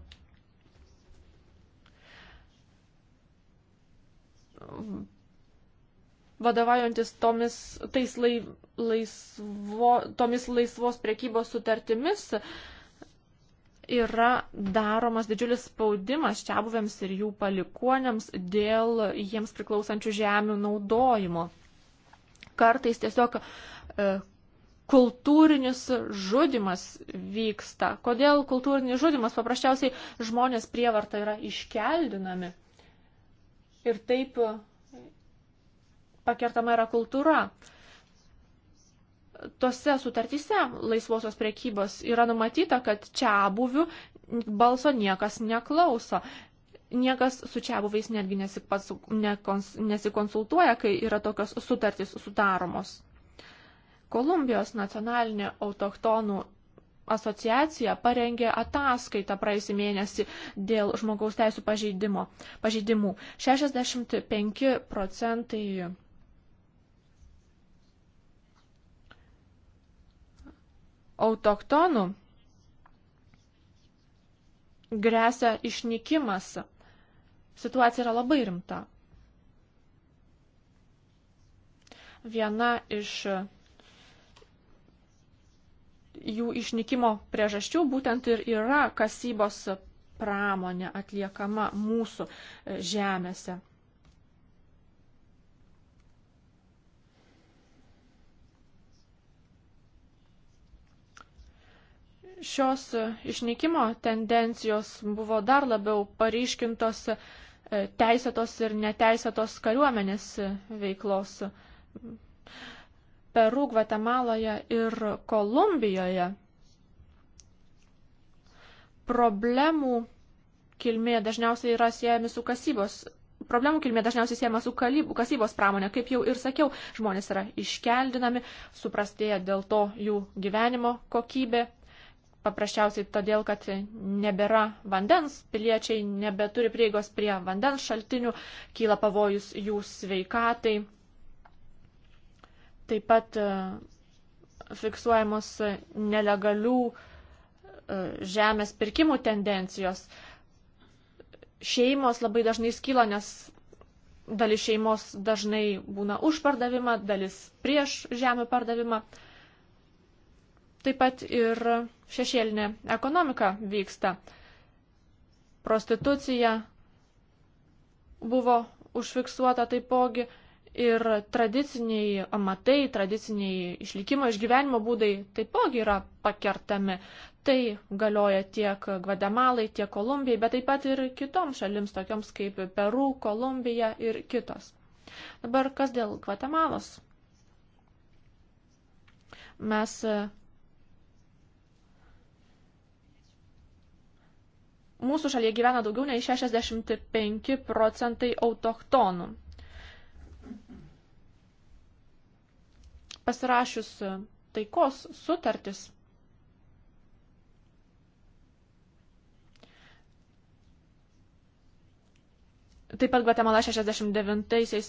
vadovaujantis tomis, tais lai, laisvo, tomis laisvos prekybos sutartimis, yra daromas didžiulis spaudimas čia buvėms ir jų palikuonėms dėl jiems priklausančių žemių naudojimo. Kartais tiesiog e, kultūrinis žudimas vyksta. Kodėl kultūrinis žudimas? Paprasčiausiai žmonės prievarta yra iškeldinami. Ir taip pakertama yra kultūra. Tose sutartyse laisvosios priekybos yra numatyta, kad čia buvių balso niekas neklauso. Niekas su čia buvais netgi nesikonsultuoja, kai yra tokios sutartys sudaromos. Kolumbijos nacionalinė autochtonų asociacija parengė ataskaitą praėjusį mėnesį dėl žmogaus teisų pažeidimo. pažeidimų. 65 procentai autoktonų grėsia išnykimas. Situacija yra labai rimta. Viena iš jų išnykimo priežasčių būtent ir yra kasybos pramonė atliekama mūsų žemėse. šios e, išnykimo tendencijos buvo dar labiau paryškintos e, teisėtos ir neteisėtos kariuomenės e, veiklos. Peru, Gvatemaloje ir Kolumbijoje problemų kilmė dažniausiai yra siejami su kasybos. Problemų kilmė dažniausiai siejama su kalybų, kasybos pramonė. Kaip jau ir sakiau, žmonės yra iškeldinami, suprastėja dėl to jų gyvenimo kokybė. Paprasčiausiai todėl, kad nebėra vandens, piliečiai nebeturi prieigos prie vandens šaltinių, kyla pavojus jų sveikatai. Taip pat e, fiksuojamos nelegalių e, žemės pirkimų tendencijos. Šeimos labai dažnai skyla, nes dalis šeimos dažnai būna už pardavimą, dalis prieš žemę pardavimą taip pat ir šešėlinė ekonomika vyksta. Prostitucija buvo užfiksuota taipogi ir tradiciniai amatai, tradiciniai išlikimo išgyvenimo būdai taipogi yra pakertami. Tai galioja tiek Gvatemalai, tiek Kolumbijai, bet taip pat ir kitoms šalims, tokioms kaip Peru, Kolumbija ir kitos. Dabar kas dėl Gvatemalos? Mes mūsų šalyje gyvena daugiau nei 65 procentai autochtonų. Pasirašius taikos sutartis, taip pat Gvatemala 69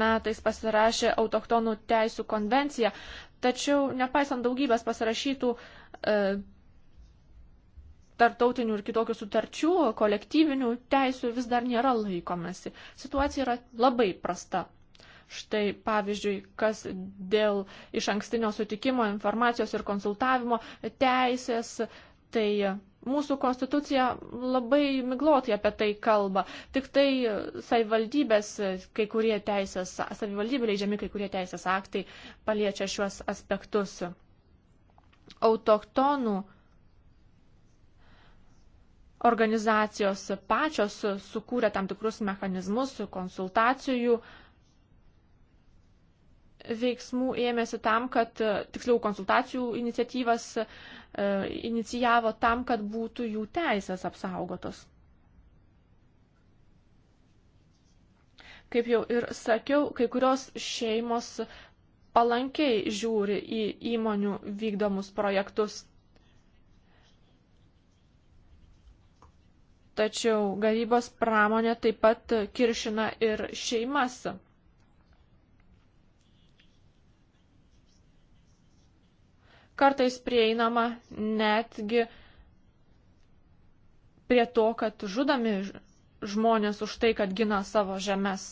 metais pasirašė autochtonų teisų konvenciją, tačiau nepaisant daugybės pasirašytų e, tartautinių ir kitokių sutarčių, kolektyvinių teisų vis dar nėra laikomasi. Situacija yra labai prasta. Štai pavyzdžiui, kas dėl iš ankstinio sutikimo informacijos ir konsultavimo teisės, tai mūsų konstitucija labai miglotai apie tai kalba. Tik tai savivaldybės, kai kurie teisės, savivaldybė leidžiami kai kurie teisės aktai paliečia šiuos aspektus. Autoktonų uh, organizacijos pačios sukūrė tam tikrus mechanizmus, konsultacijų veiksmų ėmėsi tam, kad, tiksliau, konsultacijų iniciatyvas e, inicijavo tam, kad būtų jų teisės apsaugotos. Kaip jau ir sakiau, kai kurios šeimos palankiai žiūri į įmonių vykdomus projektus Tačiau gavybos pramonė taip pat kiršina ir šeimas. Kartais prieinama netgi prie to, kad žudami žmonės už tai, kad gina savo žemės.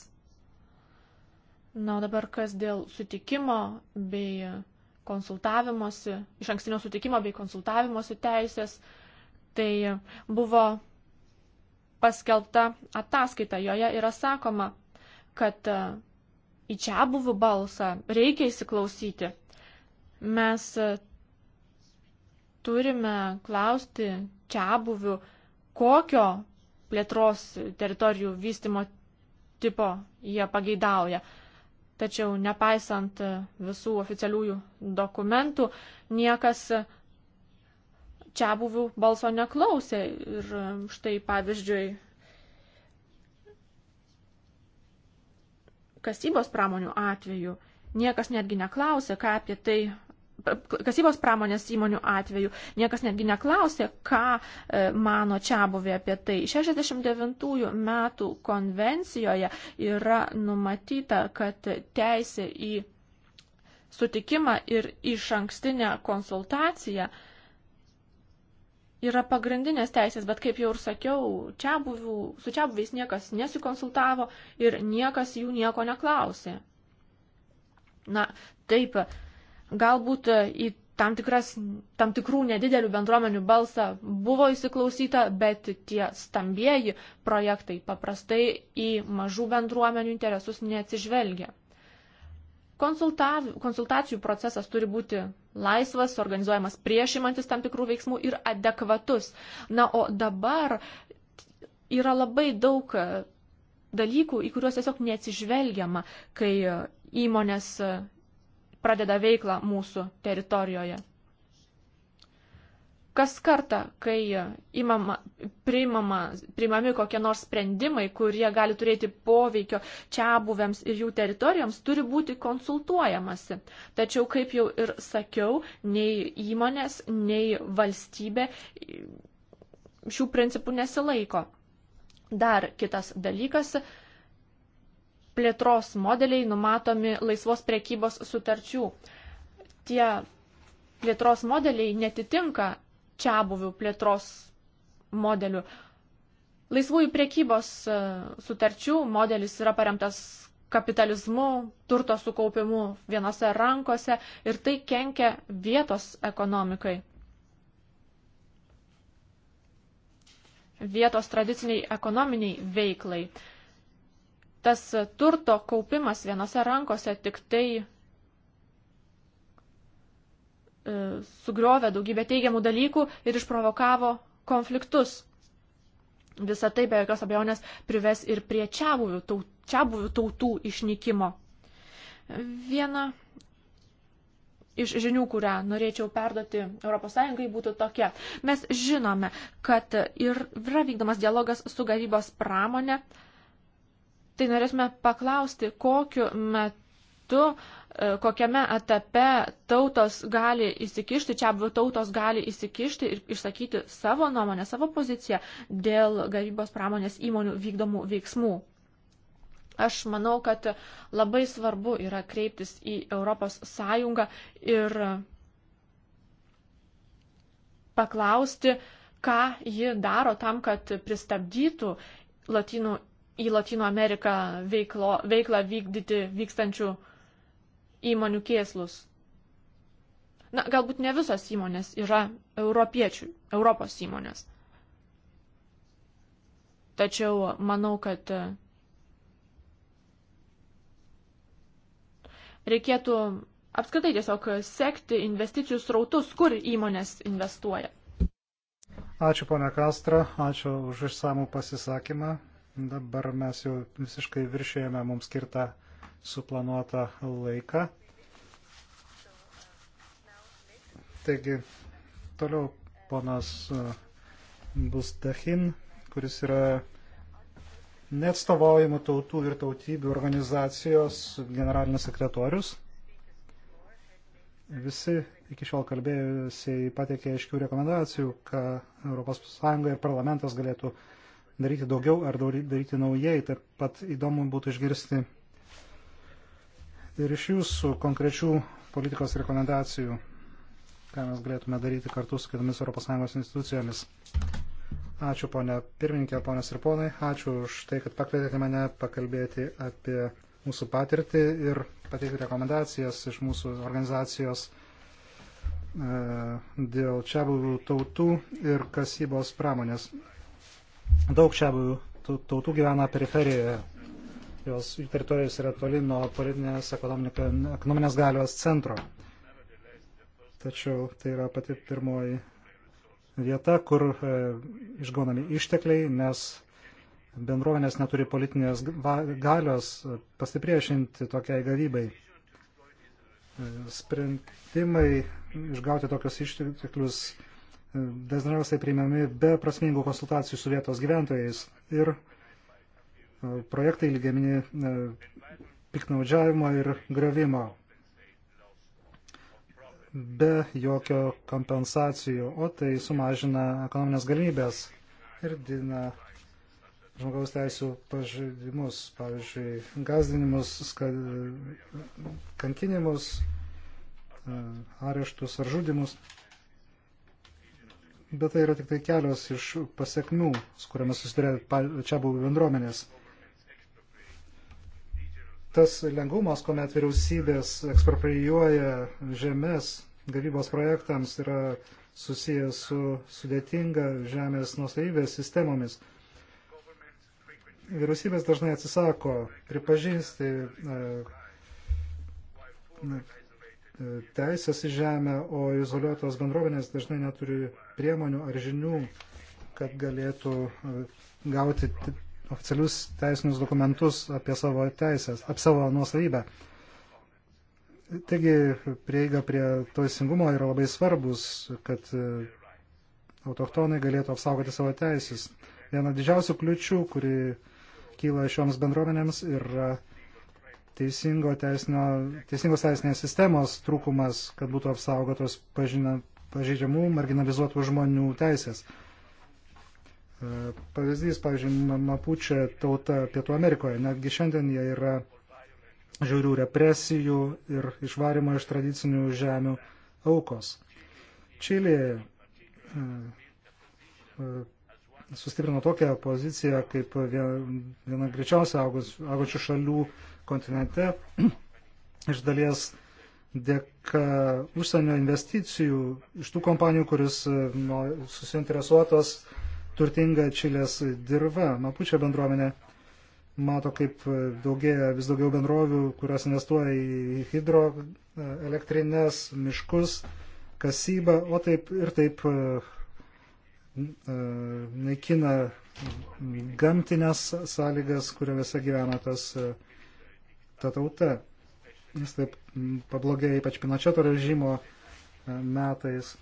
Na, o dabar kas dėl sutikimo bei konsultavimosi, iš ankstinio sutikimo bei konsultavimosi teisės, tai buvo paskelbta ataskaita. Joje yra sakoma, kad e, į čia buvų balsą reikia įsiklausyti. Mes e, turime klausti čia buvių, kokio plėtros teritorijų vystimo tipo jie pageidauja. Tačiau nepaisant e, visų oficialiųjų dokumentų, niekas čia buvių balso neklausė. Ir um, štai pavyzdžiui, kasybos pramonių atveju niekas netgi neklausė, ką apie tai. Kasybos pramonės įmonių atveju niekas netgi neklausė, ką e, mano čia buvė apie tai. 69 metų konvencijoje yra numatyta, kad teisė į sutikimą ir iš ankstinę konsultaciją uh, yra pagrindinės teisės, bet kaip jau ir sakiau, čia buvių, su čia buviais niekas nesikonsultavo ir niekas jų nieko neklausė. Na, taip, galbūt į tam, tikras, tam tikrų nedidelių bendruomenių balsą buvo įsiklausyta, bet tie stambieji projektai paprastai į mažų bendruomenių interesus neatsižvelgia. Konsultacijų procesas turi būti laisvas, organizuojamas priešimantis tam tikrų veiksmų ir adekvatus. Na, o dabar yra labai daug e, dalykų, į kuriuos tiesiog neatsižvelgiama, kai e, įmonės e, pradeda veiklą mūsų teritorijoje. Kas kartą, kai imama, priimama, priimami kokie nors sprendimai, kurie gali turėti poveikio čia buvėms ir jų teritorijoms, turi būti konsultuojamasi. Tačiau, kaip jau ir sakiau, nei įmonės, nei valstybė šių principų nesilaiko. Dar kitas dalykas - plėtros modeliai numatomi laisvos priekybos sutarčių. Tie plėtros modeliai netitinka čia buvių plėtros modelių. Laisvųjų priekybos e, sutarčių modelis yra paremtas kapitalizmu, turto sukaupimu vienose rankose ir tai kenkia vietos ekonomikai. Vietos tradiciniai ekonominiai veiklai. Tas turto kaupimas vienose rankose tik tai E, sugriovė daugybę teigiamų dalykų ir išprovokavo konfliktus. Visą tai be jokios abejonės prives ir prie čia buvių tautų, tautų išnykimo. Viena iš žinių, kurią norėčiau perduoti ES, būtų tokia. Mes žinome, kad ir yra vykdomas dialogas su gavybos pramonė. Tai norėsime paklausti, kokiu metu uh, E, kokiame etape tautos gali įsikišti, čia abu tautos gali įsikišti ir išsakyti savo nuomonę, savo poziciją dėl gavybos pramonės įmonių vykdomų veiksmų. Aš manau, kad labai svarbu yra kreiptis į Europos Sąjungą ir paklausti, ką ji daro tam, kad pristabdytų Latinų, į Latino Ameriką veiklo, veiklą vykdyti vykstančių uh, įmonių kėslus. Na, galbūt ne visos įmonės yra europiečių, Europos įmonės. Tačiau manau, kad e, reikėtų apskritai tiesiog sekti investicijų srautus, kur įmonės investuoja. Ačiū, ponia Kastra, ačiū už išsamų pasisakymą. Dabar mes jau visiškai viršėjame mums skirtą suplanuotą laiką. Taigi, toliau ponas e, Busdachin, kuris yra neatstovaujamų tautų ir tautybių organizacijos generalinis sekretorius. Visi iki šiol kalbėjusiai pateikė aiškių rekomendacijų, ką ES ir parlamentas galėtų daryti daugiau ar daryti naujai. Taip pat įdomu būtų išgirsti ir iš jūsų konkrečių politikos rekomendacijų, ką mes galėtume daryti kartu su kitomis ES institucijomis. Ačiū, ponė pirmininkė, ponės ir ponai. Ačiū už tai, kad pakvietėte mane pakalbėti apie mūsų patirtį ir pateikti rekomendacijas iš mūsų organizacijos e, dėl čia buvų tautų ir kasybos pramonės. Daug čia buvų tautų gyvena periferijoje jos teritorijos yra toli nuo politinės ekonominės galios centro. Tačiau tai yra pati pirmoji vieta, kur e, išgaunami ištekliai, nes bendruomenės neturi politinės galios pasipriešinti tokiai gavybai. E, sprendimai išgauti tokius išteklius e, dažniausiai priimami be prasmingų konsultacijų su vietos gyventojais ir projektai lygiamini e, piknaudžiavimo ir gravimo be jokio kompensacijų, o tai sumažina ekonominės galimybės ir dina žmogaus teisų pažeidimus, pavyzdžiui, gazdinimus, kankinimus, e, areštus ar žudimus. Bet tai yra tik tai kelios iš pasiekmių, su kuriamis susiduria čia buvų bendruomenės tas lengvumas, kuomet vyriausybės ekspropriuoja žemės gavybos projektams, yra susijęs su sudėtinga žemės nuosavybės sistemomis. Vyriausybės dažnai atsisako pripažinti e, e teisės į žemę, o izoliuotos bendruomenės dažnai neturi priemonių ar žinių, kad galėtų e, gauti oficialius teisinius dokumentus apie savo teisės, apie savo nuosavybę. Taigi prieiga prie teisingumo yra labai svarbus, kad e, autochtonai galėtų apsaugoti savo teisės. Viena didžiausių kliučių, kuri kyla šioms bendruomenėms, yra teisingo teisinio, teisingos teisinės sistemos trūkumas, kad būtų apsaugotos pažina, pažeidžiamų, marginalizuotų žmonių teisės. E, pavyzdys, pavyzdžiui, Mapučia tauta Pietų Amerikoje. Netgi šiandien jie yra žiaurių represijų ir išvarimo iš tradicinių žemių aukos. Čilėje e, e, sustiprino tokią poziciją kaip viena greičiausia augančių šalių kontinente iš dalies dėka užsienio investicijų iš tų kompanijų, kuris nu, susinteresuotos turtinga Čilės dirba. Mapučio bendruomenė mato, kaip daugėja vis daugiau bendrovių, kurios investuoja į hidroelektrinės, e, miškus, kasybą, o taip ir taip e, e, naikina gamtinės sąlygas, kuriuose gyvena tas ta tauta. Jis taip pablogėjo ypač Pinočeto režimo metais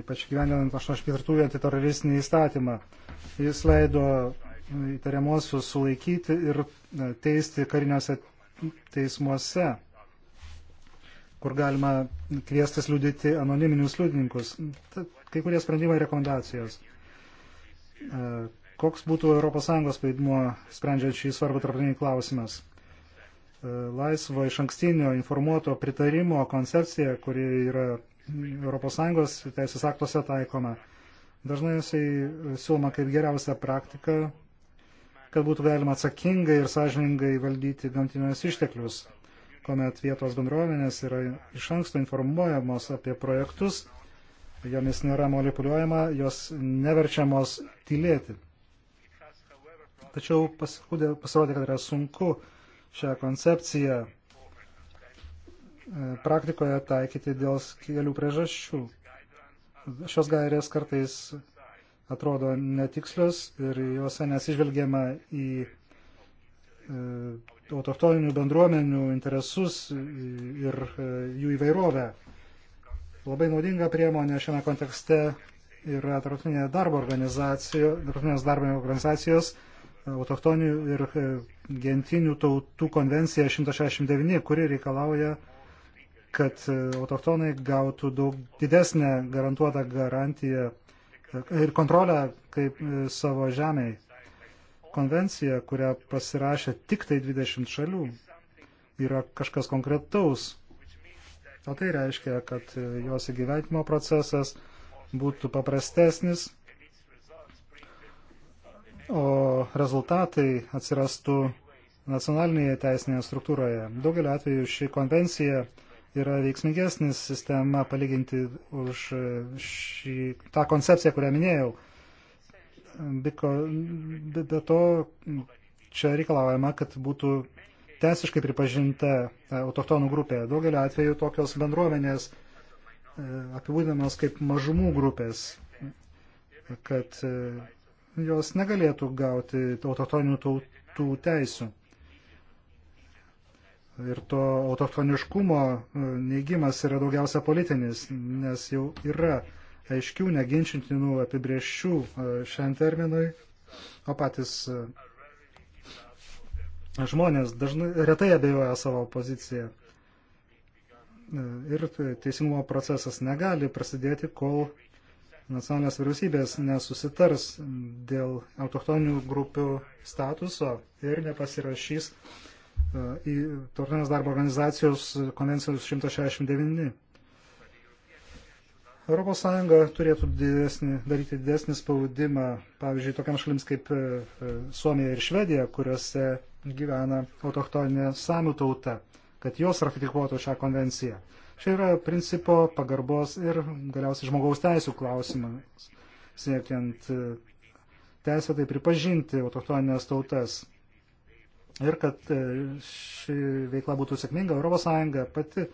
ypač gyvendinant 84-ųjų antiteroristinį įstatymą. Jis leido įtariamuosius sulaikyti ir teisti kariniuose teismuose, kur galima kviestis liudyti anoniminius liudininkus. Kai kurie sprendimai rekomendacijos. Koks būtų ES vaidmuo sprendžiant šį svarbų tarptautinį klausimas? Laisvo iš ankstinio informuoto pritarimo koncepcija, kuri yra ES teisės aktuose taikoma. Dažnai jisai siūloma kaip geriausia praktika, kad būtų galima atsakingai ir sąžiningai valdyti gamtinius išteklius, kuomet vietos bendruomenės yra iš anksto informuojamos apie projektus, jomis nėra manipuliuojama, jos neverčiamos tylėti. Tačiau pasirodė, kad yra sunku šią koncepciją praktikoje taikyti dėl kelių priežasčių. Šios gairės kartais atrodo netikslios ir juose nesižvelgiama į e, autochtoninių bendruomenių interesus ir e, jų įvairovę. Labai naudinga priemonė šiame kontekste yra tarptautinės darbo, organizacijo, darbo organizacijos autochtoninių ir e, gentinių tautų konvencija 169, kuri reikalauja kad e, autochtonai gautų daug didesnę garantuotą garantiją e, ir kontrolę kaip e, savo žemėj. Konvencija, kurią pasirašė tik tai 20 šalių, yra kažkas konkretaus. O tai reiškia, kad jos įgyventimo procesas būtų paprastesnis, o rezultatai atsirastų nacionalinėje teisinėje struktūroje. Daugelio atveju ši konvencija yra veiksmingesnis sistema palyginti už šį, tą koncepciją, kurią minėjau. Biko, be, be to, čia reikalaujama, kad būtų teisiškai pripažinta autoktonų grupė. Daugeliu atveju tokios bendruomenės e, apibūdinamos kaip mažumų grupės, kad e, jos negalėtų gauti autoktonių tautų teisų. Ir to autochtoniškumo e, neigimas yra daugiausia politinis, nes jau yra aiškių, neginčintinų apibrieščių e, šiam terminui, o patys e, žmonės dažnai, retai abejoja savo poziciją. Ir teisingumo procesas negali prasidėti, kol nacionalinės vyriausybės nesusitars dėl autochtoninių grupių statuso ir nepasirašys E, į Tarptautinės darbo organizacijos konvencijos 169. ES turėtų didesnį, daryti didesnį spaudimą, pavyzdžiui, tokiam šalims kaip e, e, Suomija ir Švedija, kuriuose gyvena autochtoninė samių tauta, kad jos ratifikuotų šią konvenciją. Čia yra principo pagarbos ir galiausiai žmogaus teisų klausimas, siekiant teisėtai pripažinti autochtoninės tautas Ir kad e, ši veikla būtų sėkminga, ES pati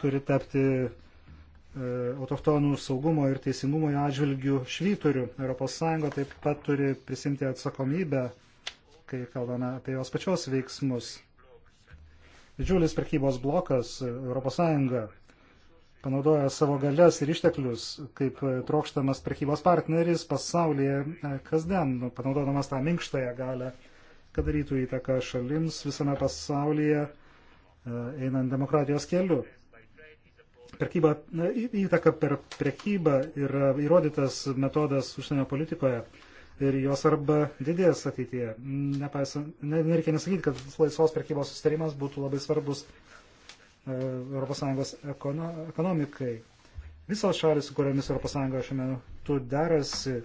turi tapti e, autochtonų saugumo ir teisingumo atžvilgių švyturių. ES taip pat turi prisimti atsakomybę, kai kalbame apie jos pačios veiksmus. Didžiulis prekybos blokas ES panaudoja savo galias ir išteklius kaip e, trokštamas prekybos partneris pasaulyje kasdien, nu, panaudodamas tą minkštąją galę kad darytų įtaką šalims visame pasaulyje e, einant demokratijos keliu. Prekyba, įtaka per prekybą yra įrodytas metodas užsienio politikoje ir jo svarba didės ateityje. Nepaisant, ne, nereikia nesakyti, kad laisvos prekybos sustarimas būtų labai svarbus ES ekono, ekonomikai. Visos šalis, su kuriamis ES šiuo metu derasi,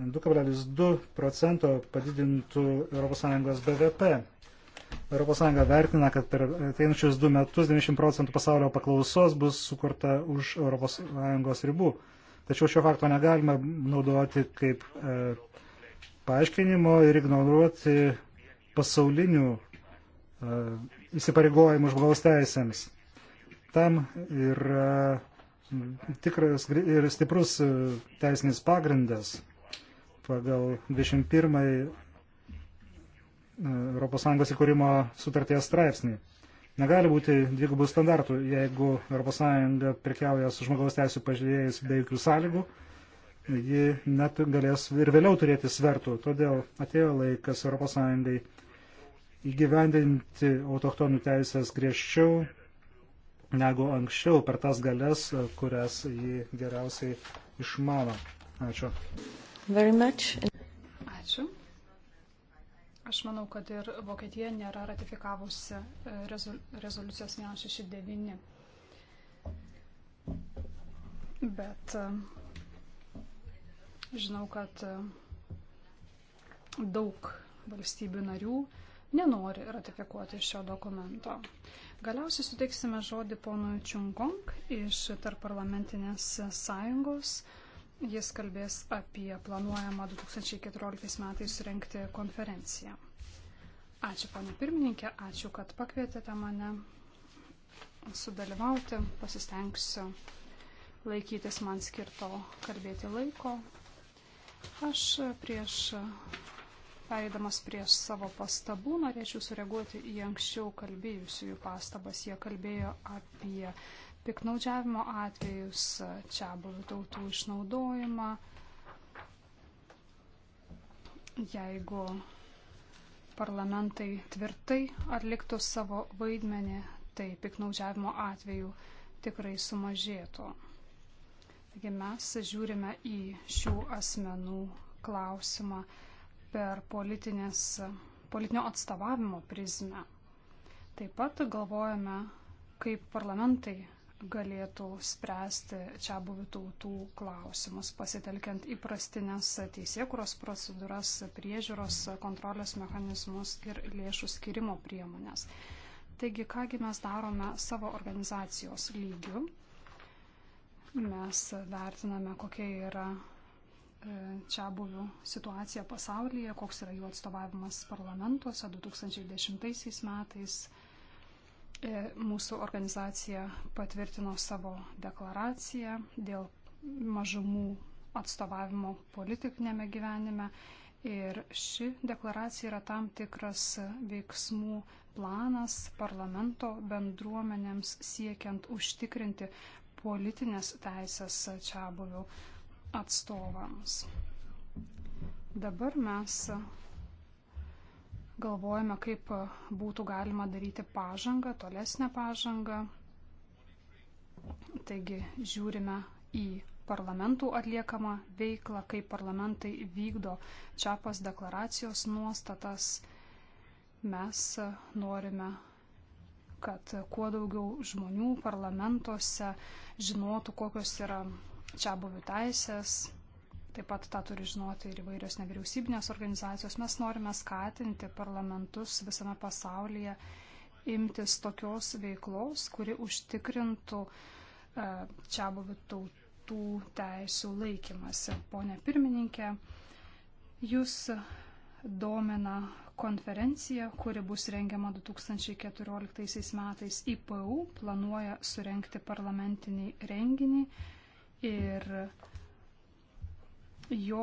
2,2 procento padidintų ES BVP. ES vertina, kad per ateinančius du metus 90 procentų pasaulio paklausos bus sukurta už ES ribų. Tačiau šio fakto negalime naudoti kaip e, paaiškinimo ir ignoruoti pasaulinių e, įsipareigojimų žmogaus teisėms. Tam yra tikras ir stiprus e, teisinis pagrindas pagal 21 ES įkūrimo sutarties straipsnį. Negali būti dvigubų standartų, jeigu ES prekiauja su žmogaus teisų pažydėjais be jokių sąlygų, ji net galės ir vėliau turėti svertų. Todėl atėjo laikas ES įgyvendinti autochtonų teisės griežčiau negu anksčiau per tas galės, kurias ji geriausiai išmano. Ačiū very much. Ačiū. Aš manau, kad ir Vokietija nėra ratifikavusi e, rezoliucijos 169. Bet e, žinau, kad e, daug valstybių narių nenori ratifikuoti šio dokumento. Galiausiai suteiksime žodį ponui Čiungong iš tarparlamentinės sąjungos. Jis kalbės apie planuojamą 2014 metais surenkti konferenciją. Ačiū, ponė pirmininkė, ačiū, kad pakvietėte mane sudalyvauti. Pasistengsiu laikytis man skirto kalbėti laiko. Aš prieš, pereidamas prieš savo pastabų, norėčiau sureaguoti į anksčiau kalbėjusiųjų pastabas. Jie kalbėjo apie piknaudžiavimo atvejus, čia buvių tautų išnaudojimą. Jeigu parlamentai tvirtai atliktų savo vaidmenį, tai piknaudžiavimo atvejų tikrai sumažėtų. Taigi mes žiūrime į šių asmenų klausimą per politinio atstovavimo prizmę. Taip pat galvojame, kaip parlamentai galėtų spręsti čia buvių tautų klausimus, pasitelkiant įprastinės teisėkuros procedūras, priežiūros kontrolės mechanizmus ir lėšų skirimo priemonės. Taigi, kągi mes darome savo organizacijos lygių, mes vertiname, kokia yra e, čia buvių situacija pasaulyje, koks yra jų atstovavimas parlamentuose 2010 metais E, mūsų organizacija patvirtino savo deklaraciją dėl mažumų atstovavimo politikinėme gyvenime ir ši deklaracija yra tam tikras veiksmų planas parlamento bendruomenėms siekiant užtikrinti politinės teisės čia buvių atstovams. Dabar mes galvojame, kaip būtų galima daryti pažangą, tolesnę pažangą. Taigi žiūrime į parlamentų atliekamą veiklą, kaip parlamentai vykdo čiapas deklaracijos nuostatas. Mes norime, kad kuo daugiau žmonių parlamentuose žinotų, kokios yra čia buvių teisės, Taip pat tą turi žinoti ir įvairios nevyriausybinės organizacijos. Mes norime skatinti parlamentus visame pasaulyje imtis tokios veiklos, kuri užtikrintų e, čia buvių tautų teisų laikymasi. Pone pirmininkė, jūs domina konferencija, kuri bus rengiama 2014 metais. IPU planuoja surenkti parlamentinį renginį ir Jo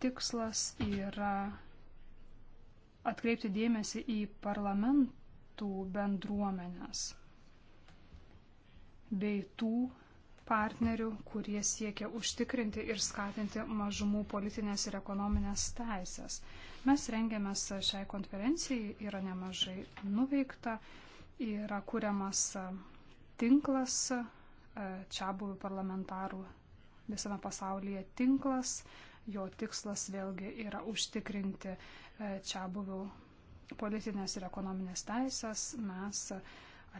tikslas yra atkreipti dėmesį į parlamentų bendruomenės bei tų partnerių, kurie siekia užtikrinti ir skatinti mažumų politinės ir ekonominės teisės. Mes rengiamės šiai konferencijai, yra nemažai nuveikta, yra kuriamas tinklas e, čia buvių parlamentarų visame pasaulyje tinklas. Jo tikslas vėlgi yra užtikrinti e, čia buvių politinės ir ekonominės teisės. Mes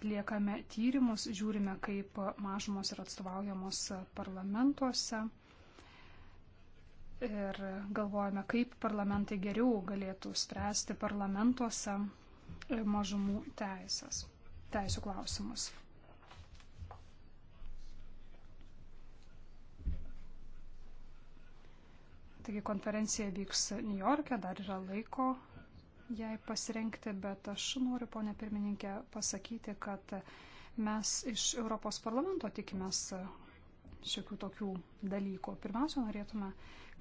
atliekame tyrimus, žiūrime, kaip mažumos yra atstovaujamos parlamentuose. Ir galvojame, kaip parlamentai geriau galėtų spręsti parlamentuose e, mažumų teisės, teisų klausimus. Taigi konferencija vyks New York'e, dar yra laiko jai pasirenkti, bet aš noriu, ponė pirmininkė, pasakyti, kad mes iš Europos parlamento tikimės šiokių tokių dalykų. Pirmiausia, norėtume,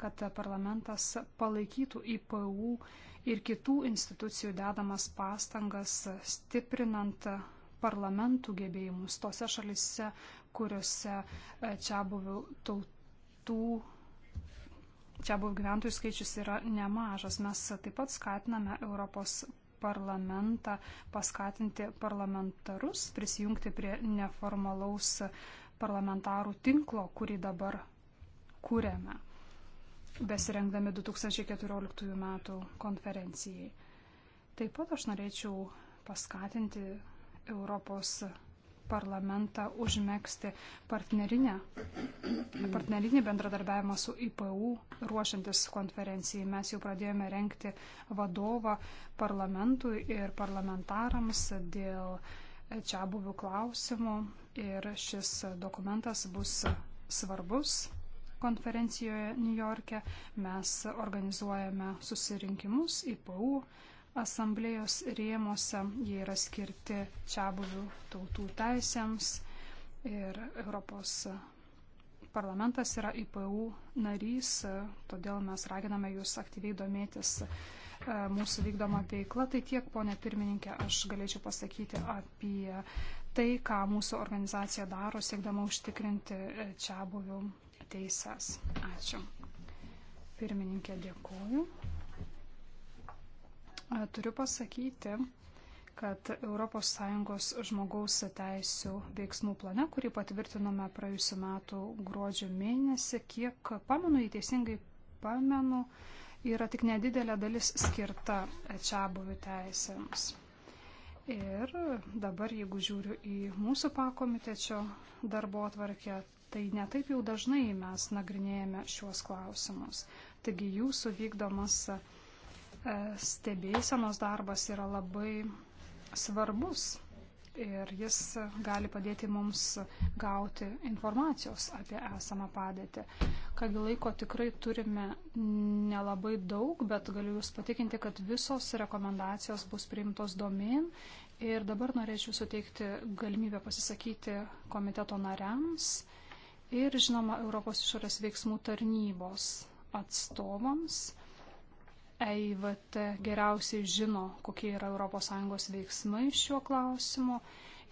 kad parlamentas palaikytų IPU ir kitų institucijų dedamas pastangas stiprinant parlamentų gebėjimus tose šalise, kuriuose e, čia buvių tautų čia buvų gyventojų skaičius yra nemažas. Mes taip pat skatiname Europos parlamentą, paskatinti parlamentarus prisijungti prie neformalaus parlamentarų tinklo, kurį dabar kūrėme, besirengdami 2014 m. konferencijai. Taip pat aš norėčiau paskatinti Europos parlamentarus parlamentą užmėgsti partnerinį bendradarbiavimą su IPU ruošiantis konferencijai. Mes jau pradėjome renkti vadovą parlamentui ir parlamentarams dėl čia buvių klausimų ir šis dokumentas bus svarbus konferencijoje Niujorke. Mes organizuojame susirinkimus IPU asamblėjos rėmose. Jie yra skirti čia buvių tautų teisėms ir Europos parlamentas yra IPU narys, todėl mes raginame jūs aktyviai domėtis e, mūsų vykdoma veikla. Tai tiek, ponė pirmininkė, aš galėčiau pasakyti apie tai, ką mūsų organizacija daro, siekdama užtikrinti e, čia buvių teises. Ačiū. Pirmininkė, dėkoju. Turiu pasakyti, kad ES žmogaus teisų veiksmų plane, kurį patvirtinome praėjusiu metu gruodžio mėnesį, kiek pamenu, jei teisingai pamenu, yra tik nedidelė dalis skirta čia buvių teisėms. Ir dabar, jeigu žiūriu į mūsų pakomitečio darbo atvarkę, tai netaip jau dažnai mes nagrinėjame šiuos klausimus. Taigi jūsų vykdomas uh, E, stebėsenos darbas yra labai svarbus ir jis gali padėti mums gauti informacijos apie esamą padėtį. Kągi laiko tikrai turime nelabai daug, bet galiu Jūs patikinti, kad visos rekomendacijos bus priimtos domin. Ir dabar norėčiau suteikti galimybę pasisakyti komiteto nariams ir, žinoma, Europos išorės veiksmų tarnybos atstovams. EIVT geriausiai žino, kokie yra ES veiksmai šiuo klausimu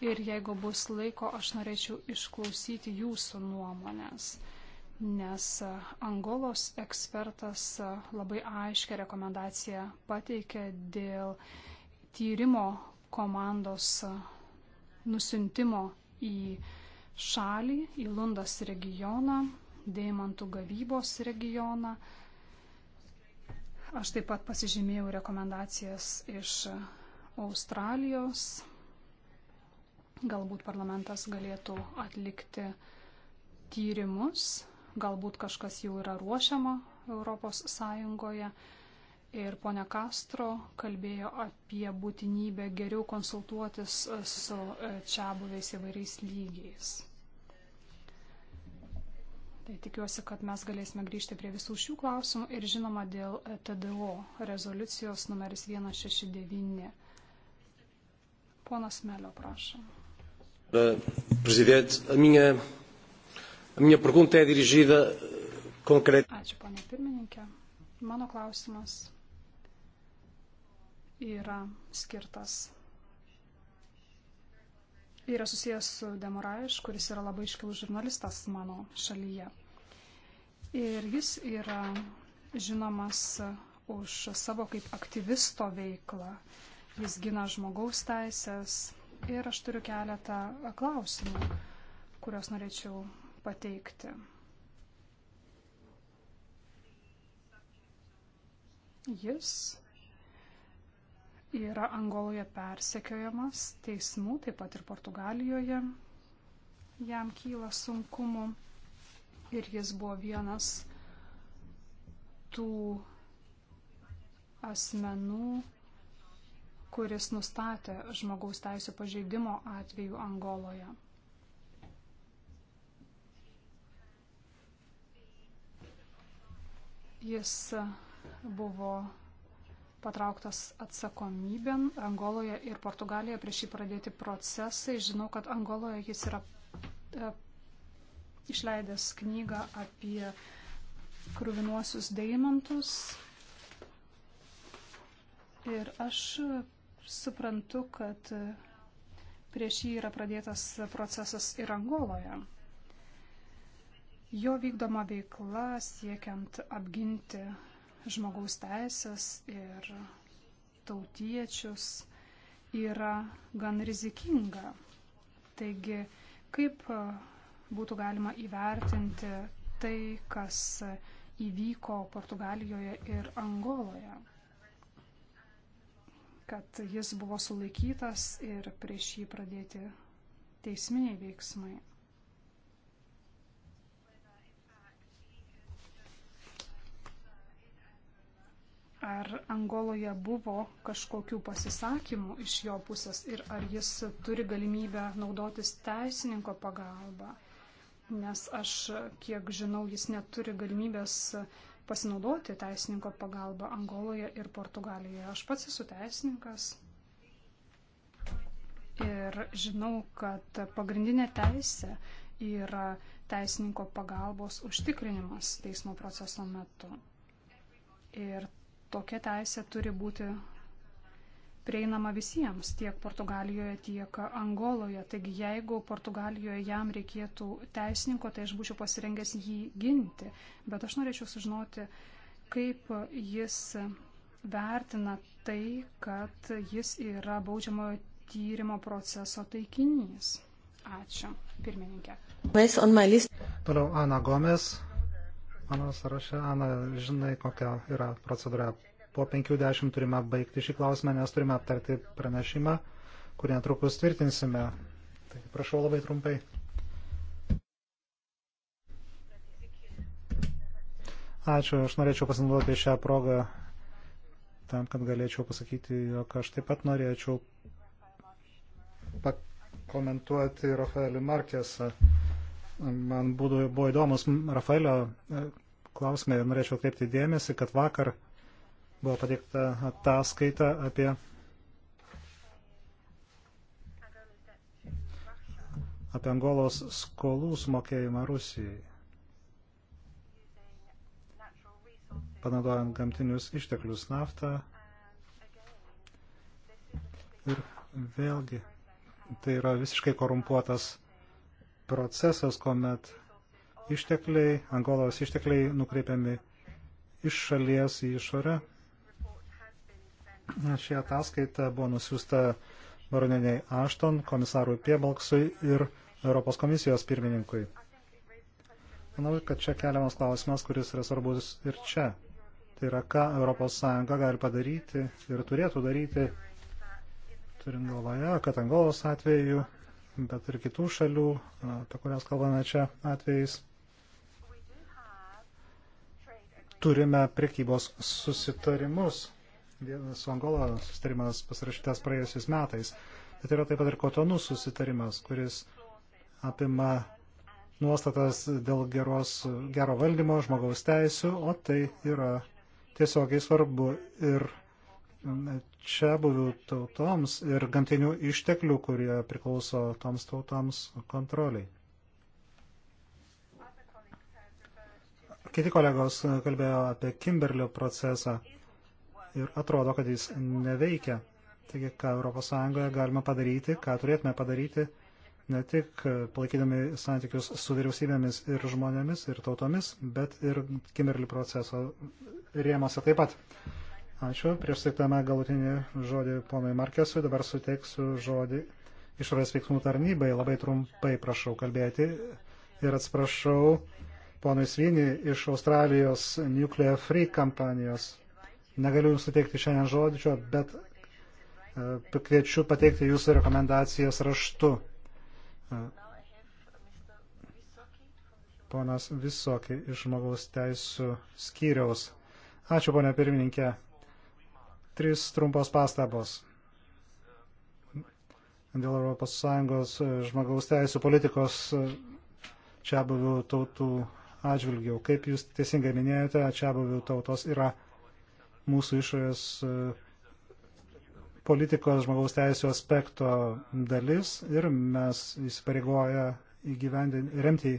ir jeigu bus laiko, aš norėčiau išklausyti jūsų nuomonės, nes Angolos ekspertas labai aiškę rekomendaciją pateikė dėl tyrimo komandos nusintimo į šalį, į Lundas regioną, Deimantų gavybos regioną. Aš taip pat pasižymėjau rekomendacijas iš Australijos. Galbūt parlamentas galėtų atlikti tyrimus, galbūt kažkas jau yra ruošiama ES. Ir ponia Castro kalbėjo apie būtinybę geriau konsultuotis su e, čia buviais įvairiais lygiais. Tai tikiuosi, kad mes galėsime grįžti prie visų šių klausimų ir žinoma dėl e, TDO rezoliucijos numeris 169. Ponas Melio, prašom. Prezident, a minha, a minha pergunta é dirigida eh, concretamente. Ačiū, ponė pirmininkė. Mano klausimas yra skirtas yra susijęs su Demoraiš, kuris yra labai iškilus žurnalistas mano šalyje. Ir jis yra žinomas už savo kaip aktyvisto veiklą. Jis gina žmogaus teisės. Ir aš turiu keletą klausimų, kuriuos norėčiau pateikti. Jis yra Angoloje persekiojamas teismų, taip pat ir Portugalijoje jam kyla sunkumų ir jis buvo vienas tų asmenų, kuris nustatė žmogaus teisų pažeidimo atveju Angoloje. Jis buvo patrauktas atsakomybėn Angoloje ir Portugalijoje prieš jį pradėti procesai. Žinau, kad Angoloje jis yra e, išleidęs knygą apie krūvinuosius deimantus. Ir aš suprantu, kad prieš jį yra pradėtas procesas ir Angoloje. Jo vykdoma veikla siekiant apginti žmogaus teisės ir tautiečius yra gan rizikinga. Taigi, kaip būtų galima įvertinti tai, kas įvyko Portugalijoje ir Angoloje, kad jis buvo sulaikytas ir prieš jį pradėti teisminiai veiksmai. ar Angoloje buvo kažkokių pasisakymų iš jo pusės ir ar jis turi galimybę naudotis teisininko pagalba. Nes aš, kiek žinau, jis neturi galimybės pasinaudoti teisininko pagalba Angoloje ir Portugalijoje. Aš pats esu teisininkas. Ir žinau, kad pagrindinė teisė yra teisininko pagalbos užtikrinimas teismo proceso metu. Ir tokia teisė turi būti prieinama visiems, tiek Portugalijoje, tiek Angoloje. Taigi jeigu Portugalijoje jam reikėtų teisininko, tai aš būčiau pasirengęs jį ginti. Bet aš norėčiau sužinoti, kaip jis vertina tai, kad jis yra baudžiamojo tyrimo proceso taikinys. Ačiū, pirmininkė. Toliau Ana Gomes, mano sąraše. Ana, žinai, kokia yra procedūra. Po 50 turime baigti šį klausimą, nes turime aptarti pranešimą, kurį netrukus tvirtinsime. Tai prašau labai trumpai. Ačiū, aš norėčiau pasinaudoti šią progą tam, kad galėčiau pasakyti, jog aš taip pat norėčiau pakomentuoti Rafaelį Markėsą. Man būdų, buvo įdomus Rafaelio e, klausimai ir norėčiau kreipti dėmesį, kad vakar buvo pateikta ataskaita apie apie Angolos skolų sumokėjimą Rusijai, panaudojant gamtinius išteklius naftą. Ir vėlgi, tai yra visiškai korumpuotas procesas, kuomet ištekliai, Angolos ištekliai nukreipiami iš šalies į išorę. Šį ataskaitą buvo nusiųsta baroniniai Ašton, komisarui Piebalksui ir Europos komisijos pirmininkui. Manau, kad čia keliamas klausimas, kuris yra svarbus ir čia. Tai yra, ką ES gali padaryti ir turėtų daryti, turint galvoje, kad Angolos atveju bet ir kitų šalių, apie kurias kalbame čia atvejais. Turime prekybos susitarimus. Vienas su Angola susitarimas pasirašytas praėjusiais metais, bet yra taip pat ir kotonų susitarimas, kuris apima nuostatas dėl geros, gero valdymo, žmogaus teisų, o tai yra tiesiogiai svarbu ir čia buvių tautoms ir gamtinių išteklių, kurie priklauso toms tautoms kontroliai. Kiti kolegos kalbėjo apie Kimberlio procesą ir atrodo, kad jis neveikia. Taigi, ką ES galime padaryti, ką turėtume padaryti, ne tik palaikydami santykius su vyriausybėmis ir žmonėmis ir tautomis, bet ir Kimberlio proceso rėmose taip pat. Ačiū. Prieš saiktame galutinį žodį ponui Markesui, dabar suteiksiu žodį išorės veiksmų tarnybai. Labai trumpai prašau kalbėti ir atsiprašau ponui Svinį iš Australijos Nuclear Free kampanijos. Negaliu jums suteikti šiandien žodžio, bet e, kviečiu pateikti jūsų rekomendacijas raštu. E, ponas Visokį iš žmogaus teisų skyriaus. Ačiū, ponia pirmininkė. Tris trumpos pastabos dėl ES e, žmogaus teisų politikos e, čia buvių tautų atžvilgių. Kaip jūs teisingai minėjote, čia buvių tautos yra mūsų išorės e, politikos žmogaus teisų aspekto dalis ir mes įsipareigoja remti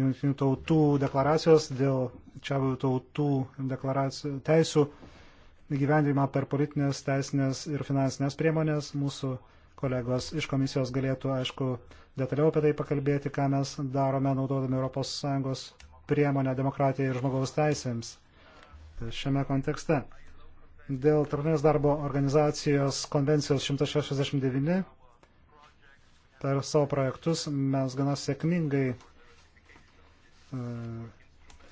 jungtinių tautų deklaracijos dėl čia buvių tautų teisų gyvendimą per politinės, teisinės ir finansinės priemonės. Mūsų kolegos iš komisijos galėtų, aišku, detaliau apie tai pakalbėti, ką mes darome naudodami ES priemonę demokratijai ir žmogaus teisėms šiame kontekste. Dėl Tarptautinės darbo organizacijos konvencijos 169 per savo projektus mes gana sėkmingai e,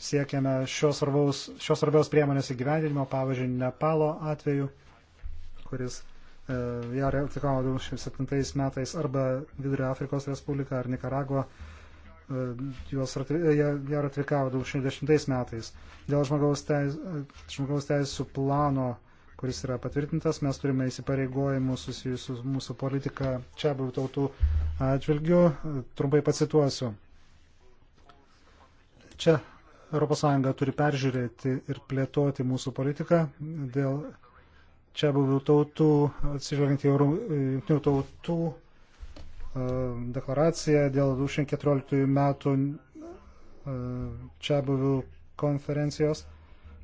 siekiame šios svarbiaus, šios svarbiaus priemonės įgyvendinimo, pavyzdžiui, Nepalo atveju, kuris e, ją ratifikavo 2007 metais, arba Vidurio Afrikos Respublika ar Nicaragua, e, juos e, ją ratifikavo 2010 metais. Dėl žmogaus, teis, e, žmogaus teisų plano, kuris yra patvirtintas, mes turime įsipareigojimų susijusius mūsų politiką čia buvų tautų atžvilgių. E, trumpai pacituosiu. Čia ES turi peržiūrėti ir plėtoti mūsų politiką dėl čia buvių tautų, atsižvelgiant į jungtinių tautų e, deklaraciją dėl 2014 metų e, čia buvių konferencijos.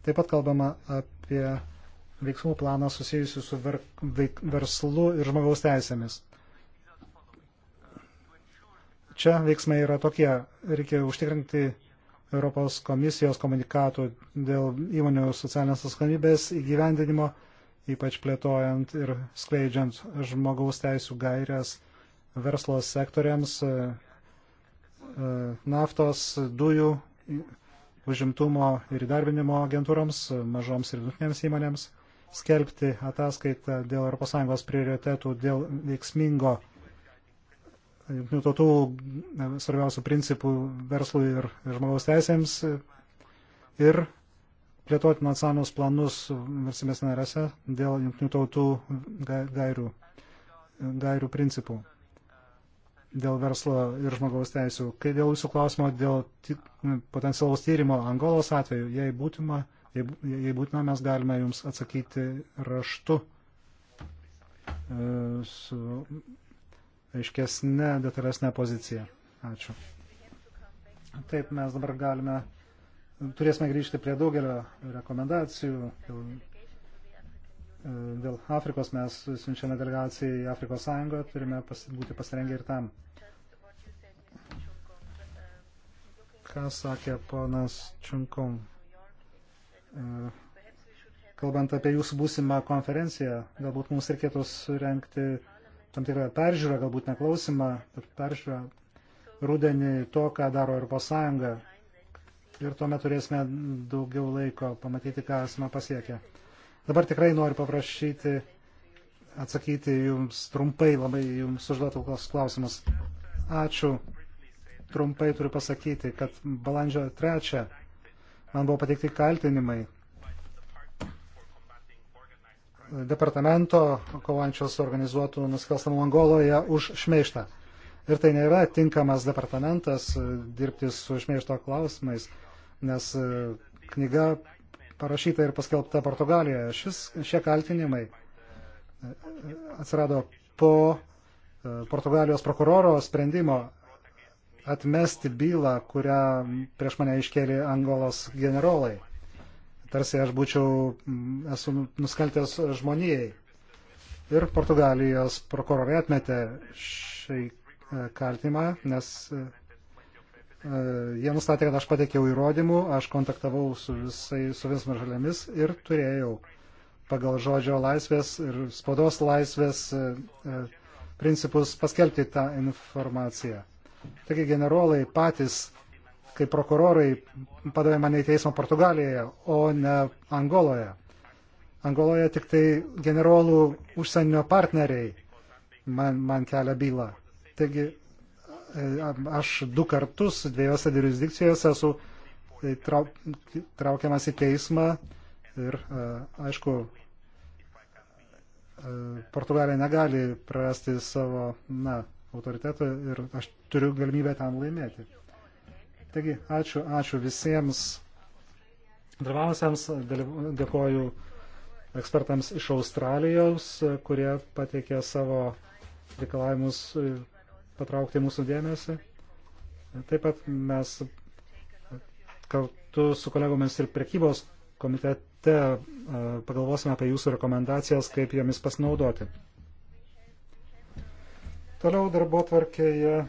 Taip pat kalbama apie veiksmų planą susijusiu su ver, veik, verslu ir žmogaus teisėmis. Čia veiksmai yra tokie. Reikia užtikrinti Europos komisijos komunikatų dėl įmonių socialinės atsakomybės įgyvendinimo, ypač plėtojant ir skleidžiant žmogaus teisų gairias verslo sektoriams, e, e, naftos, dujų, užimtumo ir įdarbinimo agentūroms, mažoms ir vidutinėms įmonėms, skelbti ataskaitą dėl ES prioritetų dėl veiksmingo jungtinių tautų svarbiausių principų verslui ir, ir žmogaus teisėms ir plėtoti nacionalinius planus valstybės narėse dėl jungtinių tautų gairių, gairių principų dėl verslo ir žmogaus teisų. Kai dėl jūsų klausimo dėl potencialaus tyrimo Angolos atveju, jei būtima, jei, jei būtina, mes galime jums atsakyti raštu e, su aiškesnę, detalesnę poziciją. Ačiū. Taip, mes dabar galime, turėsime grįžti prie daugelio rekomendacijų. E, dėl Afrikos mes siunčiame delegaciją į Afrikos Sąjungą, turime pas, būti pasirengę ir tam. Ką sakė ponas Čunkum? E, kalbant apie jūsų būsimą konferenciją, galbūt mums reikėtų surenkti tam tikrą peržiūrą, galbūt neklausimą, peržiūrą rudenį to, ką daro Europos Sąjunga. Ir tuomet turėsime daugiau laiko pamatyti, ką esame pasiekę. Dabar tikrai noriu paprašyti atsakyti jums trumpai, labai jums užduotus klausimus. Ačiū. Trumpai turiu pasakyti, kad balandžio trečią man buvo pateikti kaltinimai departamento kovojančios organizuotų nusikalstamų Angoloje už šmeištą. Ir tai nėra tinkamas departamentas e, dirbti su šmeišto klausimais, nes e, knyga parašyta ir paskelbta Portugalijoje. Šis, šie kaltinimai e, atsirado po Portugalijos prokuroro sprendimo atmesti bylą, kurią prieš mane iškėlė Angolos generolai tarsi aš būčiau, mm, esu nuskaltęs žmonijai. Ir Portugalijos prokurorai atmetė šį e, kaltinimą, nes e, e, jie nustatė, kad aš pateikiau įrodymų, aš kontaktavau su, visai, su vis maržalėmis ir turėjau pagal žodžio laisvės ir spaudos laisvės principus paskelbti tą informaciją. Taigi generolai patys kai prokurorai padavė mane į teismą Portugalijoje, o ne Angoloje. Angoloje tik tai generolų užsienio partneriai man, man kelia bylą. Taigi e, aš du kartus dviejose jurisdikcijose esu e, traukiamas į teismą ir, e, aišku, Portugalija negali prarasti savo na, autoriteto ir aš turiu galimybę ten laimėti. Taigi, ačiū, ačiū visiems dalyvavusiems, dėkoju ekspertams iš Australijos, kurie pateikė savo reikalavimus e, patraukti mūsų dėmesį. Taip pat mes kartu su kolegomis ir prekybos komitete e, pagalvosime apie jūsų rekomendacijas, kaip jomis pasinaudoti. Toliau darbo tvarkėje e,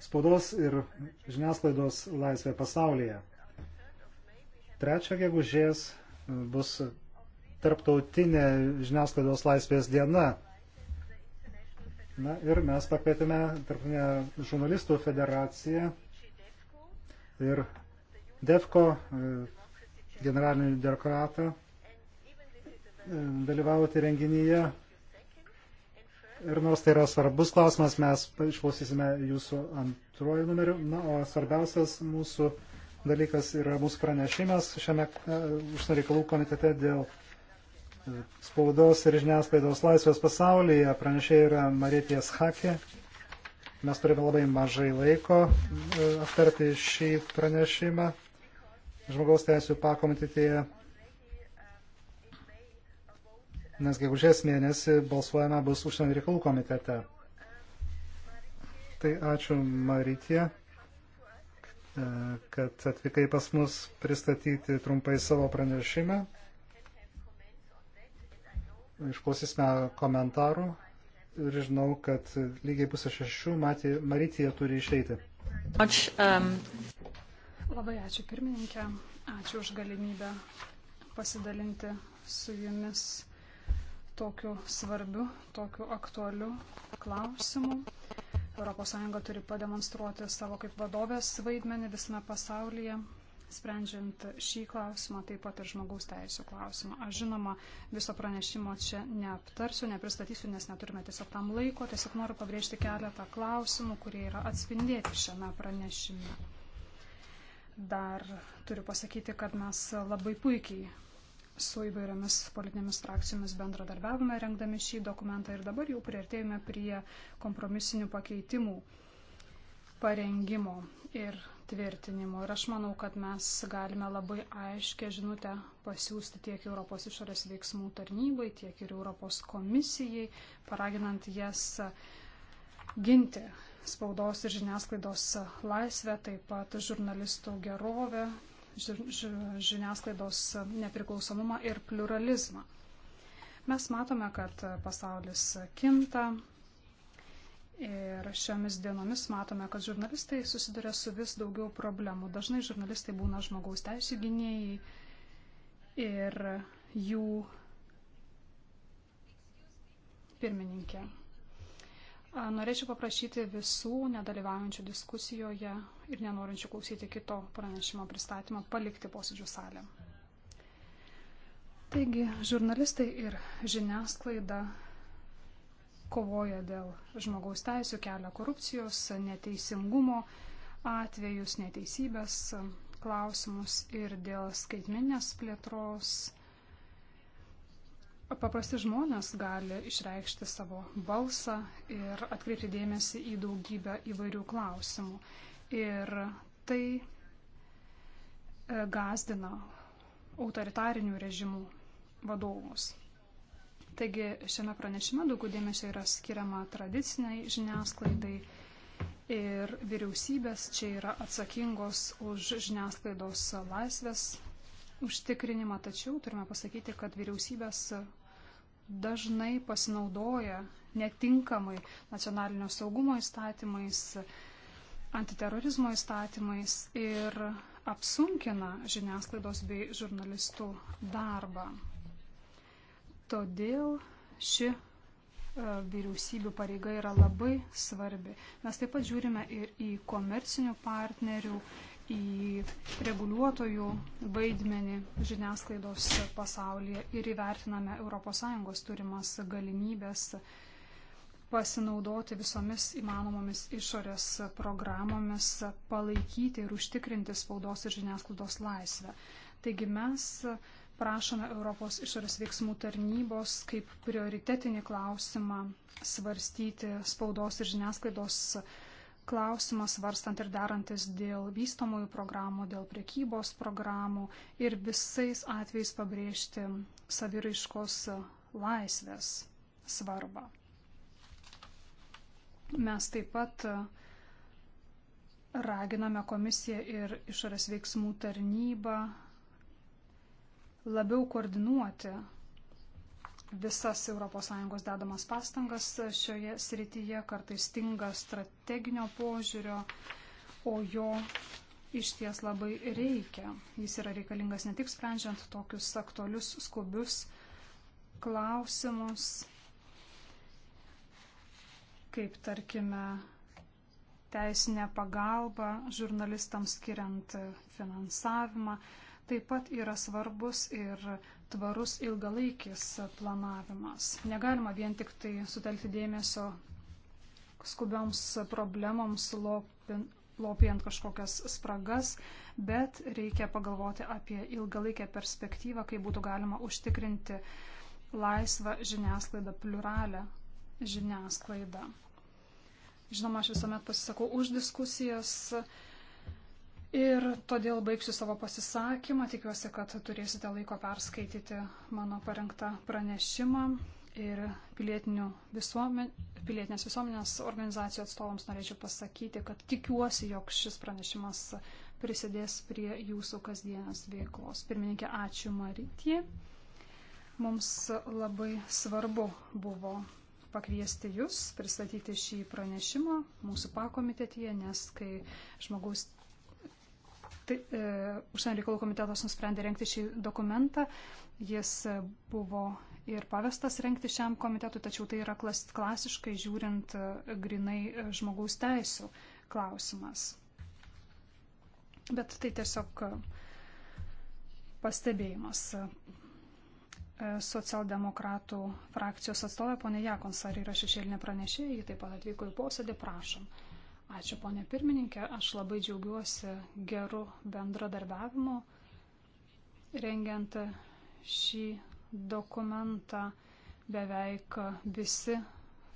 spaudos ir žiniasklaidos laisvė pasaulyje. Trečią gegužės e, bus tarptautinė žiniasklaidos laisvės diena. Na ir mes pakvietėme tarptautinę žurnalistų federaciją ir DEFCO e, generalinį direktoratą e, dalyvauti renginyje Ir nors tai yra svarbus klausimas, mes išklausysime jūsų antruoju numeriu. Na, o svarbiausias mūsų dalykas yra mūsų pranešimas šiame e, užsienio reikalų komitete dėl e, spaudos ir žiniasklaidos laisvės pasaulyje. Pranešė yra Marėties Hakė. Mes turime labai mažai laiko e, aptarti šį pranešimą žmogaus teisų pakomitetėje nes gegužės mėnesį balsuojama bus užsienio reikalų komitete. Tai ačiū Marytė, kad atvykai pas mus pristatyti trumpai savo pranešimą. Išklausysime komentarų ir žinau, kad lygiai pusę šešių Marytė turi išeiti. Ačiū. Um... Labai ačiū pirmininkė, ačiū už galimybę pasidalinti su jumis tokiu svarbiu, tokiu aktualiu klausimu. ES turi pademonstruoti savo kaip vadovės vaidmenį visame pasaulyje, sprendžiant šį klausimą, taip pat ir žmogaus teisų klausimą. Aš žinoma, viso pranešimo čia neaptarsiu, nepristatysiu, nes neturime tiesiog tam laiko, tiesiog noriu pabrėžti keletą klausimų, kurie yra atspindėti šiame pranešime. Dar turiu pasakyti, kad mes labai puikiai su įvairiomis politinėmis frakcijomis bendradarbiavome rengdami šį dokumentą ir dabar jau prieartėjome prie kompromisinių pakeitimų parengimo ir tvirtinimo. Ir aš manau, kad mes galime labai aiškę žinutę pasiūsti tiek Europos išorės veiksmų tarnybai, tiek ir Europos komisijai, paraginant jas ginti spaudos ir žiniasklaidos laisvę, taip pat žurnalistų gerovę, žiniasklaidos nepriklausomumą ir pluralizmą. Mes matome, kad pasaulis kinta ir šiomis dienomis matome, kad žurnalistai susiduria su vis daugiau problemų. Dažnai žurnalistai būna žmogaus teisų gynėjai ir jų pirmininkė. Norėčiau paprašyti visų nedalyvaujančių diskusijoje ir nenorinčių klausyti kito pranešimo pristatymą palikti posėdžių salę. Taigi, žurnalistai ir žiniasklaida kovoja dėl žmogaus teisų, kelia korupcijos, neteisingumo atvejus, neteisybės klausimus ir dėl skaitminės plėtros. Paprasti žmonės gali išreikšti savo balsą ir atkreipti dėmesį į daugybę įvairių klausimų. Ir tai e, gazdina autoritarinių režimų vadovus. Taigi šiame pranešime daug dėmesio yra skiriama tradiciniai žiniasklaidai ir vyriausybės čia yra atsakingos už žiniasklaidos laisvės užtikrinimą, tačiau turime pasakyti, kad vyriausybės dažnai pasinaudoja netinkamai nacionalinio saugumo įstatymais, antiterorizmo įstatymais ir apsunkina žiniasklaidos bei žurnalistų darbą. Todėl ši e, vyriausybių pareiga yra labai svarbi. Mes taip pat žiūrime ir į komercinių partnerių, į reguliuotojų vaidmenį žiniasklaidos pasaulyje ir įvertiname ES turimas galimybės pasinaudoti visomis įmanomomis išorės programomis, palaikyti ir užtikrinti spaudos ir žiniasklaidos laisvę. Taigi mes prašome Europos išorės veiksmų tarnybos kaip prioritetinį klausimą svarstyti spaudos ir žiniasklaidos klausimą, svarstant ir darantis dėl vystomųjų programų, dėl priekybos programų ir visais atvejais pabrėžti saviraiškos laisvės svarbą. Mes taip pat e, raginame komisiją ir išorės veiksmų tarnybą labiau koordinuoti visas ES dedamas pastangas šioje srityje, kartais stinga strateginio požiūrio, o jo iš ties labai reikia. Jis yra reikalingas ne tik sprendžiant tokius aktualius, skubius klausimus, kaip tarkime teisinė pagalba žurnalistams skiriant finansavimą, taip pat yra svarbus ir tvarus ilgalaikis planavimas. Negalima vien tik tai sutelkti dėmesio skubioms problemoms, lopijant kažkokias spragas, bet reikia pagalvoti apie ilgalaikę perspektyvą, kaip būtų galima užtikrinti laisvą žiniasklaidą pluralę žiniasklaidą. Žinoma, aš visuomet pasisakau už diskusijas ir todėl baigsiu savo pasisakymą. Tikiuosi, kad turėsite laiko perskaityti mano parengtą pranešimą ir visuomen, pilietinės visuomenės organizacijų atstovams norėčiau pasakyti, kad tikiuosi, jog šis pranešimas prisidės prie jūsų kasdienės veiklos. Pirmininkė, ačiū Marytie. Mums labai svarbu buvo pakviesti Jūs pristatyti šį pranešimą mūsų pakomitetyje, nes kai žmogaus tai, e, užsienio reikalų komitetas nusprendė renkti šį dokumentą, jis buvo ir pavestas renkti šiam komitetui, tačiau tai yra klas, klasiškai žiūrint e, grinai e, žmogaus teisų klausimas. Bet tai tiesiog e, pastebėjimas socialdemokratų frakcijos atstovė ponė Jakons, ar yra šešėlinė pranešėja, ji taip pat atvyko į posėdį, prašom. Ačiū ponė pirmininkė, aš labai džiaugiuosi geru bendradarbiavimu rengiant šį dokumentą. Beveik visi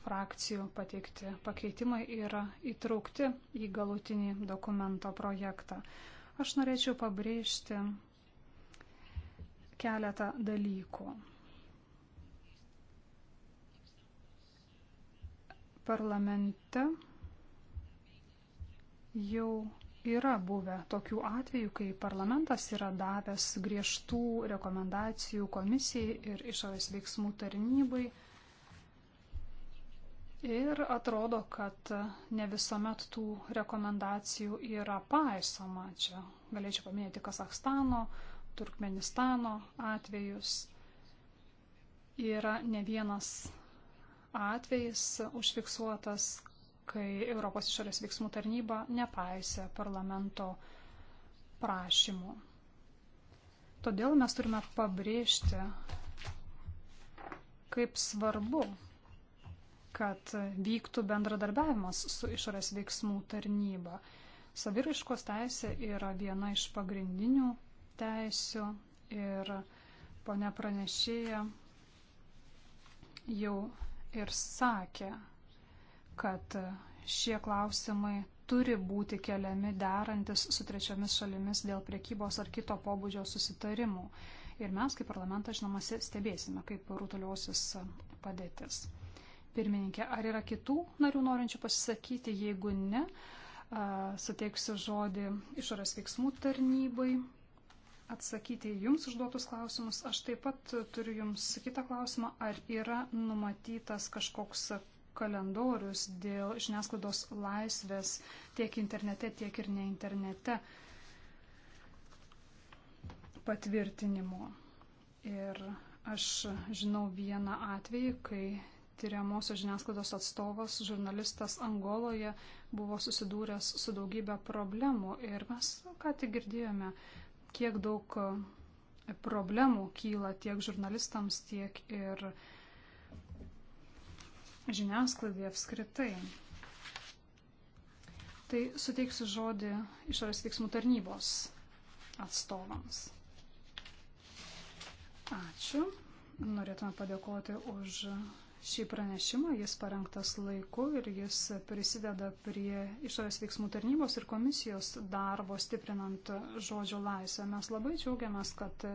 frakcijų pateikti pakeitimai yra įtraukti į galutinį dokumento projektą. Aš norėčiau pabrėžti keletą dalykų. Parlamente jau yra buvę tokių atvejų, kai parlamentas yra davęs griežtų rekomendacijų komisijai ir išorės veiksmų tarnybai. Ir atrodo, kad ne visuomet tų rekomendacijų yra paisoma. Čia galėčiau paminėti Kazakstano, Turkmenistano atvejus. Yra ne vienas atvejis užfiksuotas, kai Europos išorės veiksmų tarnyba nepaisė parlamento prašymų. Todėl mes turime pabrėžti, kaip svarbu, kad vyktų bendradarbiavimas su išorės veiksmų tarnyba. Saviraiškos teisė yra viena iš pagrindinių teisių ir ponia pranešėja jau ir sakė, kad šie klausimai turi būti keliami derantis su trečiomis šalimis dėl priekybos ar kito pobūdžio susitarimų. Ir mes, kaip parlamentas, žinoma, stebėsime, kaip rutuliosis padėtis. Pirmininkė, ar yra kitų narių norinčių pasisakyti? Jeigu ne, suteiksiu žodį išorės veiksmų tarnybai atsakyti jums užduotus klausimus. Aš taip pat turiu jums kitą klausimą, ar yra numatytas kažkoks kalendorius dėl žiniasklaidos laisvės tiek internete, tiek ir ne internete patvirtinimo. Ir aš žinau vieną atvejį, kai tyriamosios žiniasklaidos atstovas, žurnalistas Angoloje buvo susidūręs su daugybė problemų ir mes ką tik girdėjome kiek daug e, problemų kyla tiek žurnalistams, tiek ir žiniasklaidai apskritai. Tai suteiksiu žodį išorės veiksmų tarnybos atstovams. Ačiū. Norėtume padėkoti už šį pranešimą. Jis parengtas laiku ir jis prisideda prie išorės veiksmų tarnybos ir komisijos darbo stiprinant žodžio laisvę. Mes labai džiaugiamės, kad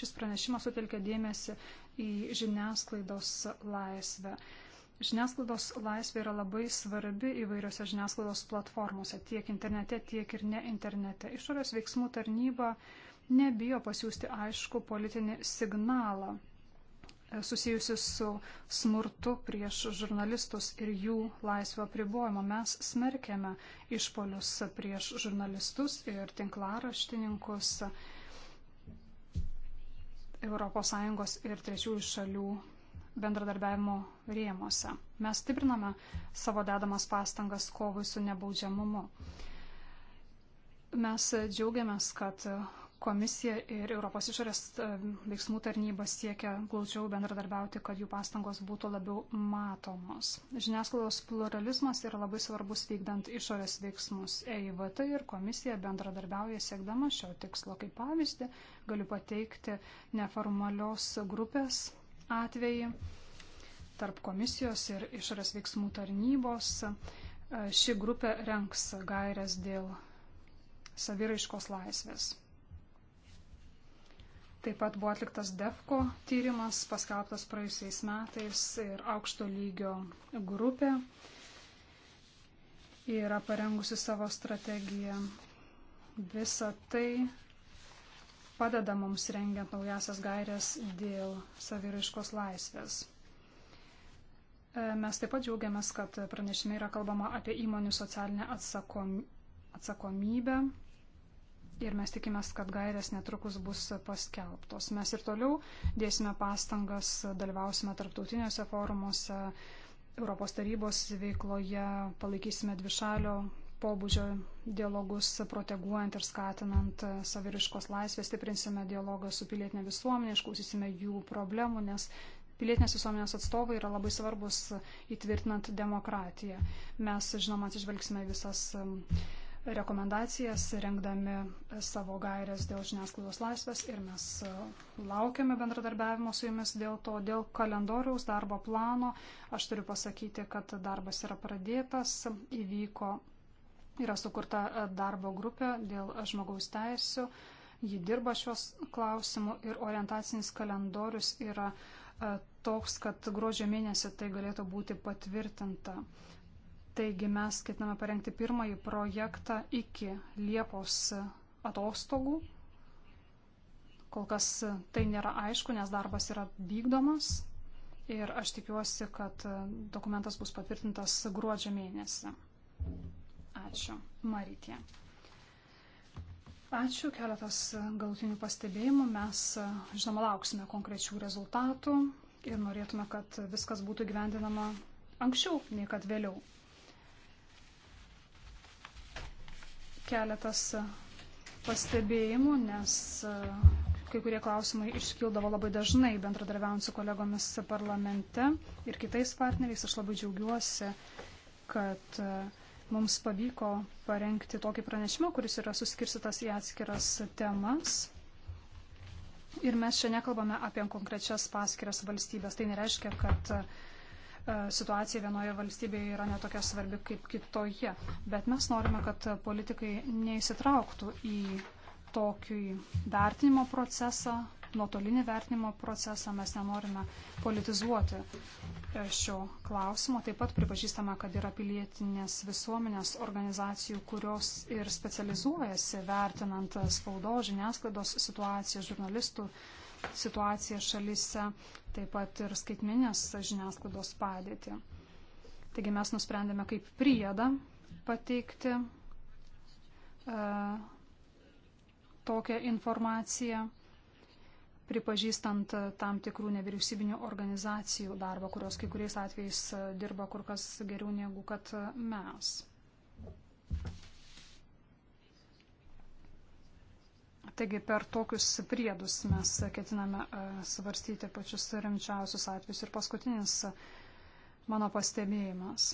šis pranešimas sutelkia dėmesį į žiniasklaidos laisvę. Žiniasklaidos laisvė yra labai svarbi įvairiose žiniasklaidos platformose, tiek internete, tiek ir ne internete. Išorės veiksmų tarnyba nebijo pasiūsti aišku politinį signalą susijusi su smurtu prieš žurnalistus ir jų laisvą pribojimą. Mes smerkėme išpolius prieš žurnalistus ir tinklaraštininkus ES ir trečiųjų šalių bendradarbiavimo rėmose. Mes stipriname savo dedamas pastangas kovai su nebaudžiamumu. Mes džiaugiamės, kad Komisija ir Europos išorės e, veiksmų tarnyba siekia glaudžiau bendradarbiauti, kad jų pastangos būtų labiau matomos. Žiniasklaidos pluralizmas yra labai svarbus vykdant išorės veiksmus. EIVT ir komisija bendradarbiauja siekdama šio tikslo. Kaip pavyzdį galiu pateikti neformalios grupės atvejį tarp komisijos ir išorės veiksmų tarnybos. E, ši grupė renks gairias dėl saviraiškos laisvės. Taip pat buvo atliktas DEFCO tyrimas, paskelbtas praėjusiais metais ir aukšto lygio grupė yra parengusi savo strategiją. Visa tai padeda mums rengiant naujasias gairias dėl saviraiškos laisvės. E, mes taip pat džiaugiamės, kad pranešime yra kalbama apie įmonių socialinę atsakomybę ir mes tikimės, kad gairės netrukus bus paskelbtos. Mes ir toliau dėsime pastangas, dalyvausime tarptautiniuose forumuose, Europos tarybos veikloje, palaikysime dvišalio pobūdžio dialogus, proteguojant ir skatinant saviriškos laisvės, stiprinsime dialogą su pilietinė visuomenė, išklausysime jų problemų, nes pilietinės visuomenės atstovai yra labai svarbus įtvirtinant demokratiją. Mes, žinoma, atsižvelgsime visas rekomendacijas, rengdami savo gairias dėl žiniasklaidos laisvės ir mes e, laukiame bendradarbiavimo su jumis dėl to, dėl kalendoriaus darbo plano. Aš turiu pasakyti, kad darbas yra pradėtas, įvyko, yra sukurta e, darbo grupė dėl žmogaus teisų, ji dirba šios klausimų ir orientacinis kalendorius yra e, toks, kad gruodžio mėnesį tai galėtų būti patvirtinta. Taigi mes ketiname parengti pirmąjį projektą iki Liepos atostogų. Kol kas tai nėra aišku, nes darbas yra vykdomas ir aš tikiuosi, kad dokumentas bus patvirtintas gruodžio mėnesį. Ačiū. Marytė. Ačiū, keletas galutinių pastebėjimų. Mes, žinoma, lauksime konkrečių rezultatų ir norėtume, kad viskas būtų gyvendinama anksčiau nei kad vėliau. keletas e, pastebėjimų, nes e, kai kurie klausimai iškildavo labai dažnai bendradarbiaujant su kolegomis parlamente ir kitais partneriais. Aš labai džiaugiuosi, kad e, mums pavyko parengti tokį pranešimą, kuris yra suskirsitas į atskiras temas. Ir mes čia nekalbame apie konkrečias paskiras valstybės. Tai nereiškia, kad uh, E, situacija vienoje valstybėje yra netokia svarbi kaip kitoje. Bet mes norime, kad politikai neįsitrauktų į tokį vertinimo procesą, nuotolinį vertinimo procesą. Mes nenorime politizuoti e, šio klausimo. Taip pat pripažįstame, kad yra pilietinės visuomenės organizacijų, kurios ir specializuojasi vertinant spaudo, žiniasklaidos situaciją, žurnalistų situaciją šalise, taip pat ir skaitminės žiniasklaidos padėtį. Taigi mes nusprendėme kaip priedą pateikti e, tokią informaciją, pripažįstant tam tikrų nevyriausybinių organizacijų darbą, kurios kai kuriais atvejais dirba kur kas geriau negu kad mes. Thank you. Taigi per tokius priedus mes ketiname e, svarstyti pačius rimčiausius atvejus. Ir paskutinis mano pastebėjimas.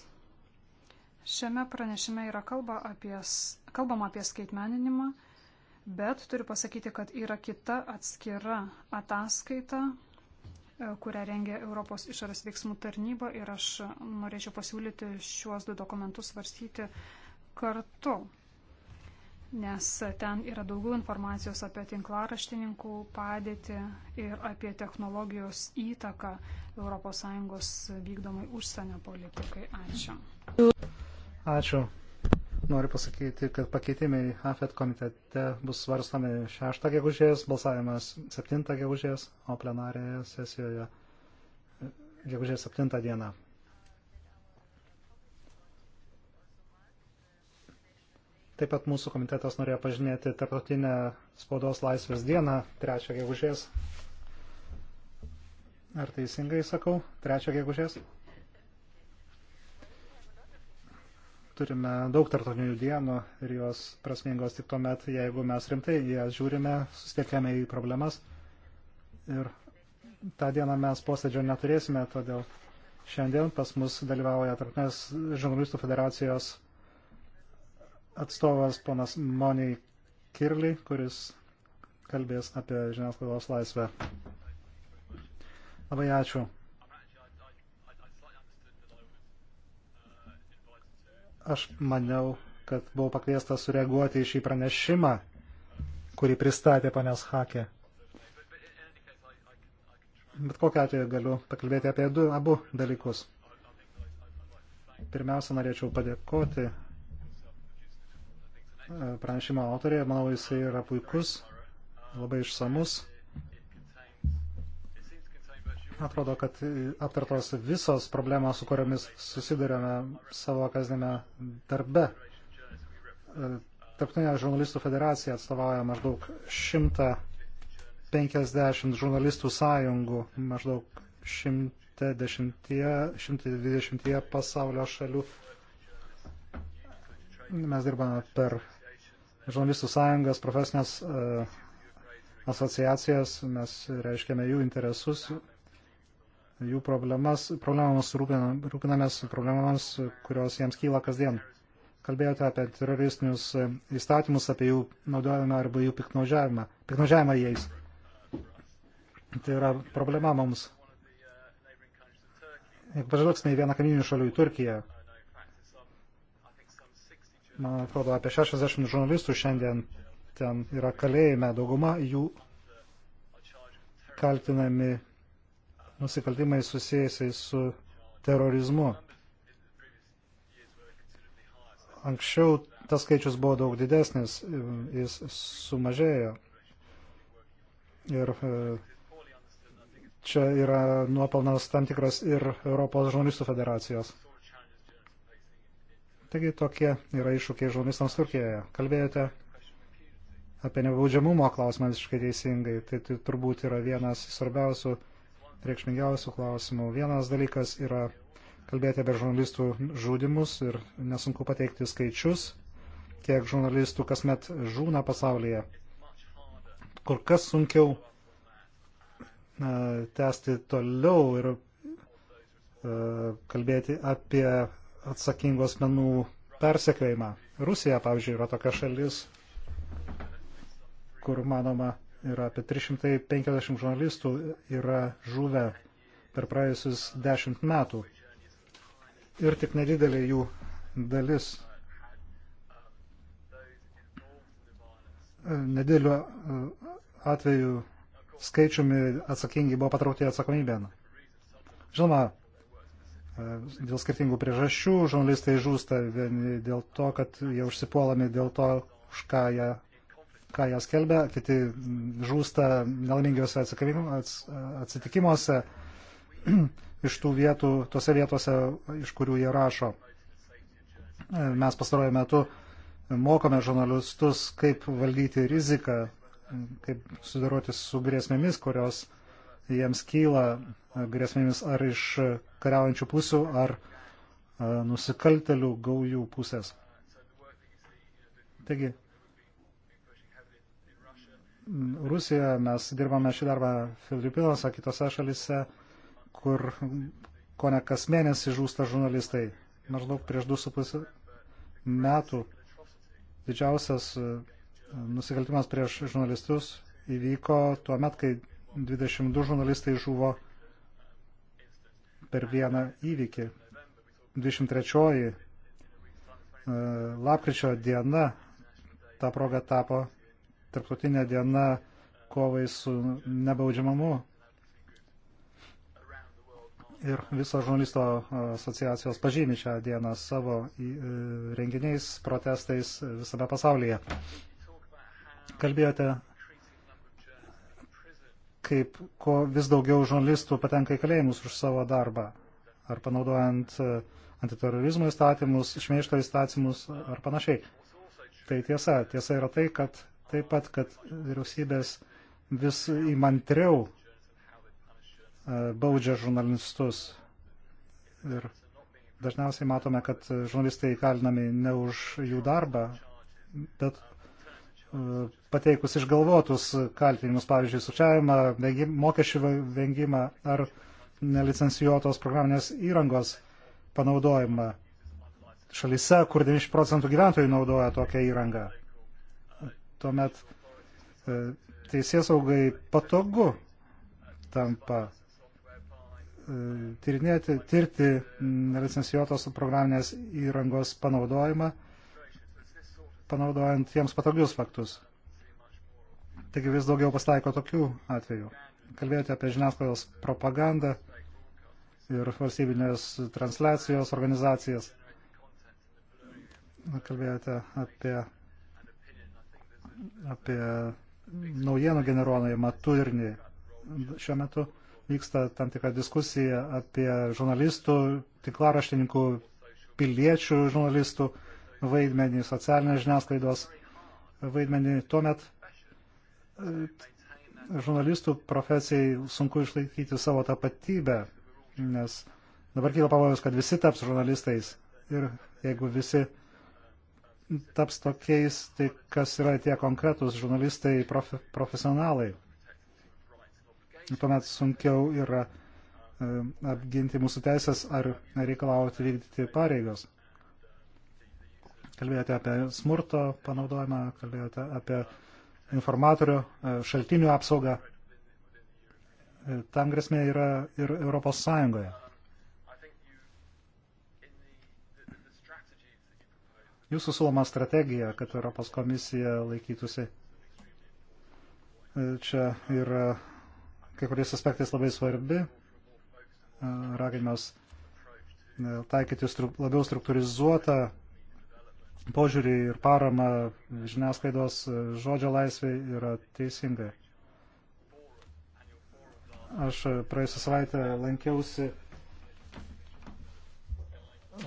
Šiame pranešime yra kalba apie, kalbama apie skaitmeninimą, bet turiu pasakyti, kad yra kita atskira ataskaita, e, kurią rengia Europos išorės veiksmų tarnyba ir aš norėčiau pasiūlyti šiuos du dokumentus svarstyti kartu nes ten yra daugiau informacijos apie tinklaraštininkų padėtį ir apie technologijos įtaką ES vykdomai užsienio politikai. Ačiū. Ačiū. Noriu pasakyti, kad pakeitimai AFET komitete bus svarstami 6 gegužės, balsavimas 7 gegužės, o plenarėje sesijoje gegužės 7 dieną. Taip pat mūsų komitetas norėjo pažinėti tarptautinę spaudos laisvės dieną, 3 gegužės. Ar teisingai sakau, 3 gegužės? Turime daug tarptautinių dienų ir jos prasmingos tik tuomet, jeigu mes rimtai jas žiūrime, susitiekėme į problemas. Ir tą dieną mes posėdžio neturėsime, todėl šiandien pas mus dalyvauja Tarptautinės žurnalistų federacijos atstovas ponas Moniai Kirly, kuris kalbės apie žiniasklaidos laisvę. Labai ačiū. Aš maniau, kad buvau pakviestas sureaguoti į šį pranešimą, kurį pristatė panės Hakė. Bet kokią atveju galiu pakalbėti apie du, abu dalykus. Pirmiausia, norėčiau padėkoti pranešimo autorė. Manau, jisai yra puikus, labai išsamus. Atrodo, kad aptartos visos problemos, su kuriomis susidurėme savo kasdienėme darbe. E, Tarptautinė žurnalistų federacija atstovauja maždaug 150 žurnalistų sąjungų, maždaug 110, 120 pasaulio šalių. Mes dirbame per žurnalistų sąjungas, profesinės e, asociacijas, mes reiškiame jų interesus, jų problemas, problemams rūpinamės, problemams, kurios jiems kyla kasdien. Kalbėjote apie teroristinius e, įstatymus, apie jų naudojimą arba jų piknaudžiavimą, piknaudžiavimą jais. Tai yra problema mums. Jeigu pažvelgsime į vieną kaiminių šalių, į Turkiją, man atrodo, apie 60 žurnalistų šiandien ten yra kalėjime. Dauguma jų kaltinami nusikaltimai susijęsiai su terorizmu. Anksčiau tas skaičius buvo daug didesnis, jis sumažėjo. Ir e, čia yra nuopelnas tam tikras ir Europos žurnalistų federacijos. Taigi tokie yra iššūkiai žurnalistams Turkijoje. Kalbėjote apie nebaudžiamumo klausimą visiškai teisingai. Tai, tai turbūt yra vienas svarbiausių, reikšmingiausių klausimų. Vienas dalykas yra kalbėti apie žurnalistų žudimus ir nesunku pateikti skaičius, kiek žurnalistų kasmet žūna pasaulyje. Kur kas sunkiau tęsti toliau ir e, kalbėti apie atsakingų asmenų persekiojimą. Rusija, pavyzdžiui, yra tokia šalis, kur manoma yra apie 350 žurnalistų yra žuvę per praėjusius 10 metų. Ir tik nedidelė jų dalis, nedėlių e, atveju skaičiumi atsakingi buvo patraukti atsakomybę. Žinoma, E, dėl skirtingų priežasčių. Žurnalistai žūsta vieni dėl to, kad jie užsipuolami dėl to, už ką jie, ką jie skelbia, kiti žūsta nelaimingiuose atsitikimuose iš tų vietų, tose vietose, iš kurių jie rašo. E, mes pastarojame metu mokome žurnalistus, kaip valdyti riziką, kaip sudaroti su grėsmėmis, kurios uh, jiems kyla e, grėsmėmis ar iš kariaujančių pusių, ar e, nusikaltelių gaujų pusės. Taigi, Rusijoje mes dirbame šį darbą Filipinuose, kitose šalise, kur ko ne kas mėnesį žūsta žurnalistai. Maždaug prieš 2,5 metų didžiausias e, nusikaltimas prieš žurnalistus įvyko tuo met, kai 22 žurnalistai žuvo per vieną įvykį. 23 e, lapkričio diena ta proga tapo tarptautinė diena kovai su nebaudžiamamu. Ir viso žurnalisto asociacijos pažymi šią dieną savo e, renginiais, protestais visame pasaulyje. Kalbėjote kaip ko vis daugiau žurnalistų patenka į kalėjimus už savo darbą, ar panaudojant e, antiterorizmo įstatymus, šmeišto įstatymus ar panašiai. Tai tiesa. Tiesa yra tai, kad taip pat, kad vyriausybės vis įmantriau e, baudžia žurnalistus. Ir dažniausiai matome, kad žurnalistai įkalinami ne už jų darbą, bet pateikus išgalvotus kaltinimus, pavyzdžiui, sučiavimą, mokesčių vengimą ar nelicencijuotos programinės įrangos panaudojimą šalyse, kur 90 procentų gyventojų naudoja tokią įrangą. Tuomet e, teisės saugai patogu tampa e, tyrinėti, tirti nelicencijuotos programinės įrangos panaudojimą panaudojant jiems patogius faktus. Taigi vis daugiau pasitaiko tokių atvejų. Kalbėjote apie žiniasklaidos propagandą ir valstybinės transliacijos organizacijas. Kalbėjote apie, apie naujienų generuojamą turinį. Šiuo metu vyksta tam tikra diskusija apie žurnalistų, tinklaraštininkų, piliečių žurnalistų uh, vaidmenį, socialinės žiniasklaidos vaidmenį. Tuomet e, žurnalistų profesijai sunku išlaikyti savo tapatybę, nes dabar kyla pavojus, kad visi taps žurnalistais. Ir jeigu visi taps tokiais, tai kas yra tie konkretūs žurnalistai, profe, profesionalai. Tuomet sunkiau yra e, apginti mūsų teisės ar reikalauti vykdyti pareigos. Kalbėjote apie smurto panaudojimą, kalbėjote apie informatorių e, šaltinių apsaugą. E, tam grėsmė yra ir Europos Sąjungoje. Jūsų siūloma strategija, kad Europos komisija laikytųsi e, čia yra kai kuriais aspektais labai svarbi. Raginimas taikyti labiau struktūrizuotą požiūrį ir paramą žiniasklaidos e, žodžio laisvė yra teisinga. Aš e, praėjusią savaitę lankiausi e,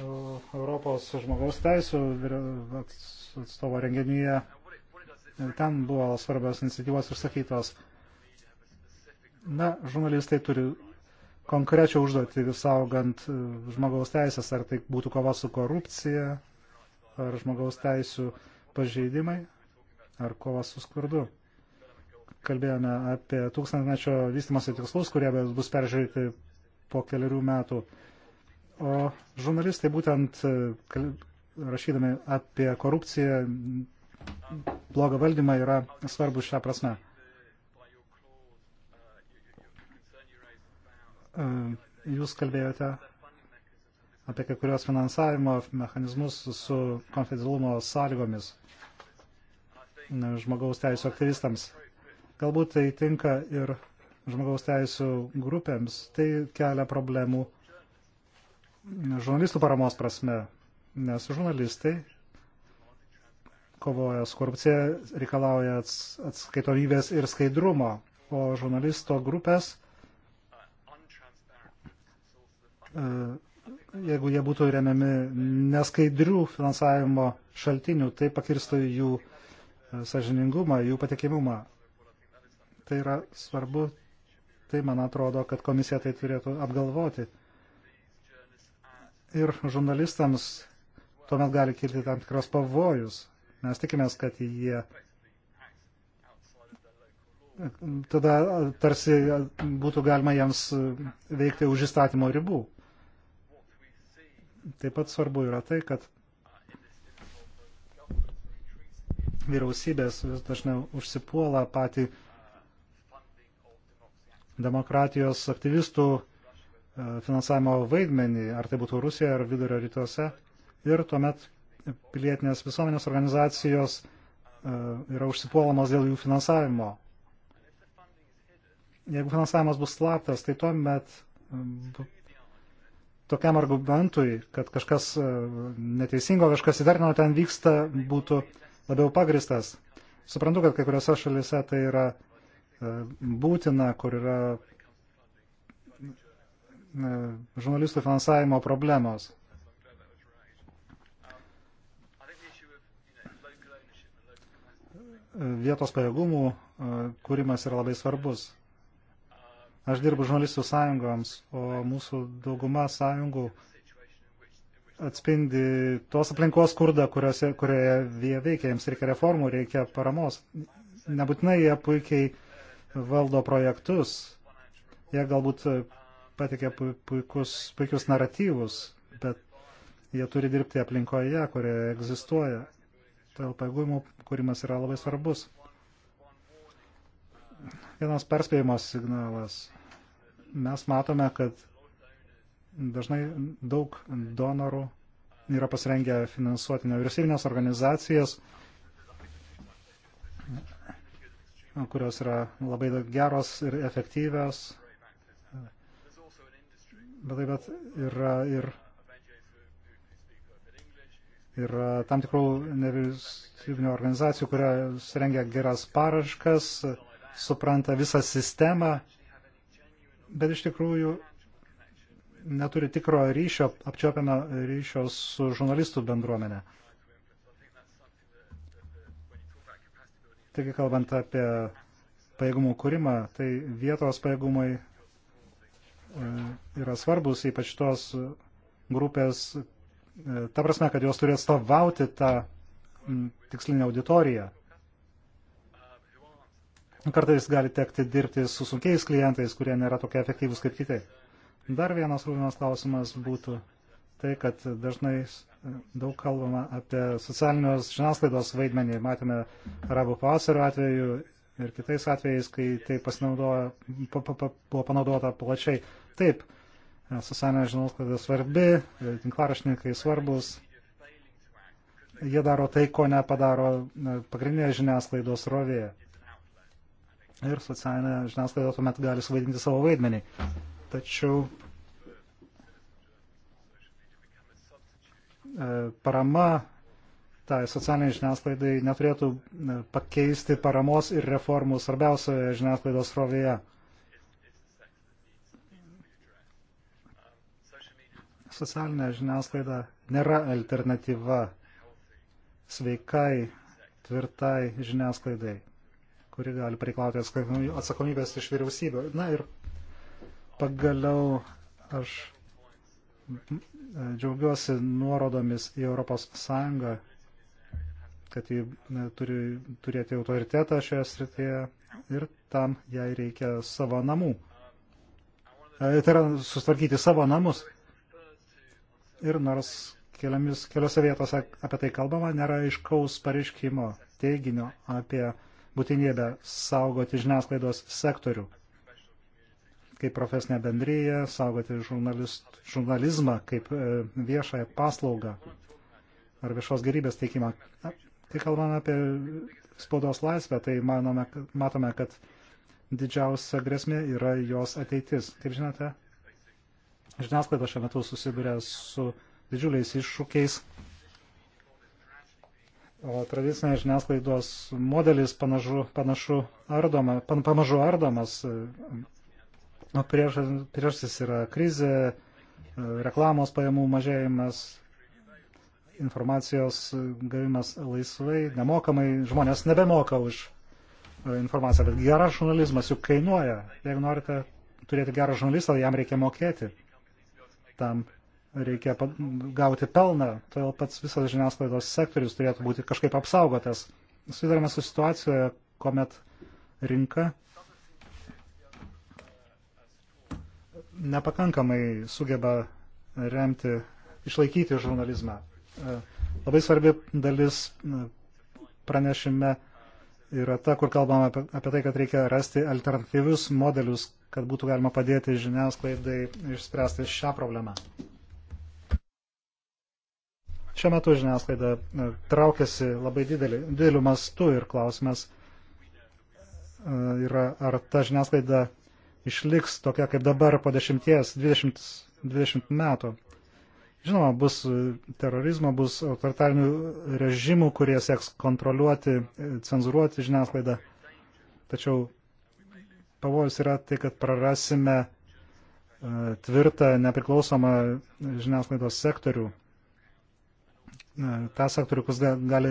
Europos žmogaus teisų atstovo renginyje. Ten buvo svarbios iniciatyvos išsakytos. Na, žurnalistai turi konkrečią užduotį visaugant žmogaus teisės, ar tai būtų kova su korupcija, ar žmogaus teisų pažeidimai, ar kova su skurdu. Kalbėjome apie tūkstantmečio vystimosi tikslus, kurie bus peržiūrėti po keliarių metų. O žurnalistai būtent e, rašydami apie korupciją, blogą valdymą yra svarbu šią prasme. E, jūs kalbėjote apie kai kurios finansavimo mechanizmus su konfidencialumo sąlygomis žmogaus teisų aktyvistams. Galbūt tai tinka ir žmogaus teisų grupėms, tai kelia problemų žurnalistų paramos prasme, nes žurnalistai kovoja su korupcija, reikalauja atskaitomybės ir skaidrumo, o žurnalisto grupės e, jeigu jie būtų remiami neskaidrių finansavimo šaltinių, tai pakirstų jų e, sažiningumą, jų patikimumą. Tai yra svarbu, tai man atrodo, kad komisija tai turėtų apgalvoti. Ir žurnalistams tuomet gali kilti tam tikros pavojus. Mes tikimės, kad jie e, tada tarsi būtų galima jiems veikti už įstatymo ribų. Taip pat svarbu yra tai, kad vyriausybės vis dažniau užsipuola patį demokratijos aktyvistų e, finansavimo vaidmenį, ar tai būtų Rusija ar vidurio rytuose. Ir tuomet pilietinės visuomenės organizacijos e, yra užsipuolamos dėl jų finansavimo. Jeigu finansavimas bus slaptas, tai tuomet tokiam argumentui, kad kažkas e, neteisingo, kažkas įvertino ten vyksta, būtų labiau pagristas. Suprantu, kad kai kuriuose šalise tai yra e, būtina, kur yra e, žurnalistų finansavimo problemos. Vietos pajėgumų kūrimas yra labai svarbus. Aš dirbu žurnalistų sąjungoms, o mūsų dauguma sąjungų atspindi tos aplinkos skurdą, kuriuose, kurioje jie veikia. Jiems reikia reformų, reikia paramos. Nebūtinai jie puikiai valdo projektus. Jie galbūt patikė puikus, puikius naratyvus, bet jie turi dirbti aplinkoje, kurioje egzistuoja. Todėl pajėgumų kūrimas yra labai svarbus. Vienas perspėjimo signalas mes matome, kad dažnai daug donorų yra pasirengę finansuoti nevyriausybinės organizacijas, kurios yra labai geros ir efektyvios. Bet taip pat yra ir Ir tam tikrų nevyriausybinio organizacijų, kurie rengia geras paraškas, supranta visą sistemą bet iš tikrųjų neturi tikro ryšio, apčiopiamą ryšio su žurnalistų bendruomenė. Taigi, kalbant apie pajėgumų kūrimą, tai vietos pajėgumai e, yra svarbus, ypač tos grupės, e, ta prasme, kad jos turi atstovauti tą tikslinę auditoriją. Kartais gali tekti dirbti su sunkiais klientais, kurie nėra tokie efektyvūs kaip kiti. Dar vienas rūpimas klausimas būtų tai, kad dažnai daug kalbama apie socialinios žiniasklaidos vaidmenį. Matėme arabų pavasario atveju ir kitais atvejais, kai tai pasinaudojo, pa, pa, pa, buvo panaudota plačiai. Taip, socialinė žiniasklaida svarbi, tinklaraštininkai svarbus. Jie daro tai, ko nepadaro e, pagrindinė žiniasklaidos rovėje ir socialinė žiniasklaida tuomet gali suvaidinti savo vaidmenį. Tačiau e, parama tai socialiniai žiniasklaidai neturėtų e, pakeisti paramos ir reformų svarbiausioje žiniasklaidos rovėje. Socialinė žiniasklaida nėra alternatyva sveikai, tvirtai žiniasklaidai kuri gali pareikalauti atsakomybės iš vyriausybių. Na ir pagaliau aš džiaugiuosi nuorodomis į Europos Sąjungą, kad ji turi turėti autoritetą šioje srityje ir tam jai reikia savo namų. E, tai yra sustvarkyti savo namus. Ir nors keliomis, keliose vietose apie tai kalbama, nėra aiškaus pareiškimo teiginio apie būtinybę saugoti žiniasklaidos sektorių, kaip profesinė bendryje, saugoti žurnalizmą kaip e, viešąją paslaugą ar viešos gerybės teikimą. Kai kalbame apie spaudos laisvę, tai manome, matome, kad didžiausia grėsmė yra jos ateitis. Kaip žinote, žiniasklaida šiuo metu susiduria su didžiuliais iššūkiais O tradicinės žiniasklaidos modelis panašu, panašu ardoma, pan, pamažu ardomas. O priežastis prieš yra krizė, reklamos pajamų mažėjimas, informacijos gavimas laisvai, nemokamai. Žmonės nebemoka už e, informaciją, bet geras žurnalizmas juk kainuoja. Jeigu norite turėti gerą žurnalistą, jam reikia mokėti tam reikia gauti pelną, todėl pats visas žiniasklaidos sektorius turėtų būti kažkaip apsaugotas. Susidarėme su situacijoje, kuomet rinka nepakankamai sugeba remti, išlaikyti žurnalizmą. E, labai svarbi dalis e, pranešime yra ta, kur kalbama apie, apie tai, kad reikia rasti alternatyvius modelius, kad būtų galima padėti žiniasklaidai išspręsti šią problemą. Šiuo metu žiniasklaida e, traukiasi labai didelį, dideliu mastu ir klausimas e, yra, ar ta žiniasklaida išliks tokia kaip dabar po 10-20 metų. Žinoma, bus e, terorizmo, bus autoritarinių režimų, kurie sieks kontroliuoti, cenzuruoti žiniasklaidą. Tačiau pavojus yra tai, kad prarasime tvirtą, nepriklausomą žiniasklaidos sektorių tą sektorių, kuris gali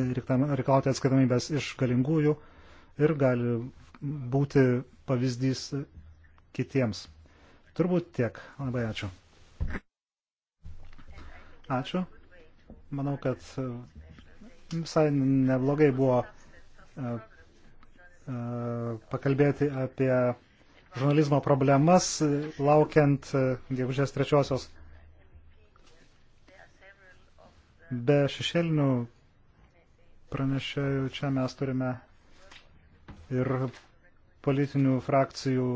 reikalauti atskaitomybės iš galingųjų ir gali būti pavyzdys kitiems. Turbūt tiek. Labai ačiū. Ačiū. Manau, kad e, visai neblogai buvo e, e, pakalbėti apie žurnalizmo problemas, laukiant gegužės trečiosios Be šešėlinių pranešėjų čia mes turime ir politinių frakcijų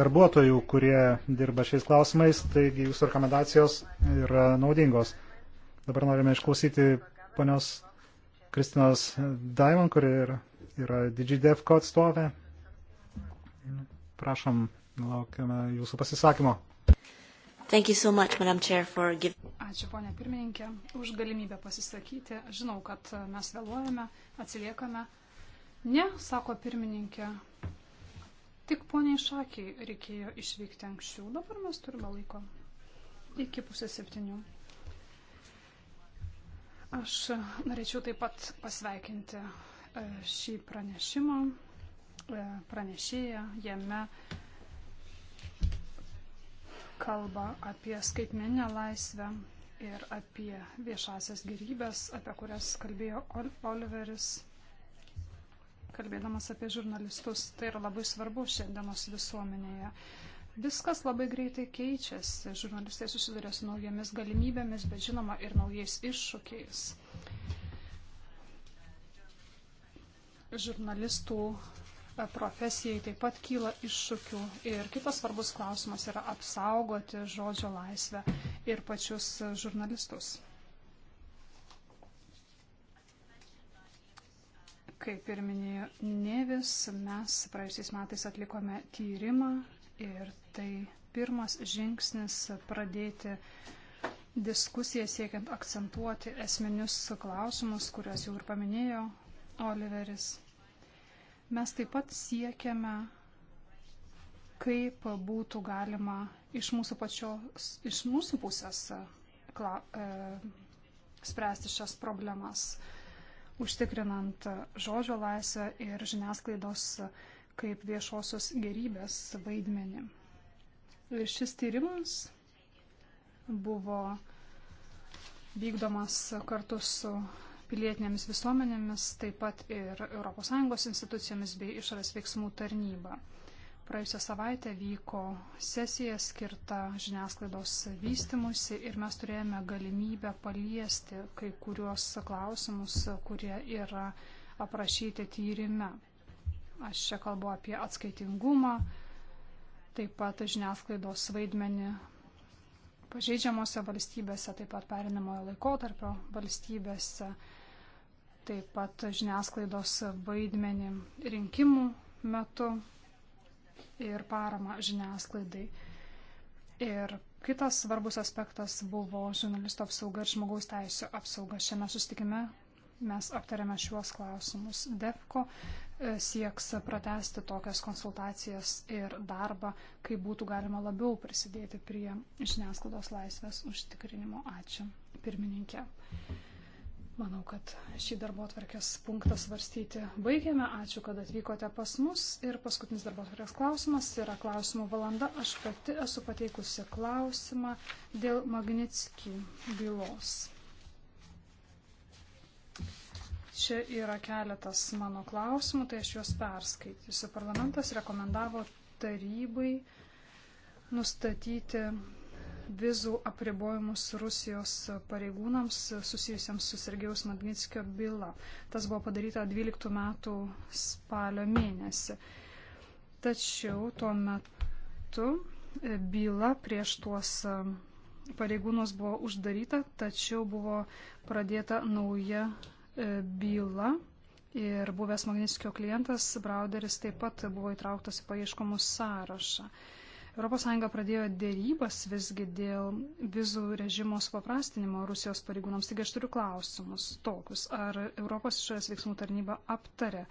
darbuotojų, kurie dirba šiais klausimais, taigi jūsų rekomendacijos yra naudingos. Dabar norime išklausyti ponios Kristinos Daimon, kuri yra, yra DigiDevco atstovė. Prašom, laukiame jūsų pasisakymo. Thank you so much, Madam Chair, for giving. Ačiū, ponė pirmininkė, už galimybę pasisakyti. Žinau, kad mes vėluojame, atsiliekame. Ne, sako pirmininkė, tik poniai šakiai reikėjo išvykti anksčiau. Dabar mes turime laiko iki pusės septynių. Aš norėčiau taip pat pasveikinti e, šį pranešimą, e, pranešėją jame kalba apie skaitmeninę laisvę ir apie viešasias gerybės, apie kurias kalbėjo Oliveris, kalbėdamas apie žurnalistus. Tai yra labai svarbu šiandienos visuomenėje. Viskas labai greitai keičiasi. Žurnalistai susiduria su naujomis galimybėmis, bet žinoma ir naujais iššūkiais. Žurnalistų E, profesijai taip pat kyla iššūkių. Ir kitas svarbus klausimas yra apsaugoti žodžio laisvę ir pačius žurnalistus. Kaip ir minėjo Nevis, mes praėjusiais metais atlikome tyrimą ir tai pirmas žingsnis pradėti diskusiją siekiant akcentuoti esminius klausimus, kuriuos jau ir paminėjo Oliveris. Mes taip pat siekiame, kaip būtų galima iš mūsų, pačios, iš mūsų pusės e, kla, e, spręsti šias problemas, užtikrinant žodžio laisvę ir žiniasklaidos kaip viešosios gerybės vaidmenį. Ir šis tyrimas buvo vykdomas kartu su pilietinėmis visuomenėmis, taip pat ir ES institucijomis bei išorės veiksmų tarnyba. Praėjusią savaitę vyko sesija skirta žiniasklaidos vystimusi ir mes turėjome galimybę paliesti kai kuriuos klausimus, kurie yra aprašyti tyrime. Aš čia kalbu apie atskaitingumą, taip pat žiniasklaidos vaidmenį pažeidžiamose valstybėse, taip pat perinamojo laikotarpio valstybėse, taip pat žiniasklaidos vaidmenį rinkimų metu ir paramą žiniasklaidai. Ir kitas svarbus aspektas buvo žurnalisto apsauga ir žmogaus teisų apsauga. Šiame sustikime mes aptarėme šiuos klausimus. DEFCO e, sieks pratesti tokias konsultacijas ir darbą, kai būtų galima labiau prisidėti prie žiniasklaidos laisvės užtikrinimo. Ačiū, pirmininkė. Mhm. Manau, kad šį darbo atvarkės punktą svarstyti baigėme. Ačiū, kad atvykote pas mus. Ir paskutinis darbo atvarkės klausimas yra klausimų valanda. Aš pati esu pateikusi klausimą dėl Magnitski bylos. Čia yra keletas mano klausimų, tai aš juos perskaitysiu. Parlamentas rekomendavo tarybai nustatyti vizų apribojimus Rusijos pareigūnams susijusiems su Sergejaus Magnitskio byla. Tas buvo padaryta 12 metų spalio mėnesį. Tačiau tuo metu e, byla prieš tuos e, pareigūnus buvo uždaryta, tačiau buvo pradėta nauja e, byla ir buvęs Magnitskio klientas Brauderis taip pat buvo įtrauktas į paieškomus sąrašą. ES pradėjo dėrybas visgi dėl vizų režimo supaprastinimo Rusijos pareigūnams. Taigi aš turiu klausimus tokius. Ar Europos išorės veiksmų tarnyba aptarė,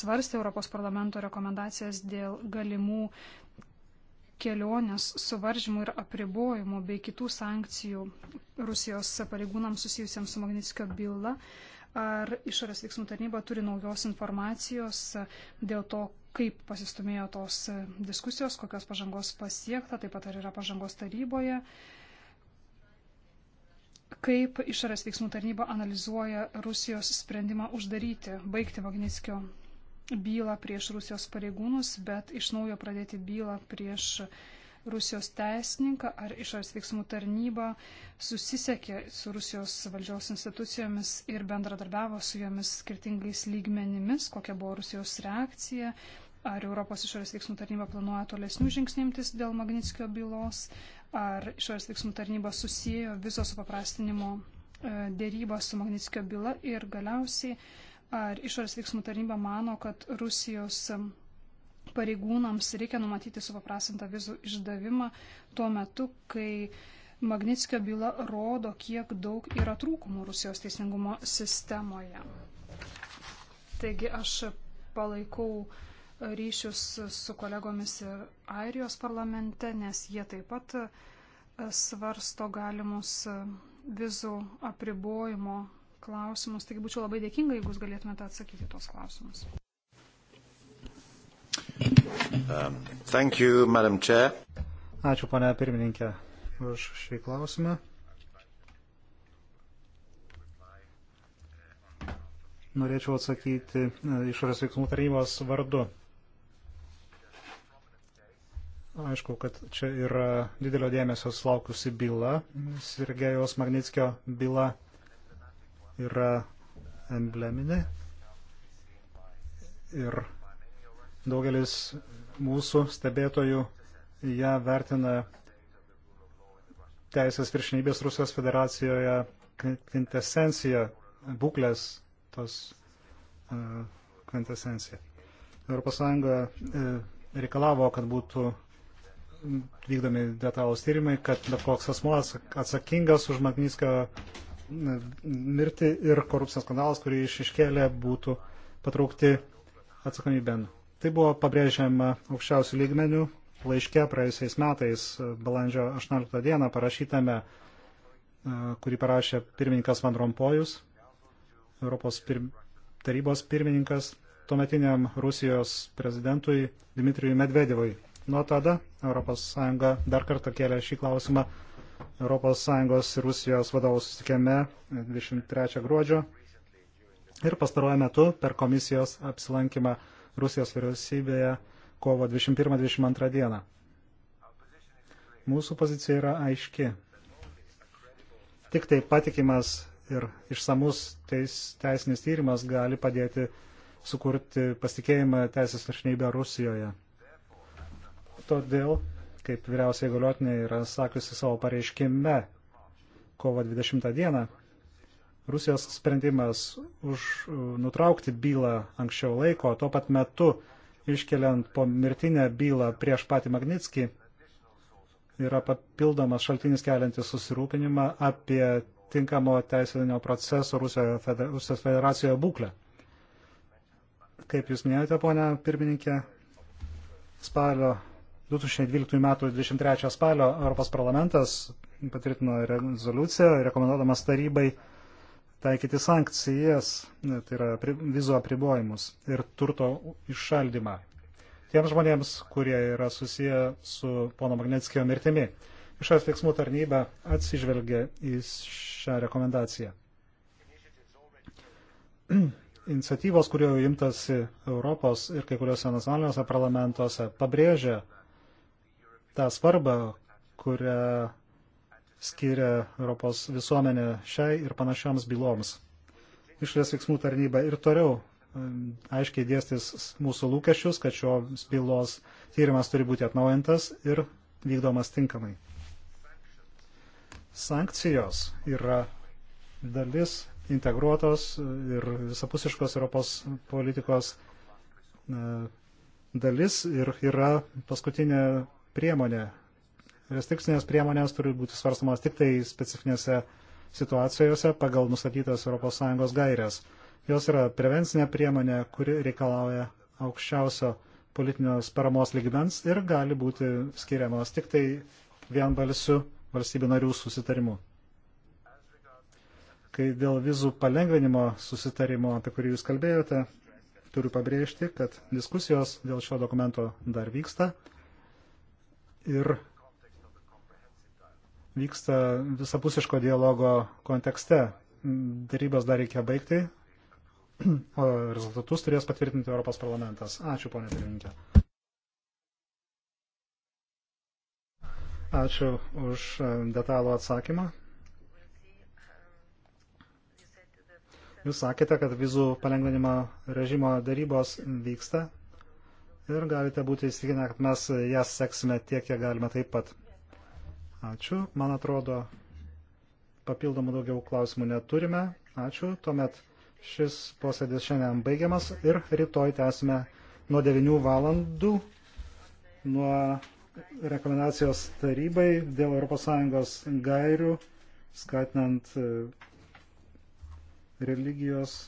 svarstė Europos parlamento rekomendacijas dėl galimų kelionės suvaržymų ir apribojimų bei kitų sankcijų Rusijos pareigūnams susijusiems su Magnitskio byla. Ar išorės veiksmų tarnyba turi naujos informacijos dėl to, kaip pasistumėjo tos diskusijos, kokios pažangos pasiekta, taip pat ar yra pažangos taryboje, kaip išorės veiksmų tarnyba analizuoja Rusijos sprendimą uždaryti, baigti Magnitskio bylą prieš Rusijos pareigūnus, bet iš naujo pradėti bylą prieš Rusijos Rusijos teisininką ar išorės veiksmų tarnybą susisiekė su Rusijos valdžios institucijomis ir bendradarbiavo su jomis skirtingais lygmenimis, kokia buvo Rusijos reakcija, ar Europos išorės veiksmų tarnyba planuoja tolesnių žingsnėmtis dėl Magnitskio bylos, ar išorės veiksmų tarnyba susijo viso supaprastinimo e, dėrybą su Magnitskio byla ir galiausiai ar išorės veiksmų tarnyba mano, kad Rusijos pareigūnams reikia numatyti supaprastintą vizų išdavimą tuo metu, kai Magnitskio byla rodo, kiek daug yra trūkumų Rusijos teisingumo sistemoje. Taigi aš palaikau ryšius su kolegomis ir Airijos parlamente, nes jie taip pat e, svarsto galimus e, vizų apribojimo klausimus. Taigi būčiau labai dėkinga, jeigu jūs galėtumėte atsakyti tuos klausimus. Thank you, Madam Chair. Ačiū, ponia pirmininkė, už šį klausimą. Norėčiau atsakyti e, išorės veiksmų tarybos vardu. Aišku, kad čia yra didelio dėmesio sulaukusi byla. Sergejos Magnitskio byla yra embleminė. Ir Daugelis mūsų stebėtojų ją vertina teisės viršinybės Rusijos federacijoje kvintesencija, būklės tos uh, e, kvintesencija. ES e, reikalavo, kad būtų vykdomi detalus tyrimai, kad bet koks asmuo atsakingas už Magnitską e, mirtį ir korupcijos skandalas, kurį išiškėlė, būtų patraukti atsakomybėn. Tai buvo pabrėžiama aukščiausių lygmenių laiške praėjusiais metais, e, balandžio 18 dieną parašytame, e, kurį parašė pirmininkas Van Rompojus, Europos pir tarybos pirmininkas, tuometiniam Rusijos prezidentui Dmitrijui Medvedevui. Nuo tada ES dar kartą kėlė šį klausimą ES ir Rusijos vadovų susitikėme 23 gruodžio ir pastaruoju metu per komisijos apsilankymą Rusijos vyriausybėje kovo 21-22 dieną. Mūsų pozicija yra aiški. Tik tai patikimas ir išsamus teis, teisinis tyrimas gali padėti sukurti pasitikėjimą teisės viršnybę Rusijoje. Todėl, kaip vyriausiai galiotinė yra sakiusi savo pareiškime kovo 20 dieną, Rusijos sprendimas už e, nutraukti bylą anksčiau laiko, tuo pat metu iškeliant po mirtinę bylą prieš patį Magnitskį, yra papildomas šaltinis keliantis susirūpinimą apie tinkamo teisinio proceso Rusijos federacijoje būklę. Kaip Jūs minėjote, ponia pirmininkė, spalio 2012 m. 23 spalio Europos parlamentas patvirtino rezoliuciją, rekomenduodamas tarybai taikyti sankcijas, tai yra vizų apribojimus ir turto iššaldymą tiems žmonėms, kurie yra susiję su pono Magnetskio mirtimi. Išorės veiksmų tarnyba atsižvelgia į šią rekomendaciją. Iniciatyvos, kurio imtasi Europos ir kai kuriuose nacionaliniuose parlamentuose, pabrėžia tą svarbą, kurią skiria Europos visuomenė šiai ir panašioms byloms. Išlės veiksmų tarnyba ir toliau um, aiškiai dėstys mūsų lūkesčius, kad šios bylos tyrimas turi būti atnaujintas ir vykdomas tinkamai. Sankcijos yra dalis integruotos ir visapusiškos Europos politikos uh, dalis ir yra paskutinė priemonė restrikcinės priemonės turi būti svarstamos tik tai specifinėse situacijose pagal nustatytas ES gairias. Jos yra prevencinė priemonė, kuri reikalauja aukščiausio politinios paramos lygmens ir gali būti skiriamos tik tai vienbalsių valstybių narių susitarimu. Kai dėl vizų palengvinimo susitarimo, apie kurį jūs kalbėjote, turiu pabrėžti, kad diskusijos dėl šio dokumento dar vyksta ir vyksta visapusiško dialogo kontekste. Darybos dar reikia baigti, o rezultatus turės patvirtinti Europos parlamentas. Ačiū, ponė pirmininkė. Ačiū už e, detalų atsakymą. Jūs sakėte, kad vizų palengvinimo režimo darybos vyksta ir galite būti įsitikinę, kad mes jas seksime tiek, kiek galime taip pat. Ačiū. Man atrodo, papildomų daugiau klausimų neturime. Ačiū. Tuomet šis posėdis šiandien baigiamas ir rytoj tęsime nuo 9 valandų nuo rekomendacijos tarybai dėl ES gairių skatinant e, religijos